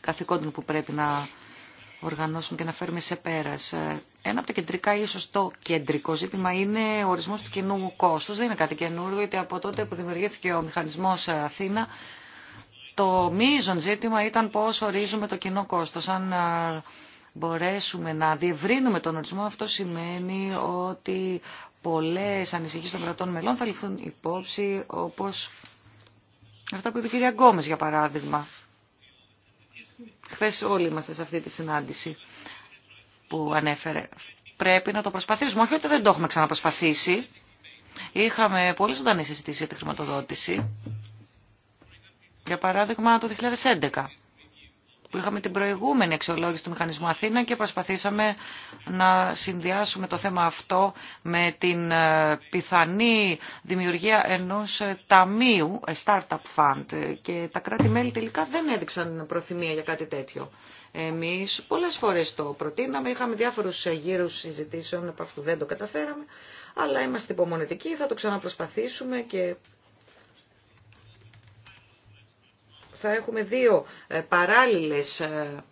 καθηκόντων που πρέπει να οργανώσουμε και να φέρουμε σε πέρας. Ε, ένα από τα κεντρικά, ίσως το κεντρικό ζήτημα, είναι ο ορισμός του κοινού κόστους. Δεν είναι κάτι καινούργιο, γιατί από τότε που δημιουργήθηκε ο μηχανισμός ε, Αθήνα, το μείζον ζήτημα ήταν πώς ορίζουμε το κοινό κόστος. Αν ε, μπορέσουμε να διευρύνουμε τον ορισμό, αυτό σημαίνει ότι πολλές ανησυχίες των κρατών μελών θα ληφθούν υπόψη, όπως αυτά που είπε η κυρία Γκόμες, για παράδειγμα. Χθε όλοι είμαστε σε αυτή τη συνάντηση που ανέφερε. Πρέπει να το προσπαθήσουμε. Όχι ότι δεν το έχουμε ξαναπροσπαθήσει. Είχαμε πολύ ζωντανή συζήτηση για τη χρηματοδότηση. Για παράδειγμα το 2011 που είχαμε την προηγούμενη αξιολόγηση του Μηχανισμού Αθήνα και προσπαθήσαμε να συνδυάσουμε το θέμα αυτό με την ε, πιθανή δημιουργία ενός ε, ταμείου, ε, startup fund και τα κράτη-μέλη τελικά δεν έδειξαν προθυμία για κάτι τέτοιο. Εμείς πολλές φορές το προτείναμε, είχαμε διάφορους γύρους συζητήσεων από αυτού δεν το καταφέραμε, αλλά είμαστε υπομονετικοί, θα το ξαναπροσπαθήσουμε και θα έχουμε δύο ε, παράλληλες ε,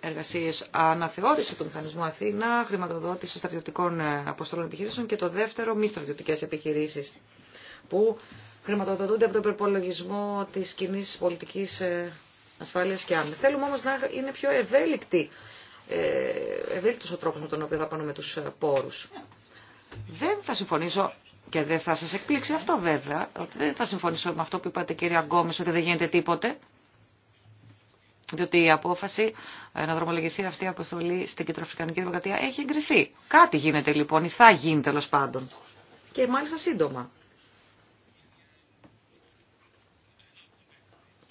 εργασίες αναθεώρηση του μηχανισμού Αθήνα, χρηματοδότηση στρατιωτικών ε, αποστολών επιχειρήσεων και το δεύτερο μη στρατιωτικές επιχειρήσεις που χρηματοδοτούνται από τον προπολογισμό της κοινή πολιτικής ασφάλειας και άμεσης. Θέλουμε όμως να είναι πιο ευέλικτοι ο τρόπος με τον οποίο θα πάνουμε τους πόρους. Δεν θα συμφωνήσω και δεν θα σας εκπλήξει αυτό βέβαια, ότι δεν θα συμφωνήσω με αυτό που είπατε κύριε Γκόμες, ότι δεν γίνεται τίποτε. Διότι η απόφαση ε, να δρομολογηθεί αυτή η αποστολή στην Κεντροαφρικανική Δημοκρατία έχει εγκριθεί. Κάτι γίνεται λοιπόν ή θα γίνει τέλο πάντων. Και μάλιστα σύντομα.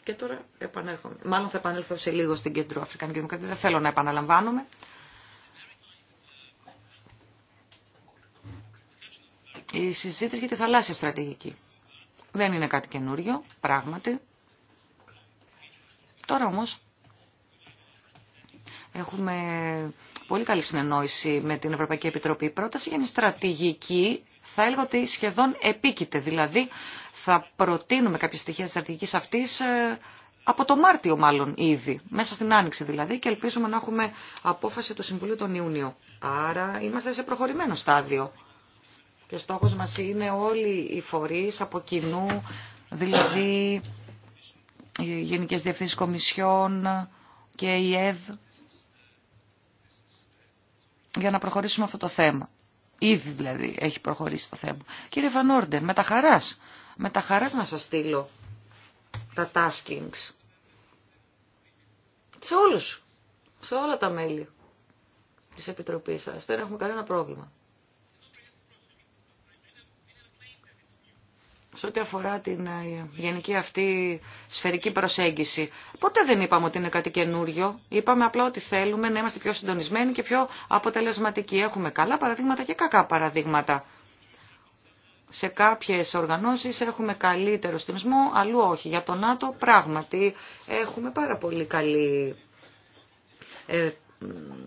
Και τώρα επανέρχομαι. Μάλλον θα επανέλθω σε λίγο στην Κεντροαφρικανική Δημοκρατία. Δεν θέλω να επαναλαμβάνομαι. η συζήτηση για τη θαλάσσια στρατηγική. Δεν είναι κάτι καινούριο, πράγματι. Τώρα όμως έχουμε πολύ καλή συνεννόηση με την Ευρωπαϊκή Επιτροπή. Η πρόταση για μια στρατηγική θα έλεγα ότι σχεδόν επίκειται. Δηλαδή θα προτείνουμε κάποια στοιχεία στρατηγικής αυτής ε, από το Μάρτιο μάλλον ήδη, μέσα στην Άνοιξη δηλαδή, και ελπίζουμε να έχουμε απόφαση του Συμβουλίου τον Ιούνιο. Άρα είμαστε σε προχωρημένο στάδιο. Και ο στόχος μας είναι όλοι οι φορείς από κοινού, δηλαδή οι Γενικές Διευθύνσεις Κομισιών και η ΕΔ, για να προχωρήσουμε αυτό το θέμα. Ήδη δηλαδή έχει προχωρήσει το θέμα. Κύριε Βανόρντερ, με τα χαράς, με τα χαράς να σας στείλω τα taskings. Σε όλους, σε όλα τα μέλη της Επιτροπής σας. Δεν έχουμε κανένα πρόβλημα. σε ό,τι αφορά την ε, γενική αυτή σφαιρική προσέγγιση. Ποτέ δεν είπαμε ότι είναι κάτι καινούριο. Είπαμε απλά ότι θέλουμε να είμαστε πιο συντονισμένοι και πιο αποτελεσματικοί. Έχουμε καλά παραδείγματα και κακά παραδείγματα. Σε κάποιε οργανώσει έχουμε καλύτερο συντονισμό, αλλού όχι. Για τον ΝΑΤΟ πράγματι έχουμε πάρα πολύ καλή ε,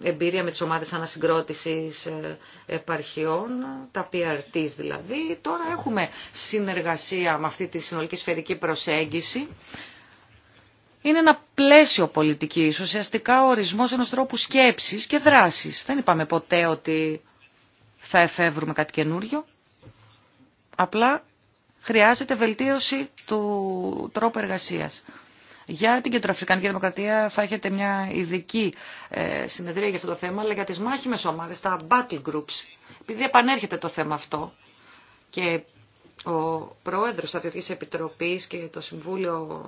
εμπειρία με τις ομάδες ανασυγκρότησης ε, επαρχιών, τα PRTs δηλαδή. Τώρα έχουμε συνεργασία με αυτή τη συνολική σφαιρική προσέγγιση. Είναι ένα πλαίσιο πολιτικής, ουσιαστικά ο ορισμός ενός τρόπου σκέψης και δράσης. Δεν είπαμε ποτέ ότι θα εφεύρουμε κάτι καινούριο. Απλά χρειάζεται βελτίωση του τρόπου εργασίας. Για την Κεντροαφρικανική Δημοκρατία θα έχετε μια ειδική ε, συνεδρία για αυτό το θέμα, αλλά για τις μάχημες ομάδες, τα battle groups, επειδή επανέρχεται το θέμα αυτό και ο πρόεδρος Στρατιωτικής Επιτροπής και το Συμβούλιο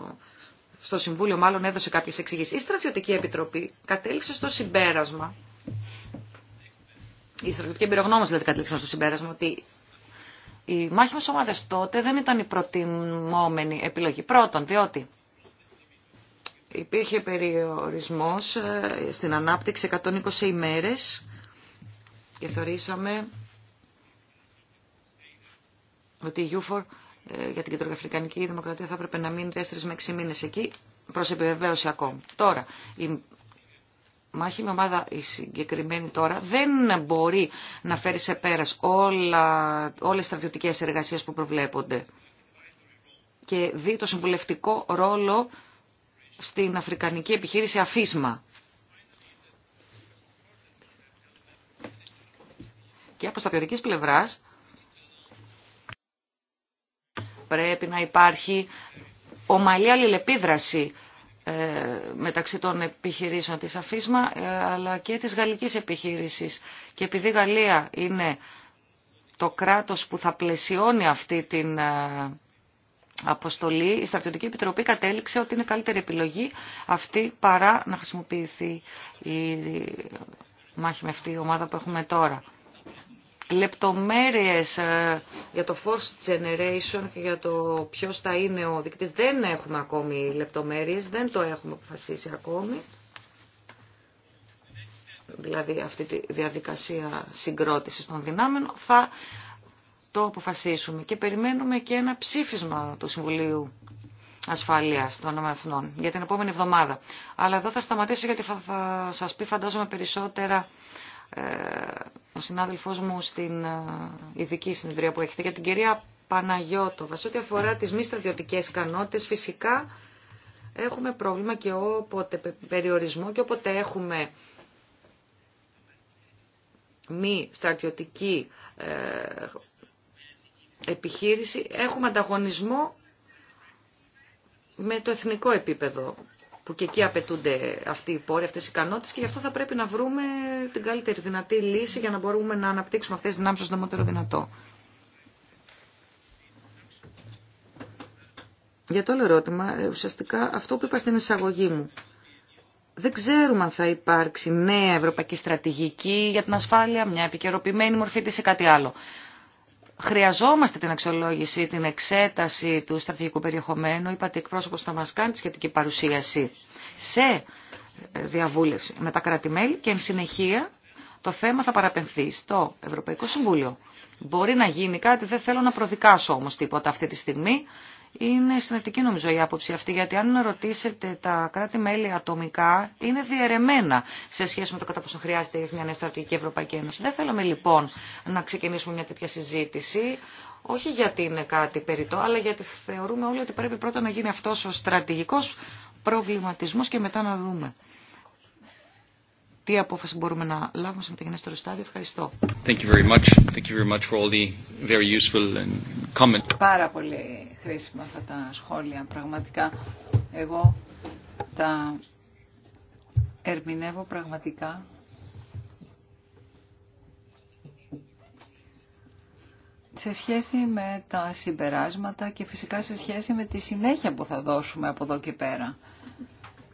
στο Συμβούλιο μάλλον έδωσε κάποιες εξηγήσεις. Η Στρατιωτική Επιτροπή κατέληξε στο συμπέρασμα, η Στρατιωτική Εμπειρογνώμος δηλαδή κατέληξε στο συμπέρασμα ότι οι μάχημες ομάδες τότε δεν ήταν η προτιμόμενη επιλογή. Πρώτον, διότι υπήρχε περιορισμός ε, στην ανάπτυξη 120 ημέρες και θεωρήσαμε ότι η UFOR ε, για την Κεντροαφρικανική Δημοκρατία θα έπρεπε να μείνει 4 με 6 μήνες εκεί προς επιβεβαίωση ακόμα. Τώρα, η μάχη με ομάδα η συγκεκριμένη τώρα δεν μπορεί να φέρει σε πέρας όλα, όλες τις στρατιωτικές εργασίες που προβλέπονται. Και δει το συμβουλευτικό ρόλο στην Αφρικανική επιχείρηση Αφίσμα. Και από στρατιωτική πλευράς πρέπει να υπάρχει ομαλή αλληλεπίδραση ε, μεταξύ των επιχειρήσεων της Αφίσμα ε, αλλά και της γαλλικής επιχείρησης. Και επειδή η Γαλλία είναι το κράτος που θα πλαισιώνει αυτή την ε, αποστολή, η Στρατιωτική Επιτροπή κατέληξε ότι είναι καλύτερη επιλογή αυτή παρά να χρησιμοποιηθεί η μάχη με αυτή η ομάδα που έχουμε τώρα. Λεπτομέρειες ε, για το Force Generation και για το ποιος θα είναι ο δικτής δεν έχουμε ακόμη λεπτομέρειες, δεν το έχουμε αποφασίσει ακόμη. Δηλαδή αυτή τη διαδικασία συγκρότησης των δυνάμεων θα το αποφασίσουμε και περιμένουμε και ένα ψήφισμα του Συμβουλίου Ασφαλεία των Εθνών για την επόμενη εβδομάδα. Αλλά εδώ θα σταματήσω γιατί θα, θα σας πει φαντάζομαι περισσότερα ε, ο συνάδελφός μου στην ε, ειδική συνεδρία που έχετε για την κυρία Παναγιώτοβα. Σε ό,τι αφορά τις μη στρατιωτικές ικανότητες φυσικά έχουμε πρόβλημα και όποτε περιορισμό και όποτε έχουμε μη στρατιωτική ε, επιχείρηση έχουμε ανταγωνισμό με το εθνικό επίπεδο που και εκεί απαιτούνται αυτοί οι πόροι, αυτές οι ικανότητες και γι' αυτό θα πρέπει να βρούμε την καλύτερη δυνατή λύση για να μπορούμε να αναπτύξουμε αυτές τις δυνάμεις όσο το δυνατό. Για το άλλο ερώτημα, ε, ουσιαστικά αυτό που είπα στην εισαγωγή μου. Δεν ξέρουμε αν θα υπάρξει νέα ευρωπαϊκή στρατηγική για την ασφάλεια, μια επικαιροποιημένη μορφή της ή κάτι άλλο. Χρειαζόμαστε την αξιολόγηση, την εξέταση του στρατηγικού περιεχομένου. Είπατε εκπρόσωπο θα μα κάνει τη σχετική παρουσίαση σε ε, διαβούλευση με τα κράτη-μέλη και εν συνεχεία το θέμα θα παραπενθεί στο Ευρωπαϊκό Συμβούλιο. Μπορεί να γίνει κάτι, δεν θέλω να προδικάσω όμως τίποτα αυτή τη στιγμή. Είναι συνεπτική νομίζω η άποψη αυτή, γιατί αν ρωτήσετε τα κράτη-μέλη ατομικά, είναι διαιρεμένα σε σχέση με το κατά πόσο χρειάζεται μια νέα στρατηγική Ευρωπαϊκή Ένωση. Δεν θέλαμε λοιπόν να ξεκινήσουμε μια τέτοια συζήτηση, όχι γιατί είναι κάτι περιττό, αλλά γιατί θεωρούμε όλοι ότι πρέπει πρώτα να γίνει αυτός ο στρατηγικός προβληματισμός και μετά να δούμε τι απόφαση μπορούμε να λάβουμε σε μεταγενέστερο στάδιο. Ευχαριστώ. Thank you very much. Thank you very much for all the very useful and comment. Πάρα πολύ χρήσιμα αυτά τα σχόλια. Πραγματικά εγώ τα ερμηνεύω πραγματικά σε σχέση με τα συμπεράσματα και φυσικά σε σχέση με τη συνέχεια που θα δώσουμε από εδώ και πέρα.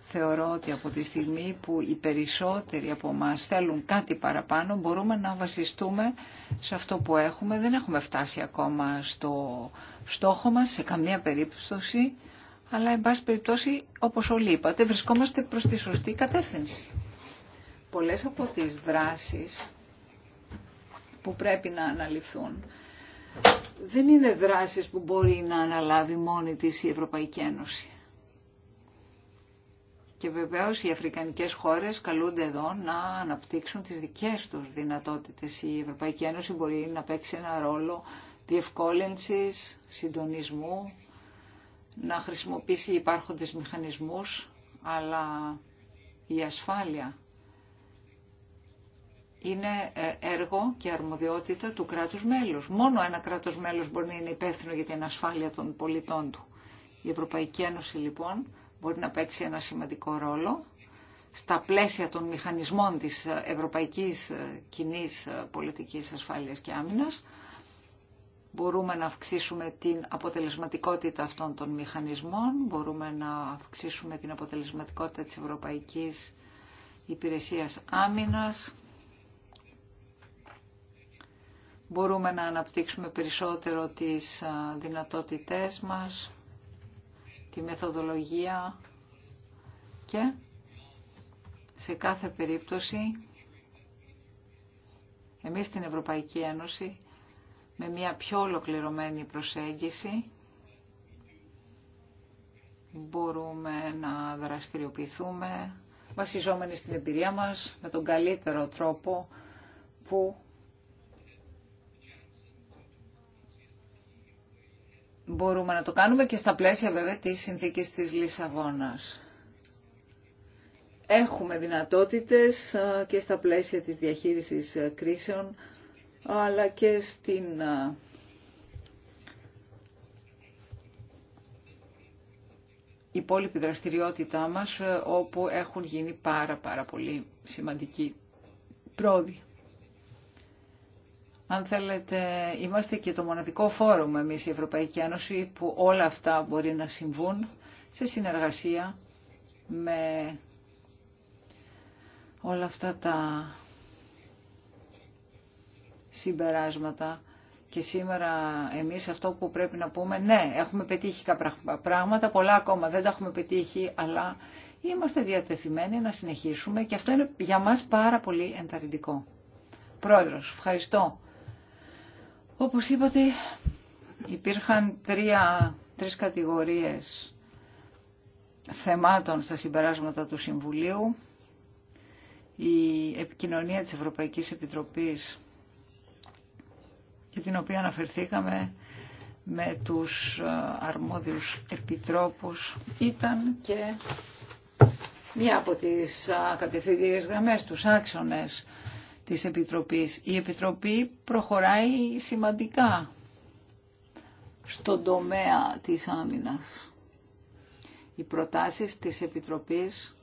Θεωρώ ότι από τη στιγμή που οι περισσότεροι από εμά θέλουν κάτι παραπάνω, μπορούμε να βασιστούμε σε αυτό που έχουμε. Δεν έχουμε φτάσει ακόμα στο στόχο μας, σε καμία περίπτωση, αλλά, εν πάση περιπτώσει, όπως όλοι είπατε, βρισκόμαστε προς τη σωστή κατεύθυνση. Πολλές από τις δράσεις που πρέπει να αναλυθούν δεν είναι δράσεις που μπορεί να αναλάβει μόνη της η Ευρωπαϊκή Ένωση. Και βεβαίω οι αφρικανικές χώρες καλούνται εδώ να αναπτύξουν τις δικές τους δυνατότητες. Η Ευρωπαϊκή Ένωση μπορεί να παίξει ένα ρόλο διευκόλυνση, συντονισμού, να χρησιμοποιήσει υπάρχοντες μηχανισμούς, αλλά η ασφάλεια είναι ε, έργο και αρμοδιότητα του κράτους μέλους. Μόνο ένα κράτος μέλος μπορεί να είναι υπεύθυνο για την ασφάλεια των πολιτών του. Η Ευρωπαϊκή Ένωση λοιπόν μπορεί να παίξει ένα σημαντικό ρόλο στα πλαίσια των μηχανισμών της ευρωπαϊκής κοινή πολιτικής ασφάλειας και άμυνας. Μπορούμε να αυξήσουμε την αποτελεσματικότητα αυτών των μηχανισμών, μπορούμε να αυξήσουμε την αποτελεσματικότητα της Ευρωπαϊκής Υπηρεσίας Άμυνας, μπορούμε να αναπτύξουμε περισσότερο τις δυνατότητές μας, τη μεθοδολογία και σε κάθε περίπτωση εμείς στην Ευρωπαϊκή Ένωση με μια πιο ολοκληρωμένη προσέγγιση μπορούμε να δραστηριοποιηθούμε βασιζόμενοι στην εμπειρία μας με τον καλύτερο τρόπο που μπορούμε να το κάνουμε και στα πλαίσια βέβαια της συνθήκης της Λισαβόνας. Έχουμε δυνατότητες και στα πλαίσια της διαχείρισης κρίσεων, αλλά και στην υπόλοιπη δραστηριότητά μας, όπου έχουν γίνει πάρα πάρα πολύ σημαντικοί πρόοδοι αν θέλετε, είμαστε και το μοναδικό φόρουμ εμείς η Ευρωπαϊκή Ένωση που όλα αυτά μπορεί να συμβούν σε συνεργασία με όλα αυτά τα συμπεράσματα και σήμερα εμείς αυτό που πρέπει να πούμε, ναι, έχουμε πετύχει κάποια πράγματα, πολλά ακόμα δεν τα έχουμε πετύχει, αλλά είμαστε διατεθειμένοι να συνεχίσουμε και αυτό είναι για μας πάρα πολύ ενθαρρυντικό. Πρόεδρος, ευχαριστώ. Όπως είπατε, υπήρχαν τρία, τρεις κατηγορίες θεμάτων στα συμπεράσματα του Συμβουλίου. Η επικοινωνία της Ευρωπαϊκής Επιτροπής και την οποία αναφερθήκαμε με τους ε, αρμόδιους επιτρόπους ήταν και μία από τις ε, κατευθυντήριες γραμμές, τους άξονες της Επιτροπής. Η Επιτροπή προχωράει σημαντικά στον τομέα της άμυνας. Οι προτάσεις της Επιτροπής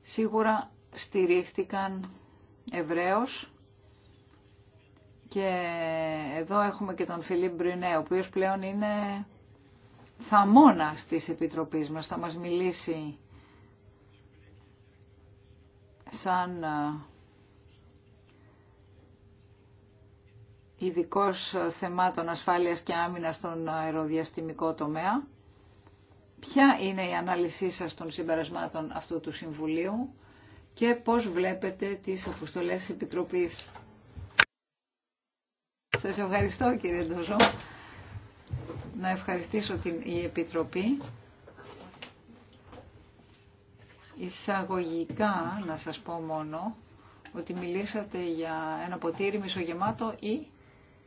σίγουρα στηρίχτηκαν ευρέως και εδώ έχουμε και τον Φιλίπ Μπρινέ, ο οποίος πλέον είναι θαμώνας της Επιτροπής μας. Θα μας μιλήσει σαν ειδικό θεμάτων ασφάλειας και άμυνας στον αεροδιαστημικό τομέα. Ποια είναι η ανάλυση σας των συμπερασμάτων αυτού του Συμβουλίου και πώς βλέπετε τις αποστολές της Επιτροπής. Σας ευχαριστώ κύριε Ντοζό. Να ευχαριστήσω την η Επιτροπή. Εισαγωγικά να σας πω μόνο ότι μιλήσατε για ένα ποτήρι μισογεμάτο ή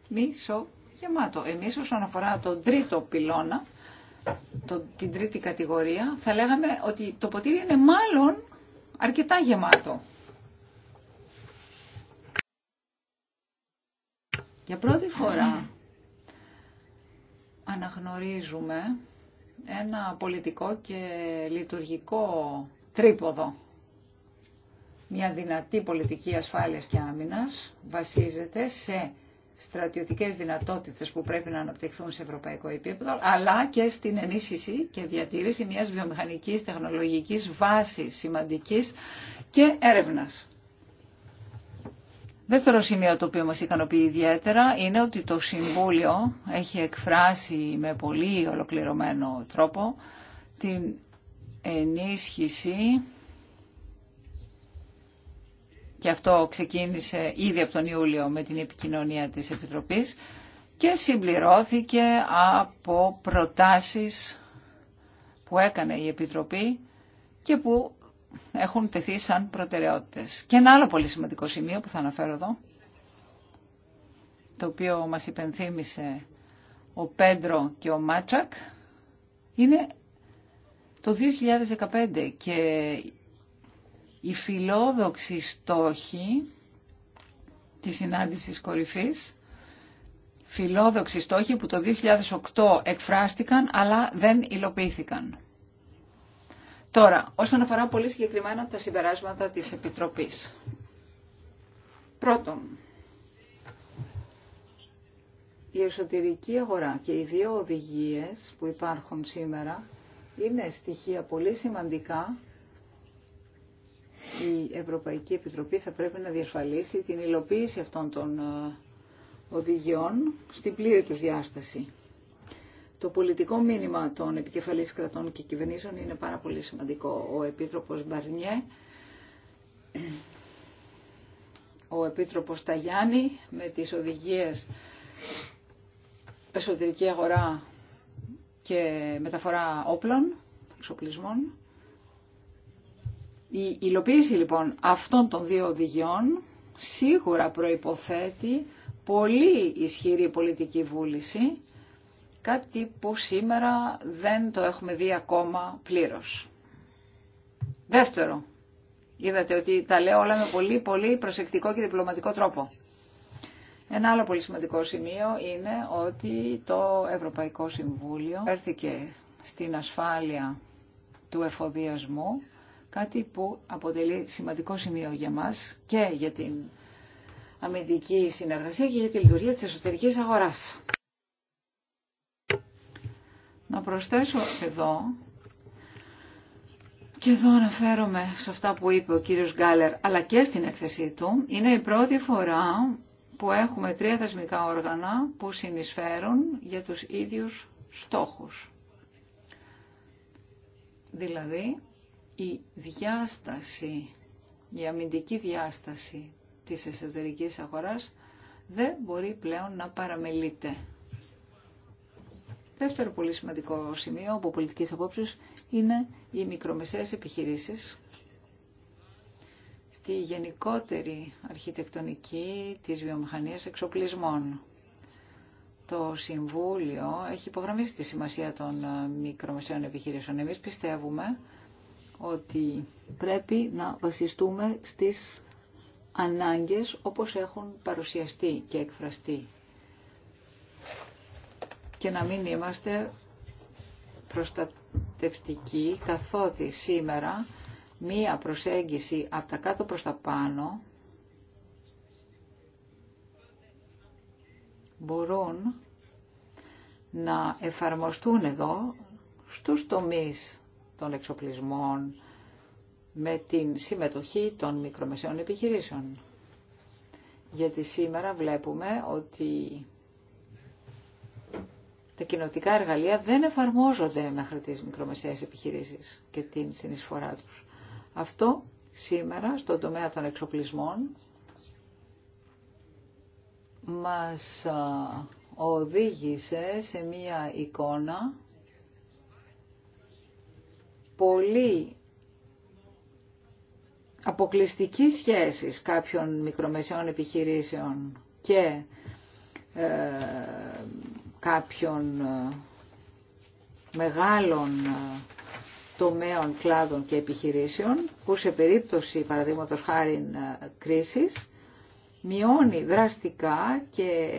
μισό γεμάτο. Εμείς όσον αφορά τον τρίτο πυλώνα, το, την τρίτη κατηγορία, θα λέγαμε ότι το ποτήρι είναι μάλλον αρκετά γεμάτο. Για πρώτη φορά αναγνωρίζουμε ένα πολιτικό και λειτουργικό τρίποδο. Μια δυνατή πολιτική ασφάλειας και άμυνας βασίζεται σε στρατιωτικές δυνατότητες που πρέπει να αναπτυχθούν σε ευρωπαϊκό επίπεδο, αλλά και στην ενίσχυση και διατήρηση μιας βιομηχανικής τεχνολογικής βάσης σημαντικής και έρευνας. Δεύτερο σημείο το οποίο μας ικανοποιεί ιδιαίτερα είναι ότι το Συμβούλιο έχει εκφράσει με πολύ ολοκληρωμένο τρόπο την ενίσχυση και αυτό ξεκίνησε ήδη από τον Ιούλιο με την επικοινωνία της Επιτροπής και συμπληρώθηκε από προτάσεις που έκανε η Επιτροπή και που έχουν τεθεί σαν προτεραιότητες. Και ένα άλλο πολύ σημαντικό σημείο που θα αναφέρω εδώ, το οποίο μας υπενθύμησε ο Πέντρο και ο Μάτσακ, είναι το 2015 και η φιλόδοξοι στόχοι της συνάντησης κορυφής, φιλόδοξοι στόχοι που το 2008 εκφράστηκαν αλλά δεν υλοποιήθηκαν. Τώρα, όσον αφορά πολύ συγκεκριμένα τα συμπεράσματα της Επιτροπής. Πρώτον, η εσωτερική αγορά και οι δύο οδηγίες που υπάρχουν σήμερα είναι στοιχεία πολύ σημαντικά η Ευρωπαϊκή Επιτροπή θα πρέπει να διασφαλίσει την υλοποίηση αυτών των ε, οδηγιών στην πλήρη τους διάσταση. Το πολιτικό μήνυμα των επικεφαλής κρατών και κυβερνήσεων είναι πάρα πολύ σημαντικό. Ο Επίτροπος Μπαρνιέ, ο Επίτροπος Ταγιάννη με τις οδηγίες εσωτερική αγορά και μεταφορά όπλων, εξοπλισμών η υλοποίηση λοιπόν αυτών των δύο οδηγιών σίγουρα προϋποθέτει πολύ ισχυρή πολιτική βούληση, κάτι που σήμερα δεν το έχουμε δει ακόμα πλήρως. Δεύτερο, είδατε ότι τα λέω όλα με πολύ πολύ προσεκτικό και διπλωματικό τρόπο. Ένα άλλο πολύ σημαντικό σημείο είναι ότι το Ευρωπαϊκό Συμβούλιο έρθηκε στην ασφάλεια του εφοδιασμού Κάτι που αποτελεί σημαντικό σημείο για μας και για την αμυντική συνεργασία και για τη λειτουργία της εσωτερικής αγοράς. Να προσθέσω εδώ, και εδώ αναφέρομαι σε αυτά που είπε ο κύριος Γκάλερ, αλλά και στην έκθεσή του, είναι η πρώτη φορά που έχουμε τρία θεσμικά όργανα που συνεισφέρουν για τους ίδιους στόχους. Δηλαδή, η διάσταση, η αμυντική διάσταση της εσωτερικής αγοράς δεν μπορεί πλέον να παραμελείται. Δεύτερο πολύ σημαντικό σημείο από πολιτικής απόψεις είναι οι μικρομεσαίες επιχειρήσεις στη γενικότερη αρχιτεκτονική της βιομηχανίας εξοπλισμών. Το Συμβούλιο έχει υπογραμμίσει τη σημασία των μικρομεσαίων επιχειρήσεων. Εμείς πιστεύουμε ότι πρέπει να βασιστούμε στις ανάγκες όπως έχουν παρουσιαστεί και εκφραστεί και να μην είμαστε προστατευτικοί καθότι σήμερα μία προσέγγιση από τα κάτω προς τα πάνω μπορούν να εφαρμοστούν εδώ στους τομείς των εξοπλισμών, με την συμμετοχή των μικρομεσαίων επιχειρήσεων. Γιατί σήμερα βλέπουμε ότι τα κοινοτικά εργαλεία δεν εφαρμόζονται μέχρι τις μικρομεσαίες επιχειρήσεις και την συνεισφορά τους. Αυτό σήμερα στον τομέα των εξοπλισμών μας οδήγησε σε μία εικόνα πολύ αποκλειστική σχέση κάποιων μικρομεσαίων επιχειρήσεων και ε, κάποιων ε, μεγάλων ε, τομέων, κλάδων και επιχειρήσεων που σε περίπτωση παραδείγματος χάρη ε, κρίσης μειώνει δραστικά και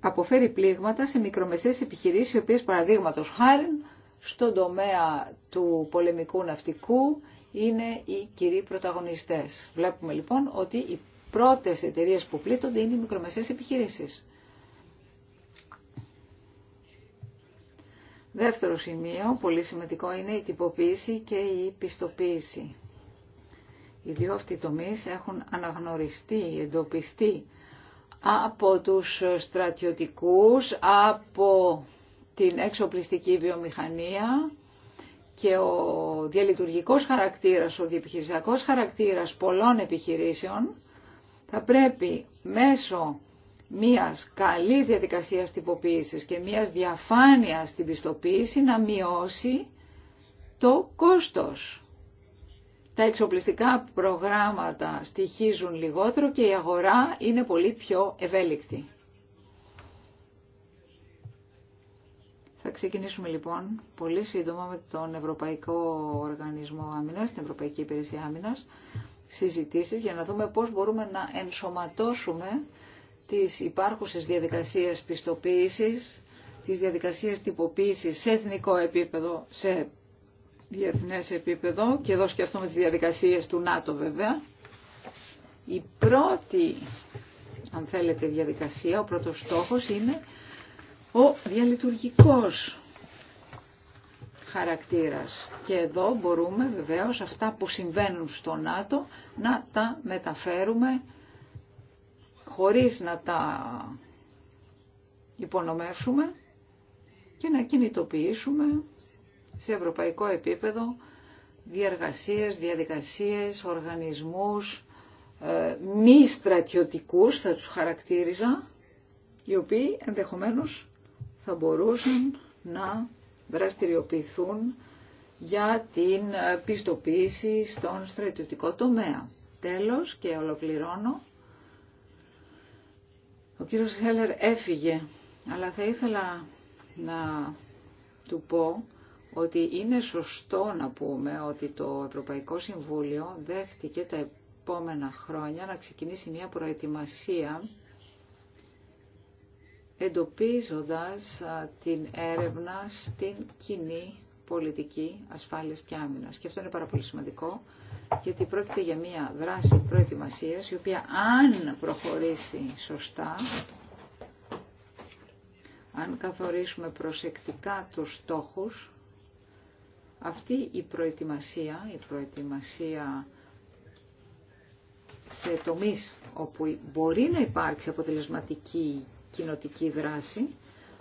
αποφέρει πλήγματα σε μικρομεσαίες επιχειρήσεις, οι οποίες παραδείγματος χάρη στον τομέα του πολεμικού ναυτικού είναι οι κυρίοι πρωταγωνιστές. Βλέπουμε λοιπόν ότι οι πρώτες εταιρείες που πλήττονται είναι οι μικρομεσαίες επιχειρήσεις. Δεύτερο σημείο, πολύ σημαντικό, είναι η τυποποίηση και η πιστοποίηση. Οι δύο αυτοί τομείς έχουν αναγνωριστεί, εντοπιστεί από τους στρατιωτικούς, από την εξοπλιστική βιομηχανία και ο διαλειτουργικός χαρακτήρας, ο διεπιχειρησιακός χαρακτήρας πολλών επιχειρήσεων θα πρέπει μέσω μίας καλής διαδικασίας τυποποίησης και μίας διαφάνειας στην πιστοποίηση να μειώσει το κόστος τα εξοπλιστικά προγράμματα στοιχίζουν λιγότερο και η αγορά είναι πολύ πιο ευέλικτη. Θα ξεκινήσουμε λοιπόν πολύ σύντομα με τον Ευρωπαϊκό Οργανισμό Άμυνας, την Ευρωπαϊκή Υπηρεσία Άμυνας, συζητήσεις για να δούμε πώς μπορούμε να ενσωματώσουμε τις υπάρχουσες διαδικασίες πιστοποίησης, τις διαδικασίες τυποποίησης σε εθνικό επίπεδο, σε διεθνές επίπεδο και εδώ σκεφτούμε τις διαδικασίες του ΝΑΤΟ βέβαια. Η πρώτη, αν θέλετε, διαδικασία, ο πρώτος στόχος είναι ο διαλειτουργικός χαρακτήρας. Και εδώ μπορούμε βεβαίως αυτά που συμβαίνουν στο ΝΑΤΟ να τα μεταφέρουμε χωρίς να τα υπονομεύσουμε και να κινητοποιήσουμε σε ευρωπαϊκό επίπεδο διαργασίες, διαδικασίες, οργανισμούς ε, μη στρατιωτικούς θα τους χαρακτήριζα οι οποίοι ενδεχομένως θα μπορούσαν να δραστηριοποιηθούν για την ε, πιστοποίηση στον στρατιωτικό τομέα. Τέλος και ολοκληρώνω. Ο κύριος Σέλερ έφυγε, αλλά θα ήθελα να του πω ότι είναι σωστό να πούμε ότι το Ευρωπαϊκό Συμβούλιο δέχτηκε τα επόμενα χρόνια να ξεκινήσει μια προετοιμασία εντοπίζοντας την έρευνα στην κοινή πολιτική ασφάλειας και άμυνας. Και αυτό είναι πάρα πολύ σημαντικό, γιατί πρόκειται για μια δράση προετοιμασίας, η οποία αν προχωρήσει σωστά, αν καθορίσουμε προσεκτικά τους στόχους, αυτή η προετοιμασία, η προετοιμασία σε τομείς όπου μπορεί να υπάρξει αποτελεσματική κοινοτική δράση,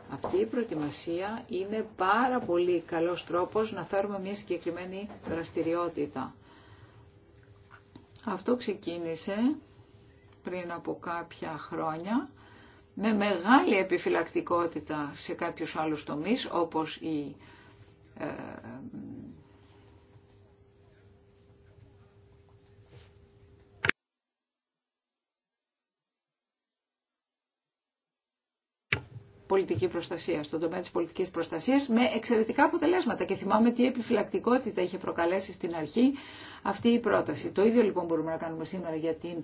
αυτή η προετοιμασία είναι πάρα πολύ καλός τρόπος να φέρουμε μια συγκεκριμένη δραστηριότητα. Αυτό ξεκίνησε πριν από κάποια χρόνια με μεγάλη επιφυλακτικότητα σε κάποιους άλλους τομείς όπως η ε, πολιτική προστασία, στον τομέα της πολιτικής προστασίας με εξαιρετικά αποτελέσματα και θυμάμαι τι επιφυλακτικότητα είχε προκαλέσει στην αρχή αυτή η πρόταση. Το ίδιο λοιπόν μπορούμε να κάνουμε σήμερα για την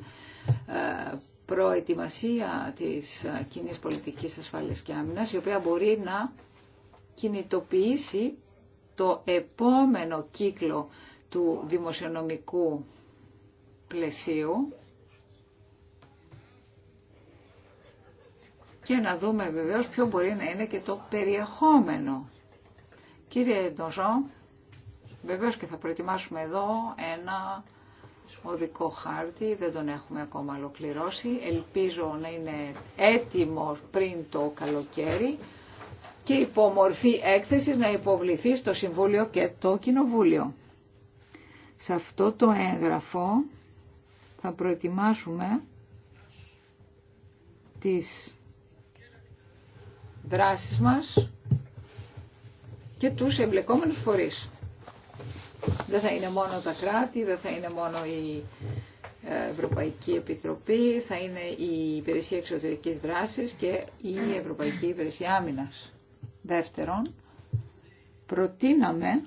ε, προετοιμασία της ε, κοινή πολιτικής ασφάλειας και άμυνας η οποία μπορεί να κινητοποιήσει το επόμενο κύκλο του δημοσιονομικού πλαισίου και να δούμε βεβαίως ποιο μπορεί να είναι και το περιεχόμενο. Κύριε Ντοζό, βεβαίως και θα προετοιμάσουμε εδώ ένα οδικό χάρτη, δεν τον έχουμε ακόμα ολοκληρώσει. Ελπίζω να είναι έτοιμο πριν το καλοκαίρι και υπό μορφή έκθεσης να υποβληθεί στο Συμβούλιο και το Κοινοβούλιο. Σε αυτό το έγγραφο θα προετοιμάσουμε τις δράσεις μας και τους εμπλεκόμενους φορείς. Δεν θα είναι μόνο τα κράτη, δεν θα είναι μόνο η ε, Ευρωπαϊκή Επιτροπή, θα είναι η Υπηρεσία Εξωτερικής Δράσης και η Ευρωπαϊκή Υπηρεσία Άμυνας. Δεύτερον, προτείναμε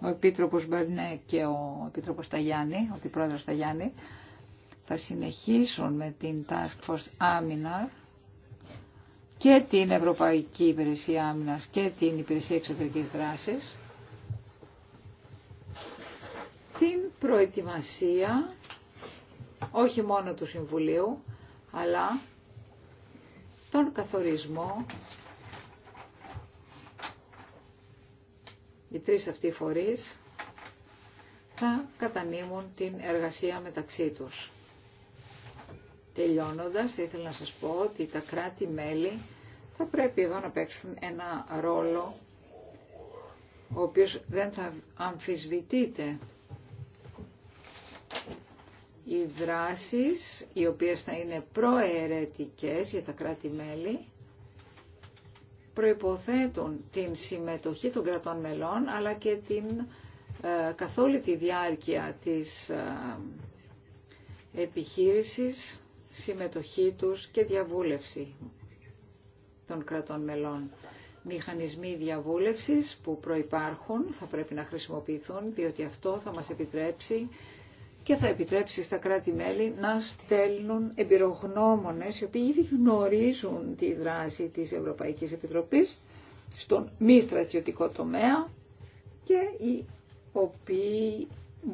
ο Επίτροπος Μπαρνέ και ο Επίτροπος Ταγιάννη, ο Πρόεδρος Ταγιάννη, θα συνεχίσουν με την Task Force Άμυνα και την Ευρωπαϊκή Υπηρεσία Άμυνας και την Υπηρεσία Εξωτερικής Δράσης την προετοιμασία όχι μόνο του Συμβουλίου αλλά τον καθορισμό οι τρεις αυτοί φορείς θα κατανείμουν την εργασία μεταξύ τους. Τελειώνοντας, θα ήθελα να σας πω ότι τα κράτη-μέλη θα πρέπει εδώ να παίξουν ένα ρόλο ο οποίος δεν θα αμφισβητείται. Οι δράσεις οι οποίες θα είναι προαιρετικές για τα κράτη-μέλη προϋποθέτουν την συμμετοχή των κρατών μελών αλλά και την ε, καθόλη τη διάρκεια της ε, επιχείρησης, συμμετοχή τους και διαβούλευση των κρατών μελών. Μηχανισμοί διαβούλευσης που προϋπάρχουν θα πρέπει να χρησιμοποιηθούν, διότι αυτό θα μας επιτρέψει και θα επιτρέψει στα κράτη-μέλη να στέλνουν εμπειρογνώμονες, οι οποίοι ήδη γνωρίζουν τη δράση της Ευρωπαϊκής Επιτροπής στον μη στρατιωτικό τομέα και οι οποίοι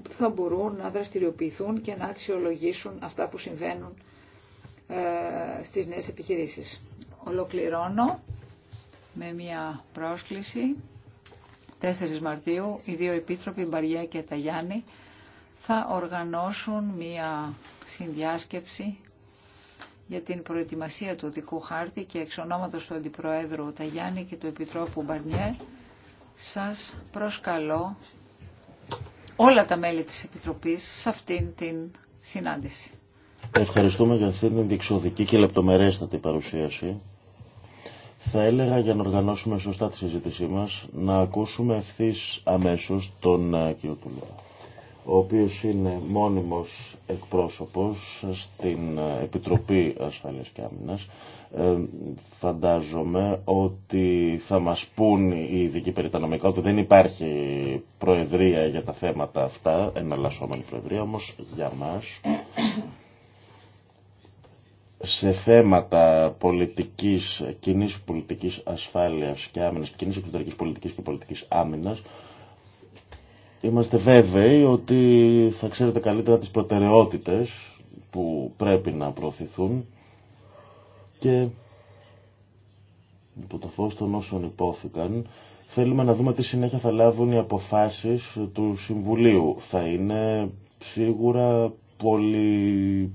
θα μπορούν να δραστηριοποιηθούν και να αξιολογήσουν αυτά που συμβαίνουν ε, στις νέες επιχειρήσεις ολοκληρώνω με μια πρόσκληση. 4 Μαρτίου οι δύο επίτροποι Μπαριέ και Ταγιάννη θα οργανώσουν μια συνδιάσκεψη για την προετοιμασία του οδικού χάρτη και εξ ονόματος του Αντιπροέδρου Ταγιάννη και του Επιτρόπου Μπαρνιέ σας προσκαλώ όλα τα μέλη της Επιτροπής σε αυτήν την συνάντηση. Ευχαριστούμε για αυτήν την διεξοδική και λεπτομερέστατη παρουσίαση θα έλεγα για να οργανώσουμε σωστά τη συζήτησή μας να ακούσουμε ευθύ αμέσως τον ε, κ. Τουλέα, ο οποίος είναι μόνιμος εκπρόσωπος στην ε, Επιτροπή Ασφαλείας και Άμυνας. Ε, φαντάζομαι ότι θα μας πούν οι ειδικοί νομικά, ότι δεν υπάρχει προεδρία για τα θέματα αυτά, εναλλασσόμενη προεδρία, όμως για μας σε θέματα πολιτικής, κοινή πολιτικής ασφάλειας και άμυνας, κοινή εξωτερικής πολιτικής και πολιτικής άμυνας, είμαστε βέβαιοι ότι θα ξέρετε καλύτερα τις προτεραιότητες που πρέπει να προωθηθούν και υπό το φως των όσων υπόθηκαν, θέλουμε να δούμε τι συνέχεια θα λάβουν οι αποφάσεις του Συμβουλίου. Θα είναι σίγουρα πολύ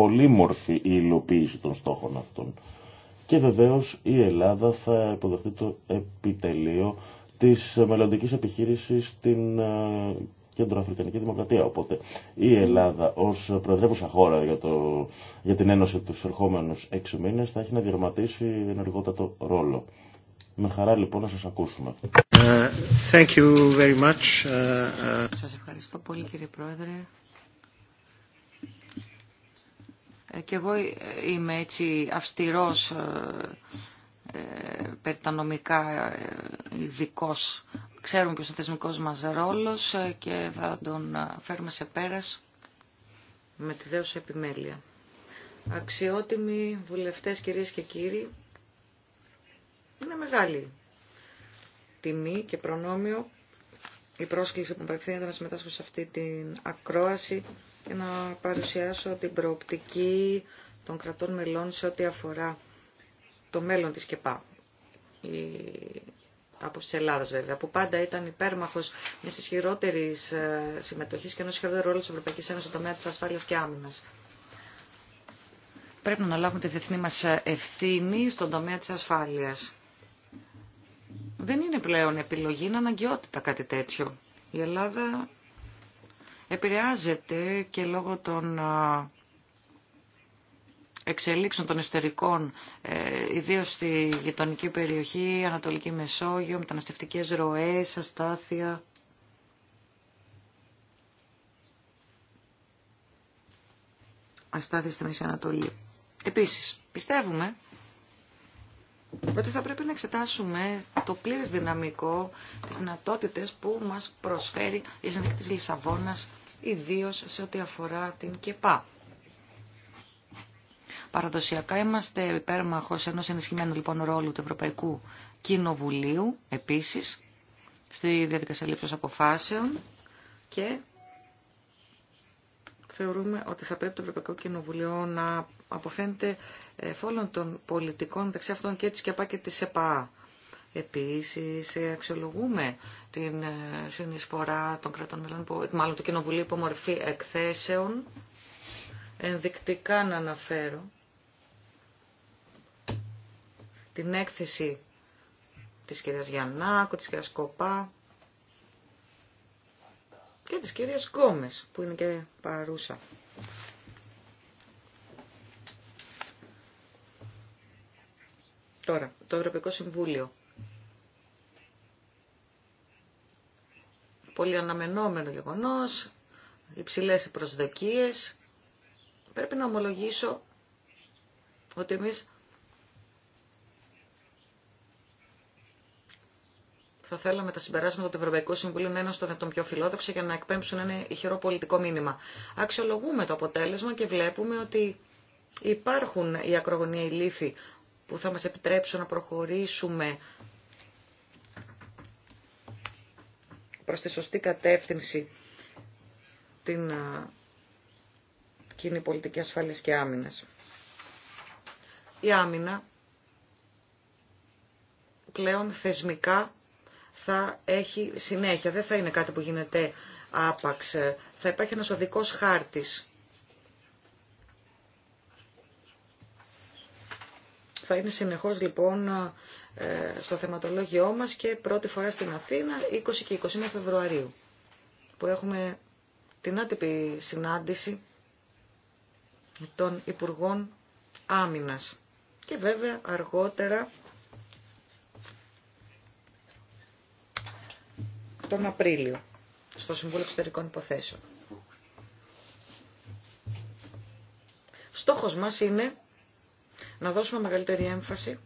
πολύμορφη η υλοποίηση των στόχων αυτών. Και βεβαίως η Ελλάδα θα υποδεχτεί το επιτελείο της μελλοντική επιχείρησης στην ε, Κεντροαφρικανική Δημοκρατία. Οπότε η Ελλάδα ως προεδρεύουσα χώρα για, το, για την Ένωση τους ερχόμενους έξι μήνες θα έχει να διαρματίσει ενεργότατο ρόλο. Με χαρά λοιπόν να σας ακούσουμε. Uh, thank you very much. Ε, σας ευχαριστώ πολύ κύριε Πρόεδρε. και εγώ είμαι έτσι αυστηρός ε, ε, περί τα νομικά ειδικό. Ξέρουμε ποιος είναι ο θεσμικός μας ρόλος ε, και θα τον φέρουμε σε πέρας με τη δέωση επιμέλεια. Αξιότιμοι βουλευτές κυρίες και κύριοι, είναι μεγάλη τιμή και προνόμιο η πρόσκληση που μου απευθύνεται να συμμετάσχω σε αυτή την ακρόαση και να παρουσιάσω την προοπτική των κρατών μελών σε ό,τι αφορά το μέλλον της ΚΕΠΑ. Η... Από τη Ελλάδα, βέβαια, που πάντα ήταν υπέρμαχο μια ισχυρότερη ε, συμμετοχή και ενό ισχυρότερου ρόλου τη Ευρωπαϊκή Ένωση στον τομέα τη ασφάλεια και άμυνα. Πρέπει να αναλάβουμε τη διεθνή μα ευθύνη στον τομέα τη ασφάλεια. Δεν είναι πλέον επιλογή, είναι αναγκαιότητα κάτι τέτοιο. Η Ελλάδα επηρεάζεται και λόγω των εξελίξεων των εσωτερικών, ε, ιδίως στη γειτονική περιοχή, Ανατολική Μεσόγειο, μεταναστευτικές ροές, αστάθεια. Αστάθεια στη Μέση Ανατολή. Επίσης, πιστεύουμε ότι θα πρέπει να εξετάσουμε το πλήρες δυναμικό, της δυνατότητες που μας προσφέρει η Συνθήκη της Λισαβόνας ιδίως σε ό,τι αφορά την ΚΕΠΑ. Παραδοσιακά είμαστε υπέρμαχος ενός ενισχυμένου λοιπόν ρόλου του Ευρωπαϊκού Κοινοβουλίου, επίσης, στη διαδικασία λήψης αποφάσεων και θεωρούμε ότι θα πρέπει το Ευρωπαϊκό Κοινοβουλίο να αποφαίνεται φόλων των πολιτικών μεταξύ αυτών και της ΚΕΠΑ και της ΕΠΑ. Επίσης, αξιολογούμε την ε, συνεισφορά των κρατών μελών, μάλλον του Κοινοβουλίου υπό μορφή εκθέσεων. Ενδεικτικά να αναφέρω την έκθεση της κυρίας Γιαννάκου, της κυρίας Κοπά και της κυρίας Κόμες που είναι και παρούσα. Τώρα, το Ευρωπαϊκό Συμβούλιο πολύ αναμενόμενο γεγονός, υψηλές προσδοκίες. Πρέπει να ομολογήσω ότι εμείς θα θέλαμε τα συμπεράσματα του Ευρωπαϊκού Συμβουλίου να είναι στον πιο φιλόδοξο για να εκπέμψουν ένα ηχηρό πολιτικό μήνυμα. Αξιολογούμε το αποτέλεσμα και βλέπουμε ότι υπάρχουν οι ακρογωνιαίοι λύθοι που θα μας επιτρέψουν να προχωρήσουμε προς τη σωστή κατεύθυνση την κοινή πολιτική ασφάλειας και άμυνας. Η άμυνα πλέον θεσμικά θα έχει συνέχεια, δεν θα είναι κάτι που γίνεται άπαξ. Θα υπάρχει ένας οδικός χάρτης. Θα είναι συνεχώς λοιπόν ε, στο θεματολόγιό μας και πρώτη φορά στην Αθήνα 20 και 21 Φεβρουαρίου που έχουμε την άτυπη συνάντηση των Υπουργών Άμυνας και βέβαια αργότερα τον Απρίλιο στο Συμβούλιο Εξωτερικών Υποθέσεων. Στόχος μας είναι να δώσουμε μεγαλύτερη έμφαση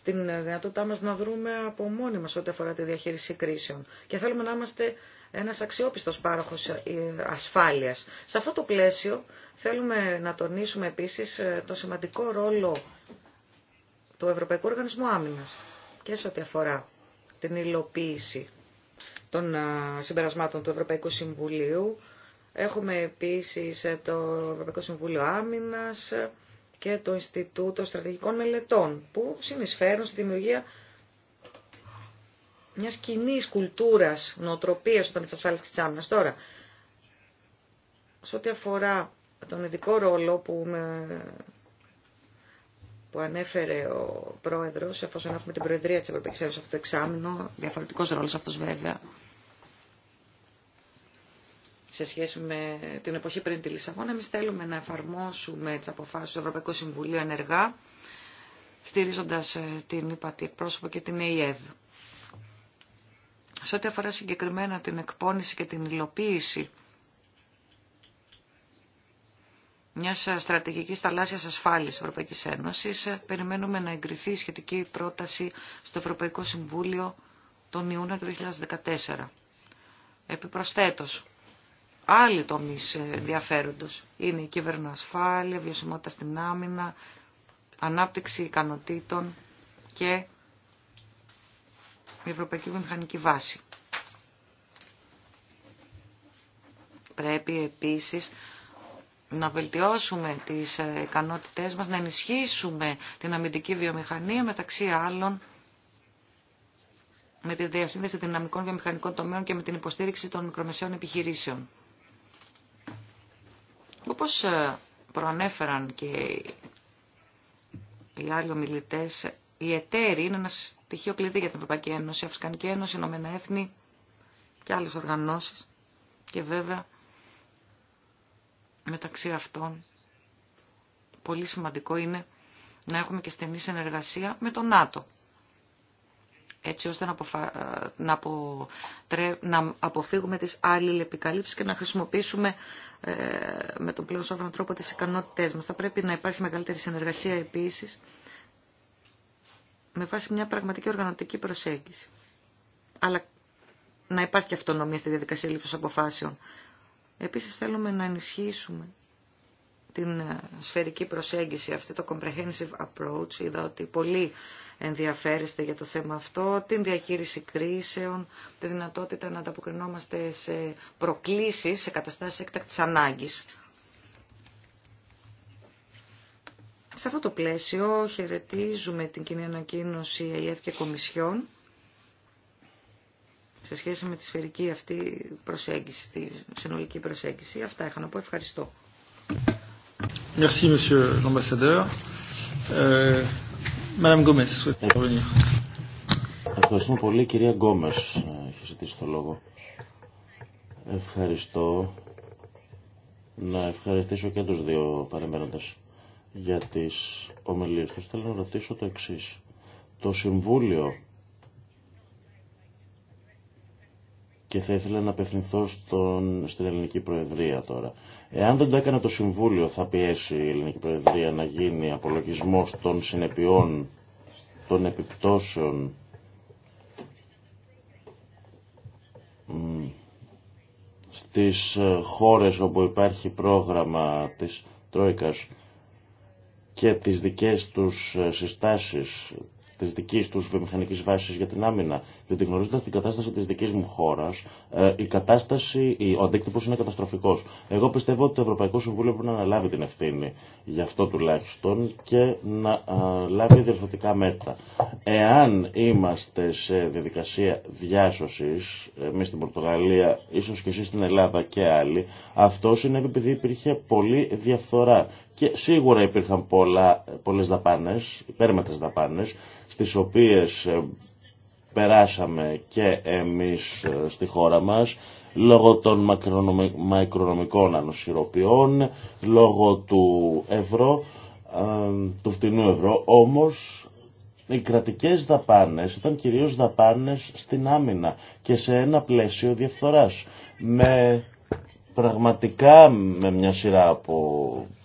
στην δυνατότητά μας να δρούμε από μόνοι μας ό,τι αφορά τη διαχείριση κρίσεων. Και θέλουμε να είμαστε ένας αξιόπιστος πάροχος ε, ασφάλειας. Σε αυτό το πλαίσιο θέλουμε να τονίσουμε επίσης ε, το σημαντικό ρόλο του Ευρωπαϊκού Οργανισμού Άμυνας και σε ό,τι αφορά την υλοποίηση των ε, συμπερασμάτων του Ευρωπαϊκού Συμβουλίου. Έχουμε επίσης το Ευρωπαϊκό Συμβούλιο Άμυνας, και το Ινστιτούτο Στρατηγικών Μελετών που συνεισφέρουν στη δημιουργία μια κοινή κουλτούρα νοοτροπία όταν τη ασφάλιση τη άμυνα. Τώρα, σε ό,τι αφορά τον ειδικό ρόλο που, ανέφερε ο πρόεδρο, εφόσον έχουμε την Προεδρία τη Ευρωπαϊκή Ένωση αυτό το εξάμεινο, διαφορετικός ρόλος αυτός βέβαια, σε σχέση με την εποχή πριν τη Λισαβόνα. Εμεί θέλουμε να εφαρμόσουμε τι αποφάσει του Ευρωπαϊκού Συμβουλίου ενεργά, στηρίζοντα ε, την ΥΠΑΤΗ εκπρόσωπο και την ΕΙΕΔ. Σε ό,τι αφορά συγκεκριμένα την εκπόνηση και την υλοποίηση μια στρατηγική θαλάσσια ασφάλεια Ευρωπαϊκή Ένωση, περιμένουμε να εγκριθεί η σχετική πρόταση στο Ευρωπαϊκό Συμβούλιο τον Ιούνιο του 2014. Επιπροσθέτως, άλλοι τομεί ε, ενδιαφέροντο. Είναι η κυβερνοασφάλεια, βιωσιμότητα στην άμυνα, ανάπτυξη ικανοτήτων και η Ευρωπαϊκή Βιομηχανική Βάση. Πρέπει επίσης να βελτιώσουμε τις ε, ικανότητές μας, να ενισχύσουμε την αμυντική βιομηχανία μεταξύ άλλων με τη διασύνδεση δυναμικών βιομηχανικών τομέων και με την υποστήριξη των μικρομεσαίων επιχειρήσεων. Όπως ε, προανέφεραν και οι άλλοι ομιλητέ, η εταίροι είναι ένα στοιχείο κλειδί για την Ευρωπαϊκή Ένωση, η Αφρικανική Ένωση, η Ηνωμένα Έθνη και άλλες οργανώσεις. Και βέβαια μεταξύ αυτών πολύ σημαντικό είναι να έχουμε και στενή συνεργασία με τον ΝΑΤΟ έτσι ώστε να, αποφα... Ε, να, αποτρέ... να αποφύγουμε τις και να χρησιμοποιήσουμε ε, με τον πλέον σόφρονο τρόπο τις ικανότητές μας. Θα πρέπει να υπάρχει μεγαλύτερη συνεργασία επίσης με βάση μια πραγματική οργανωτική προσέγγιση. Αλλά να υπάρχει και αυτονομία στη διαδικασία λήψης αποφάσεων. Επίσης θέλουμε να ενισχύσουμε την ε, σφαιρική προσέγγιση, αυτή το comprehensive approach. Είδα ότι πολύ ενδιαφέρεστε για το θέμα αυτό, την διαχείριση κρίσεων, τη δυνατότητα να ανταποκρινόμαστε σε προκλήσεις, σε καταστάσεις έκτακτης ανάγκης. Σε αυτό το πλαίσιο χαιρετίζουμε την κοινή ανακοίνωση ΕΕ και Κομισιόν σε σχέση με τη σφαιρική αυτή προσέγγιση, τη συνολική προσέγγιση. Αυτά είχα να πω. Ευχαριστώ. Merci, monsieur euh, Ευχαριστούμε πολύ, κυρία Γκόμες. Ε, Έχει ζητήσει το λόγο. Ευχαριστώ. Να ευχαριστήσω και τους δύο παρεμβαίνοντες για τις ομιλίες τους. Θέλω να ρωτήσω το εξής. Το Συμβούλιο και θα ήθελα να απευθυνθώ στον, στην Ελληνική Προεδρία τώρα. Εάν δεν το έκανε το Συμβούλιο θα πιέσει η Ελληνική Προεδρία να γίνει απολογισμός των συνεπειών, των επιπτώσεων στις ε, χώρες όπου υπάρχει πρόγραμμα της Τρόικας και τις δικές τους ε, συστάσεις, τις δικής τους βιομηχανικής βάσης για την άμυνα διότι γνωρίζοντα την κατάσταση τη δική μου χώρα, ε, η κατάσταση, ο αντίκτυπο είναι καταστροφικό. Εγώ πιστεύω ότι το Ευρωπαϊκό Συμβούλιο πρέπει να αναλάβει την ευθύνη γι' αυτό τουλάχιστον και να ε, λάβει διορθωτικά μέτρα. Εάν είμαστε σε διαδικασία διάσωση, εμεί στην Πορτογαλία, ίσω και εσεί στην Ελλάδα και άλλοι, αυτό είναι επειδή υπήρχε πολλή διαφθορά. Και σίγουρα υπήρχαν πολλέ δαπάνε, υπέρμετρε δαπάνε, στι οποίε. Ε, περάσαμε και εμείς ε, στη χώρα μας λόγω των μακρονομικών ανοσυροποιών, λόγω του ευρώ, ε, του φτηνού ευρώ, όμως οι κρατικές δαπάνες ήταν κυρίως δαπάνες στην άμυνα και σε ένα πλαίσιο διαφθοράς. Με πραγματικά με μια σειρά από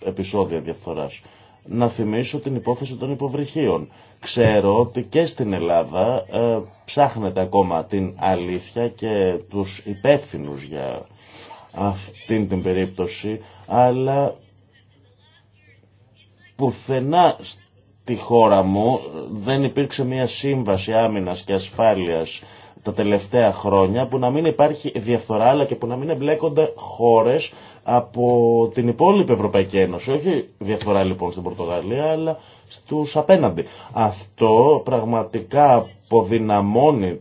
επεισόδια διαφθοράς. Να θυμίσω την υπόθεση των υποβρυχίων. Ξέρω ότι και στην Ελλάδα ε, ψάχνετε ακόμα την αλήθεια και τους υπεύθυνους για αυτήν την περίπτωση, αλλά πουθενά στη χώρα μου δεν υπήρξε μια σύμβαση άμυνας και ασφάλειας τα τελευταία χρόνια που να μην υπάρχει διαφθορά αλλά και που να μην εμπλέκονται χώρες από την υπόλοιπη Ευρωπαϊκή Ένωση. Όχι διαφθορά λοιπόν στην Πορτογαλία αλλά στους απέναντι. Αυτό πραγματικά αποδυναμώνει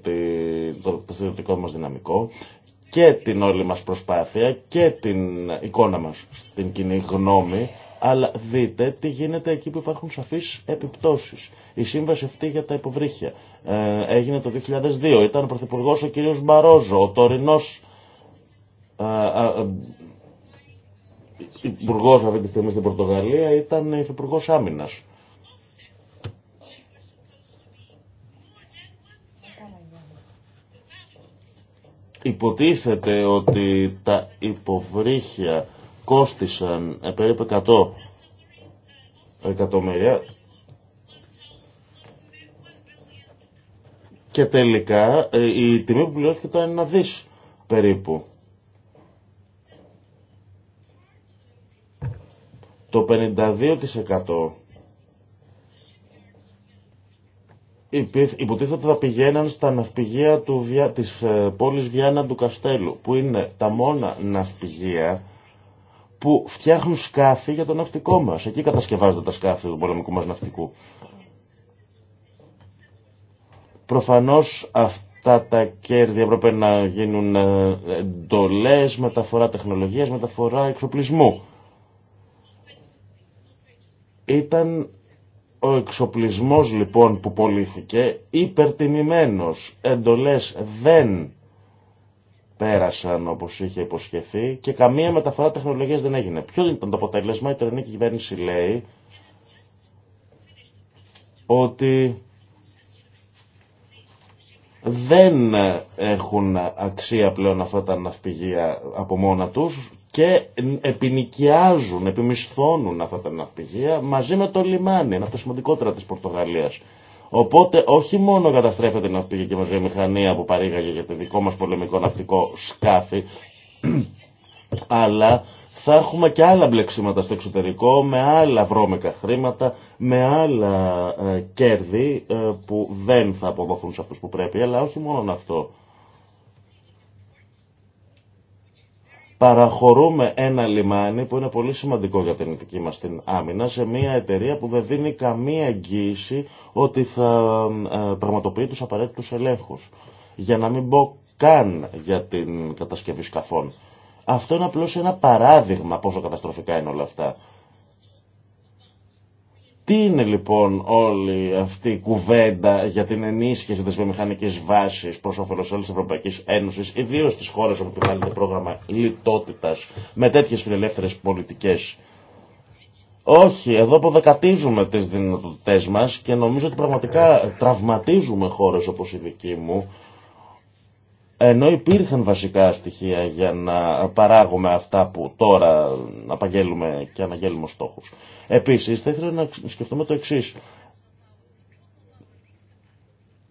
το στρατιωτικό μας δυναμικό και την όλη μας προσπάθεια και την εικόνα μας στην κοινή γνώμη αλλά δείτε τι γίνεται εκεί που υπάρχουν σαφείς επιπτώσεις. Η σύμβαση αυτή για τα υποβρύχια ε, έγινε το 2002. Ήταν ο Πρωθυπουργός ο κ. Μπαρόζο, ο τωρινός ε, ε, ε, υπουργός αυτή τη στιγμή στην Πορτογαλία ήταν υφυπουργός άμυνας. Υποτίθεται ότι τα υποβρύχια κόστησαν ε, περίπου 100 εκατομμύρια και τελικά ε, η τιμή που πληρώθηκε ήταν ένα δις περίπου. Το 52% υποτίθεται ότι θα πηγαίναν στα ναυπηγεία του, της ε, πόλης Βιάννα του Καστέλου, που είναι τα μόνα ναυπηγεία που φτιάχνουν σκάφη για το ναυτικό μας. Εκεί κατασκευάζονται τα σκάφη του πολεμικού μας ναυτικού. Προφανώς αυτά τα κέρδη έπρεπε να γίνουν ε, εντολές, μεταφορά τεχνολογίας, μεταφορά εξοπλισμού. Ήταν ο εξοπλισμός λοιπόν που πωλήθηκε, υπερτιμημένος, εντολές δεν πέρασαν όπως είχε υποσχεθεί και καμία μεταφορά τεχνολογίας δεν έγινε. Ποιο ήταν το αποτέλεσμα, η τερνική κυβέρνηση λέει ότι δεν έχουν αξία πλέον αυτά τα ναυπηγεία από μόνα τους και επινοικιάζουν, επιμισθώνουν αυτά τα ναυπηγεία μαζί με το λιμάνι, ένα από τα σημαντικότερα της Πορτογαλίας. Οπότε όχι μόνο καταστρέφεται η ναυπηγική μα βιομηχανία που παρήγαγε για το δικό μας πολεμικό ναυτικό σκάφι, αλλά θα έχουμε και άλλα μπλεξίματα στο εξωτερικό, με άλλα βρώμικα χρήματα, με άλλα ε, κέρδη ε, που δεν θα αποδοθούν σε αυτούς που πρέπει, αλλά όχι μόνο αυτό. παραχωρούμε ένα λιμάνι που είναι πολύ σημαντικό για την ειδική μας την άμυνα σε μια εταιρεία που δεν δίνει καμία εγγύηση ότι θα ε, πραγματοποιεί τους απαραίτητους ελέγχους. Για να μην πω καν για την κατασκευή σκαφών. Αυτό είναι απλώς ένα παράδειγμα πόσο καταστροφικά είναι όλα αυτά. Τι είναι λοιπόν όλη αυτή η κουβέντα για την ενίσχυση της βιομηχανικής βάσης προς όφελος όλης της Ευρωπαϊκής Ένωσης, ιδίως στις χώρες όπου επιβάλλεται πρόγραμμα λιτότητα με τέτοιες φιλελεύθερες πολιτικές. Όχι, εδώ αποδεκατίζουμε τις δυνατότητές μας και νομίζω ότι πραγματικά τραυματίζουμε χώρες όπως η δική μου ενώ υπήρχαν βασικά στοιχεία για να παράγουμε αυτά που τώρα απαγγέλουμε και αναγγέλουμε στόχους. Επίσης, θα ήθελα να σκεφτούμε το εξής.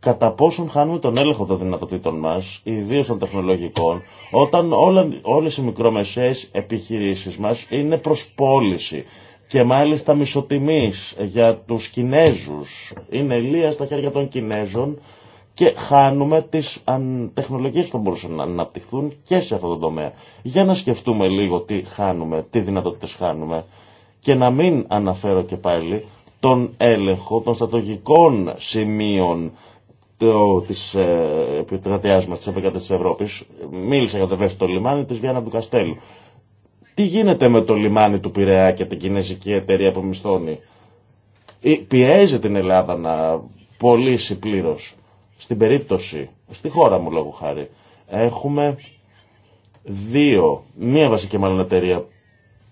Κατά πόσον χάνουμε τον έλεγχο των δυνατοτήτων μας, ιδίως των τεχνολογικών, όταν όλα, όλες οι μικρομεσαίες επιχειρήσεις μας είναι προς πώληση και μάλιστα μισοτιμής για τους Κινέζους. Είναι λία στα χέρια των Κινέζων και χάνουμε τις τεχνολογίες που θα μπορούσαν να αναπτυχθούν και σε αυτό το τομέα. Για να σκεφτούμε λίγο τι χάνουμε, τι δυνατότητες χάνουμε και να μην αναφέρω και πάλι τον έλεγχο των στατογικών σημείων της ε, επιτρατείας μας της Αφρικατής της Ευρώπης. Μίλησα για το ευαίσθητο λιμάνι της Βιάννα του Καστέλου. Τι γίνεται με το λιμάνι του Πειραιά και την κινέζικη εταιρεία που μισθώνει. Πιέζει την Ελλάδα να πωλήσει πλήρως στην περίπτωση, στη χώρα μου λόγω χάρη, έχουμε δύο, μία βασική μάλλον εταιρεία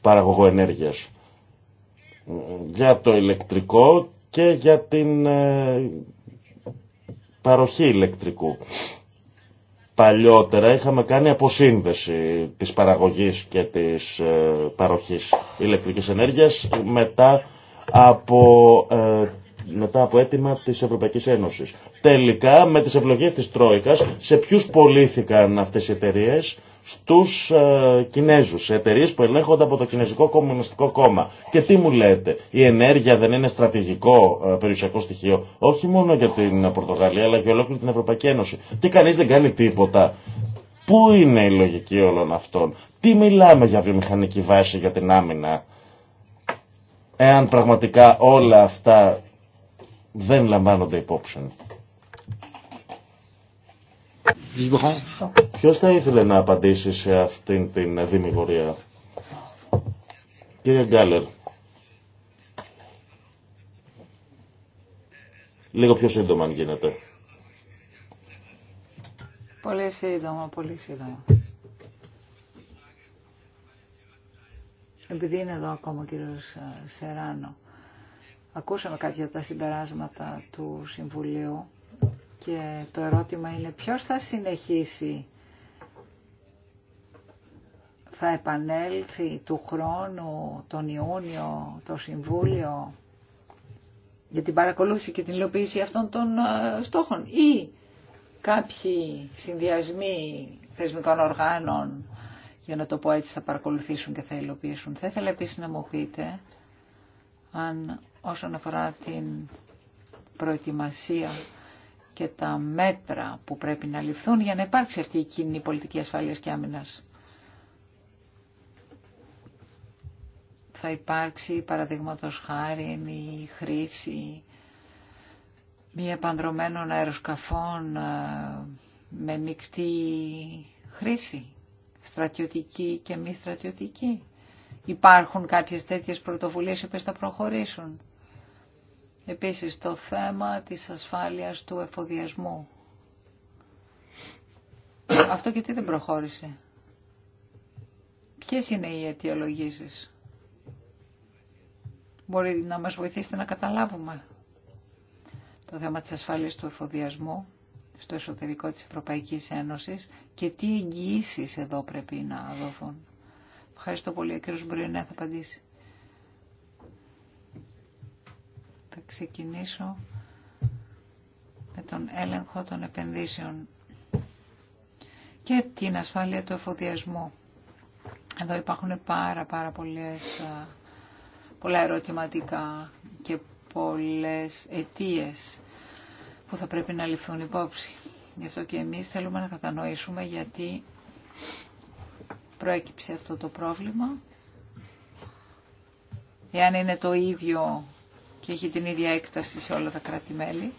παραγωγό ενέργειας για το ηλεκτρικό και για την ε, παροχή ηλεκτρικού. Παλιότερα είχαμε κάνει αποσύνδεση της παραγωγής και της ε, παροχής ηλεκτρικής ενέργειας μετά από ε, μετά από αίτημα της Ευρωπαϊκής Ένωσης. Τελικά με τις ευλογίες της Τρόικας σε ποιους πολίθηκαν αυτές οι εταιρείε στους ε, Κινέζους, σε εταιρείες που ελέγχονται από το Κινέζικο Κομμουνιστικό Κόμμα. Και τι μου λέτε, η ενέργεια δεν είναι στρατηγικό ε, περιουσιακό στοιχείο, όχι μόνο για την Πορτογαλία, αλλά και ολόκληρη την Ευρωπαϊκή Ένωση. Τι κανείς δεν κάνει τίποτα. Πού είναι η λογική όλων αυτών. Τι μιλάμε για βιομηχανική βάση για την άμυνα. Εάν πραγματικά όλα αυτά δεν λαμβάνονται υπόψη. Ποιος θα ήθελε να απαντήσει σε αυτήν την δημιουργία. Κύριε Γκάλερ. Λίγο πιο σύντομα αν γίνεται. Πολύ σύντομα, πολύ σύντομα. Επειδή είναι εδώ ακόμα ο κύριος ε, Σεράνο, ακούσαμε κάποια τα συμπεράσματα του Συμβουλίου και το ερώτημα είναι ποιος θα συνεχίσει. Θα επανέλθει του χρόνου, τον Ιούνιο, το Συμβούλιο για την παρακολούθηση και την υλοποίηση αυτών των ε, στόχων ή κάποιοι συνδυασμοί θεσμικών οργάνων, για να το πω έτσι, θα παρακολουθήσουν και θα υλοποιήσουν. Θα ήθελα επίσης να μου πείτε αν όσον αφορά την προετοιμασία και τα μέτρα που πρέπει να ληφθούν για να υπάρξει αυτή η κοινή πολιτική ασφάλειας και άμυνας. Θα υπάρξει παραδείγματος χάρη η χρήση μη επανδρομένων αεροσκαφών ε, με μεικτή χρήση, στρατιωτική και μη στρατιωτική. Υπάρχουν κάποιες τέτοιες πρωτοβουλίες που θα προχωρήσουν. Επίσης το θέμα της ασφάλειας του εφοδιασμού. Αυτό και τι δεν προχώρησε. Ποιες είναι οι αιτιολογήσεις. Μπορεί να μας βοηθήσετε να καταλάβουμε το θέμα της ασφάλειας του εφοδιασμού στο εσωτερικό της Ευρωπαϊκής Ένωσης και τι εγγυήσει εδώ πρέπει να δοθούν. Ευχαριστώ πολύ. Ο κ. Μπρινέ θα απαντήσει. Θα ξεκινήσω με τον έλεγχο των επενδύσεων και την ασφάλεια του εφοδιασμού. Εδώ υπάρχουν πάρα πάρα πολλές, πολλά ερωτηματικά και πολλές αιτίες που θα πρέπει να ληφθούν υπόψη. Γι' αυτό και εμείς θέλουμε να κατανοήσουμε γιατί προέκυψε αυτό το πρόβλημα. Εάν είναι το ίδιο και έχει την ίδια έκταση σε όλα τα κράτη-μέλη.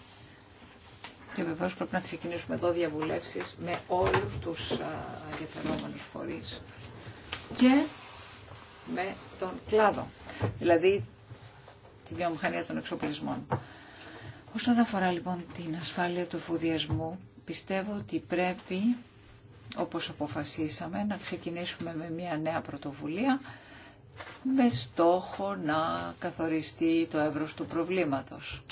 Και βεβαίω πρέπει να ξεκινήσουμε εδώ διαβουλεύσεις με όλους τους ενδιαφερόμενους φορείς και με τον κλάδο, δηλαδή τη βιομηχανία των εξοπλισμών. Όσον αφορά λοιπόν την ασφάλεια του φουδιασμού, πιστεύω ότι πρέπει, όπως αποφασίσαμε, να ξεκινήσουμε με μια νέα πρωτοβουλία με στόχο να καθοριστεί το εύρος του προβλήματος.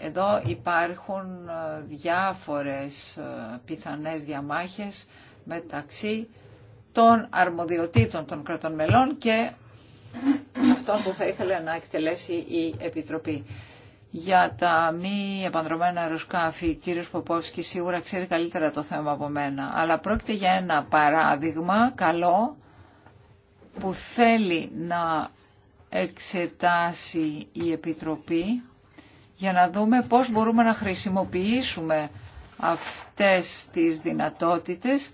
Εδώ υπάρχουν ε, διάφορες ε, πιθανές διαμάχες μεταξύ των αρμοδιοτήτων των κρατών μελών και αυτών που θα ήθελε να εκτελέσει η Επιτροπή. Για τα μη επανδρομένα αεροσκάφη, κύριο Ποπόφσκι σίγουρα ξέρει καλύτερα το θέμα από μένα, αλλά πρόκειται για ένα παράδειγμα καλό που θέλει να εξετάσει η Επιτροπή για να δούμε πώς μπορούμε να χρησιμοποιήσουμε αυτές τις δυνατότητες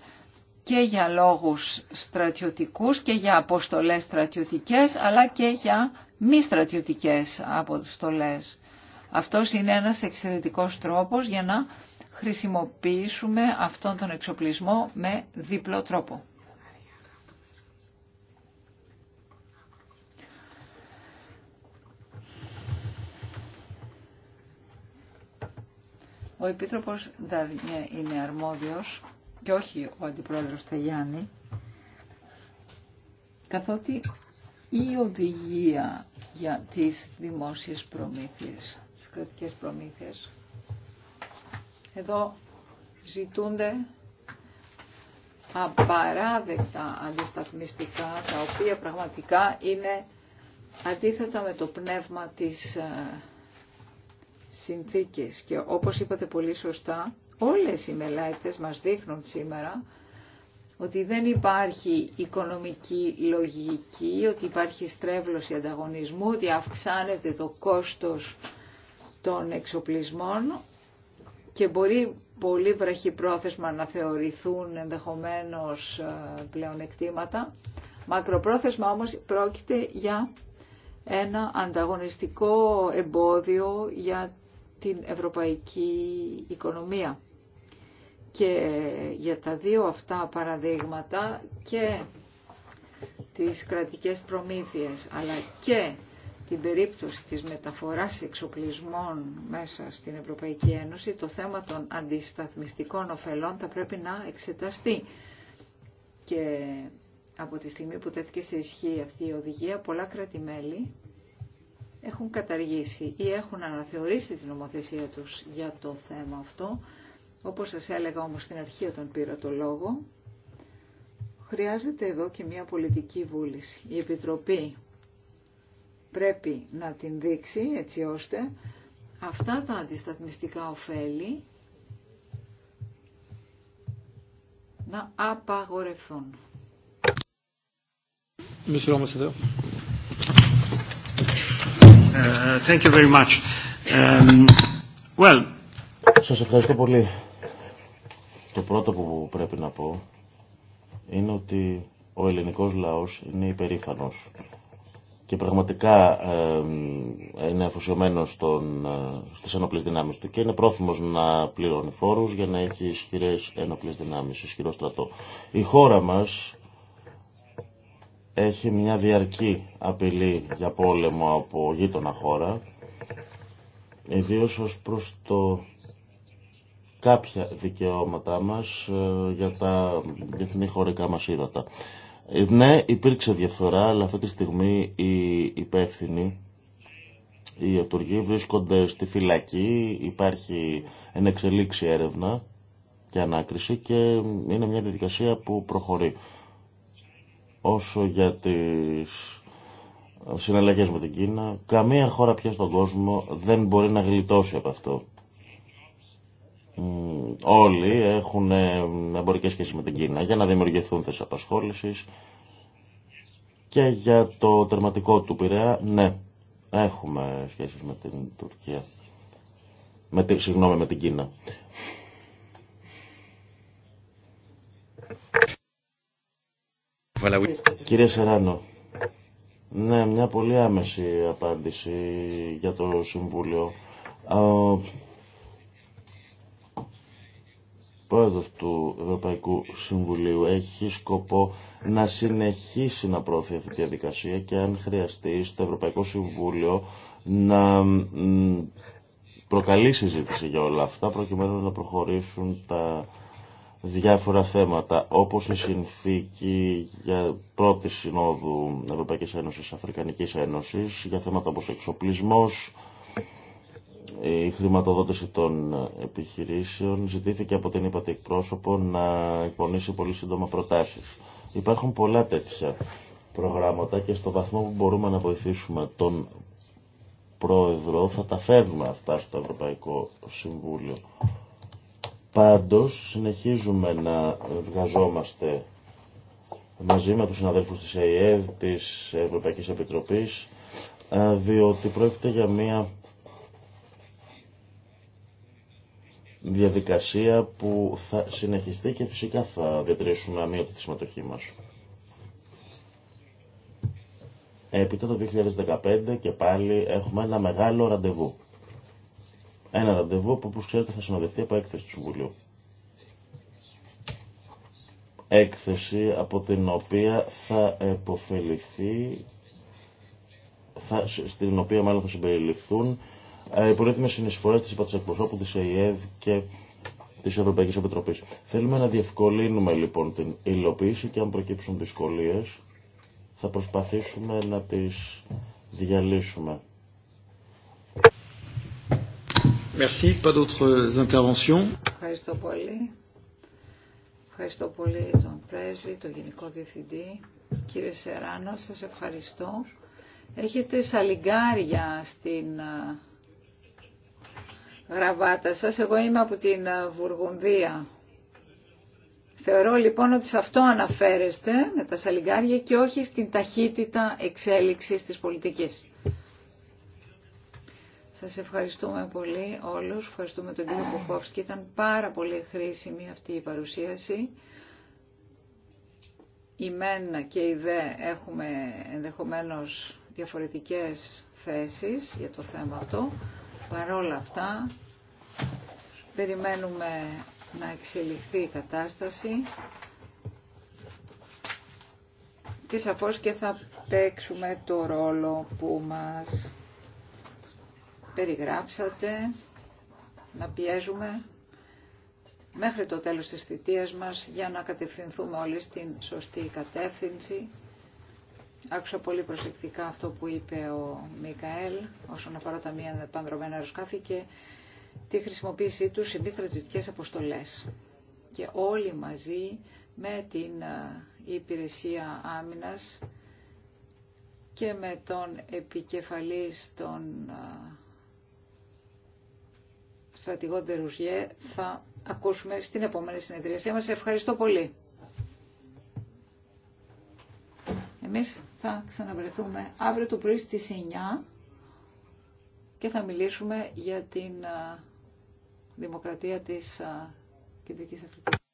και για λόγους στρατιωτικούς και για αποστολές στρατιωτικές αλλά και για μη στρατιωτικές αποστολές. Αυτός είναι ένας εξαιρετικός τρόπος για να χρησιμοποιήσουμε αυτόν τον εξοπλισμό με διπλό τρόπο. Ο Επίτροπος είναι αρμόδιος και όχι ο Αντιπρόεδρος Τελιάννη, καθότι η οδηγία για τις δημόσιες προμήθειες, τις κρατικές προμήθειες. Εδώ ζητούνται απαράδεκτα αντισταθμιστικά, τα οποία πραγματικά είναι αντίθετα με το πνεύμα της ε, και όπως είπατε πολύ σωστά, όλες οι μελέτες μας δείχνουν σήμερα ότι δεν υπάρχει οικονομική λογική, ότι υπάρχει στρέβλωση ανταγωνισμού, ότι αυξάνεται το κόστος των εξοπλισμών και μπορεί πολύ βραχυπρόθεσμα να θεωρηθούν ενδεχομένως ε, πλεονεκτήματα. Μακροπρόθεσμα όμως πρόκειται για ένα ανταγωνιστικό εμπόδιο για την ευρωπαϊκή οικονομία. Και για τα δύο αυτά παραδείγματα και τις κρατικές προμήθειες αλλά και την περίπτωση της μεταφοράς εξοπλισμών μέσα στην Ευρωπαϊκή Ένωση, το θέμα των αντισταθμιστικών ωφελών θα πρέπει να εξεταστεί. Και από τη στιγμή που τέθηκε σε ισχύ αυτή η οδηγία, πολλά κράτη-μέλη έχουν καταργήσει ή έχουν αναθεωρήσει την νομοθεσία τους για το θέμα αυτό. Όπως σας έλεγα όμως στην αρχή όταν πήρα το λόγο, χρειάζεται εδώ και μια πολιτική βούληση. Η Επιτροπή πρέπει να την δείξει έτσι ώστε αυτά τα αντισταθμιστικά ωφέλη να απαγορευθούν. Ε, thank you very much. well... Σας ευχαριστώ πολύ. Το πρώτο που πρέπει να πω είναι ότι ο ελληνικός λαός είναι υπερήφανος και πραγματικά είναι αφοσιωμένο στον, ε, στις ενόπλες δυνάμεις του και είναι πρόθυμος να πληρώνει φόρους για να έχει ισχυρές ενόπλες δυνάμεις, ισχυρό στρατό. Η χώρα μας έχει μια διαρκή απειλή για πόλεμο από γείτονα χώρα, ιδίως ως προς το κάποια δικαιώματά μας ε, για τα διεθνή χωρικά μας ύδατα. Ε, ναι, υπήρξε διαφθορά, αλλά αυτή τη στιγμή οι υπεύθυνοι, οι ιατουργοί βρίσκονται στη φυλακή, υπάρχει ενεξελίξη έρευνα και ανάκριση και είναι μια διαδικασία που προχωρεί. Όσο για τις συναλλαγές με την Κίνα, καμία χώρα πια στον κόσμο δεν μπορεί να γλιτώσει από αυτό. Όλοι έχουν ε, εμπορικές σχέσεις με την Κίνα για να δημιουργηθούν θέσεις απασχόλησης και για το τερματικό του Πειραιά, ναι, έχουμε σχέσεις με την Τουρκία. Με, συγγνώμη, με την Κίνα. Κύριε Σεράνο, ναι, μια πολύ άμεση απάντηση για το Συμβούλιο. Ο πρόεδρος του Ευρωπαϊκού Συμβουλίου έχει σκοπό να συνεχίσει να προωθεί αυτή τη διαδικασία και αν χρειαστεί στο Ευρωπαϊκό Συμβούλιο να προκαλεί συζήτηση για όλα αυτά προκειμένου να προχωρήσουν τα διάφορα θέματα όπως η συνθήκη για πρώτη συνόδου Ευρωπαϊκής Ένωσης Αφρικανικής Ένωσης για θέματα όπως εξοπλισμός, η χρηματοδότηση των επιχειρήσεων ζητήθηκε από την είπατε εκπρόσωπο να εκπονήσει πολύ σύντομα προτάσεις. Υπάρχουν πολλά τέτοια προγράμματα και στο βαθμό που μπορούμε να βοηθήσουμε τον Πρόεδρο θα τα φέρνουμε αυτά στο Ευρωπαϊκό Συμβούλιο. Πάντως συνεχίζουμε να βγαζόμαστε μαζί με τους συναδέλφους της ΕΕΔ, της Ευρωπαϊκής Επιτροπής, διότι πρόκειται για μια διαδικασία που θα συνεχιστεί και φυσικά θα διατηρήσουμε αμύωτη τη συμμετοχή μας. Έπειτα το 2015 και πάλι έχουμε ένα μεγάλο ραντεβού. Ένα ραντεβού που όπως ξέρετε θα συνοδευτεί από έκθεση του Συμβουλίου. Έκθεση από την οποία θα επωφεληθεί, θα, στην οποία μάλλον θα συμπεριληφθούν οι ε, πολύτιμες συνεισφορές της ΕΕ της και της Ευρωπαϊκής Επιτροπής. Θέλουμε να διευκολύνουμε λοιπόν την υλοποίηση και αν προκύψουν δυσκολίες θα προσπαθήσουμε να τις διαλύσουμε. Merci. Pas d'autres euh, interventions. Ευχαριστώ πολύ. Ευχαριστώ πολύ τον πρέσβη, τον Γενικό Διευθυντή. Κύριε Σεράνο, σας ευχαριστώ. Έχετε σαλιγκάρια στην γραβάτα σας. Εγώ είμαι από την Βουργουνδία. Θεωρώ λοιπόν ότι σε αυτό αναφέρεστε με τα σαλιγκάρια και όχι στην ταχύτητα εξέλιξη της πολιτικής. Σας ευχαριστούμε πολύ όλους. Ευχαριστούμε τον κύριο Ποχόφσκι. Ήταν πάρα πολύ χρήσιμη αυτή η παρουσίαση. Η ΜΕΝ και η ΔΕ έχουμε ενδεχομένως διαφορετικές θέσεις για το θέμα αυτό. Παρόλα αυτά, περιμένουμε να εξελιχθεί η κατάσταση και σαφώς και θα παίξουμε το ρόλο που μας περιγράψατε, να πιέζουμε μέχρι το τέλος της θητείας μας για να κατευθυνθούμε όλοι στην σωστή κατεύθυνση. Άκουσα πολύ προσεκτικά αυτό που είπε ο Μικαέλ όσον αφορά τα μία πανδρομένα αεροσκάφη και τη χρησιμοποίησή τους σε μη στρατιωτικές αποστολές. Και όλοι μαζί με την υπηρεσία άμυνας και με τον επικεφαλής των στρατηγό Ντερουζιέ θα ακούσουμε στην επόμενη συνεδρίασή μας. Ευχαριστώ πολύ. Εμείς θα ξαναβρεθούμε αύριο το πρωί στις 9 και θα μιλήσουμε για την δημοκρατία της Κεντρικής Αφρικής.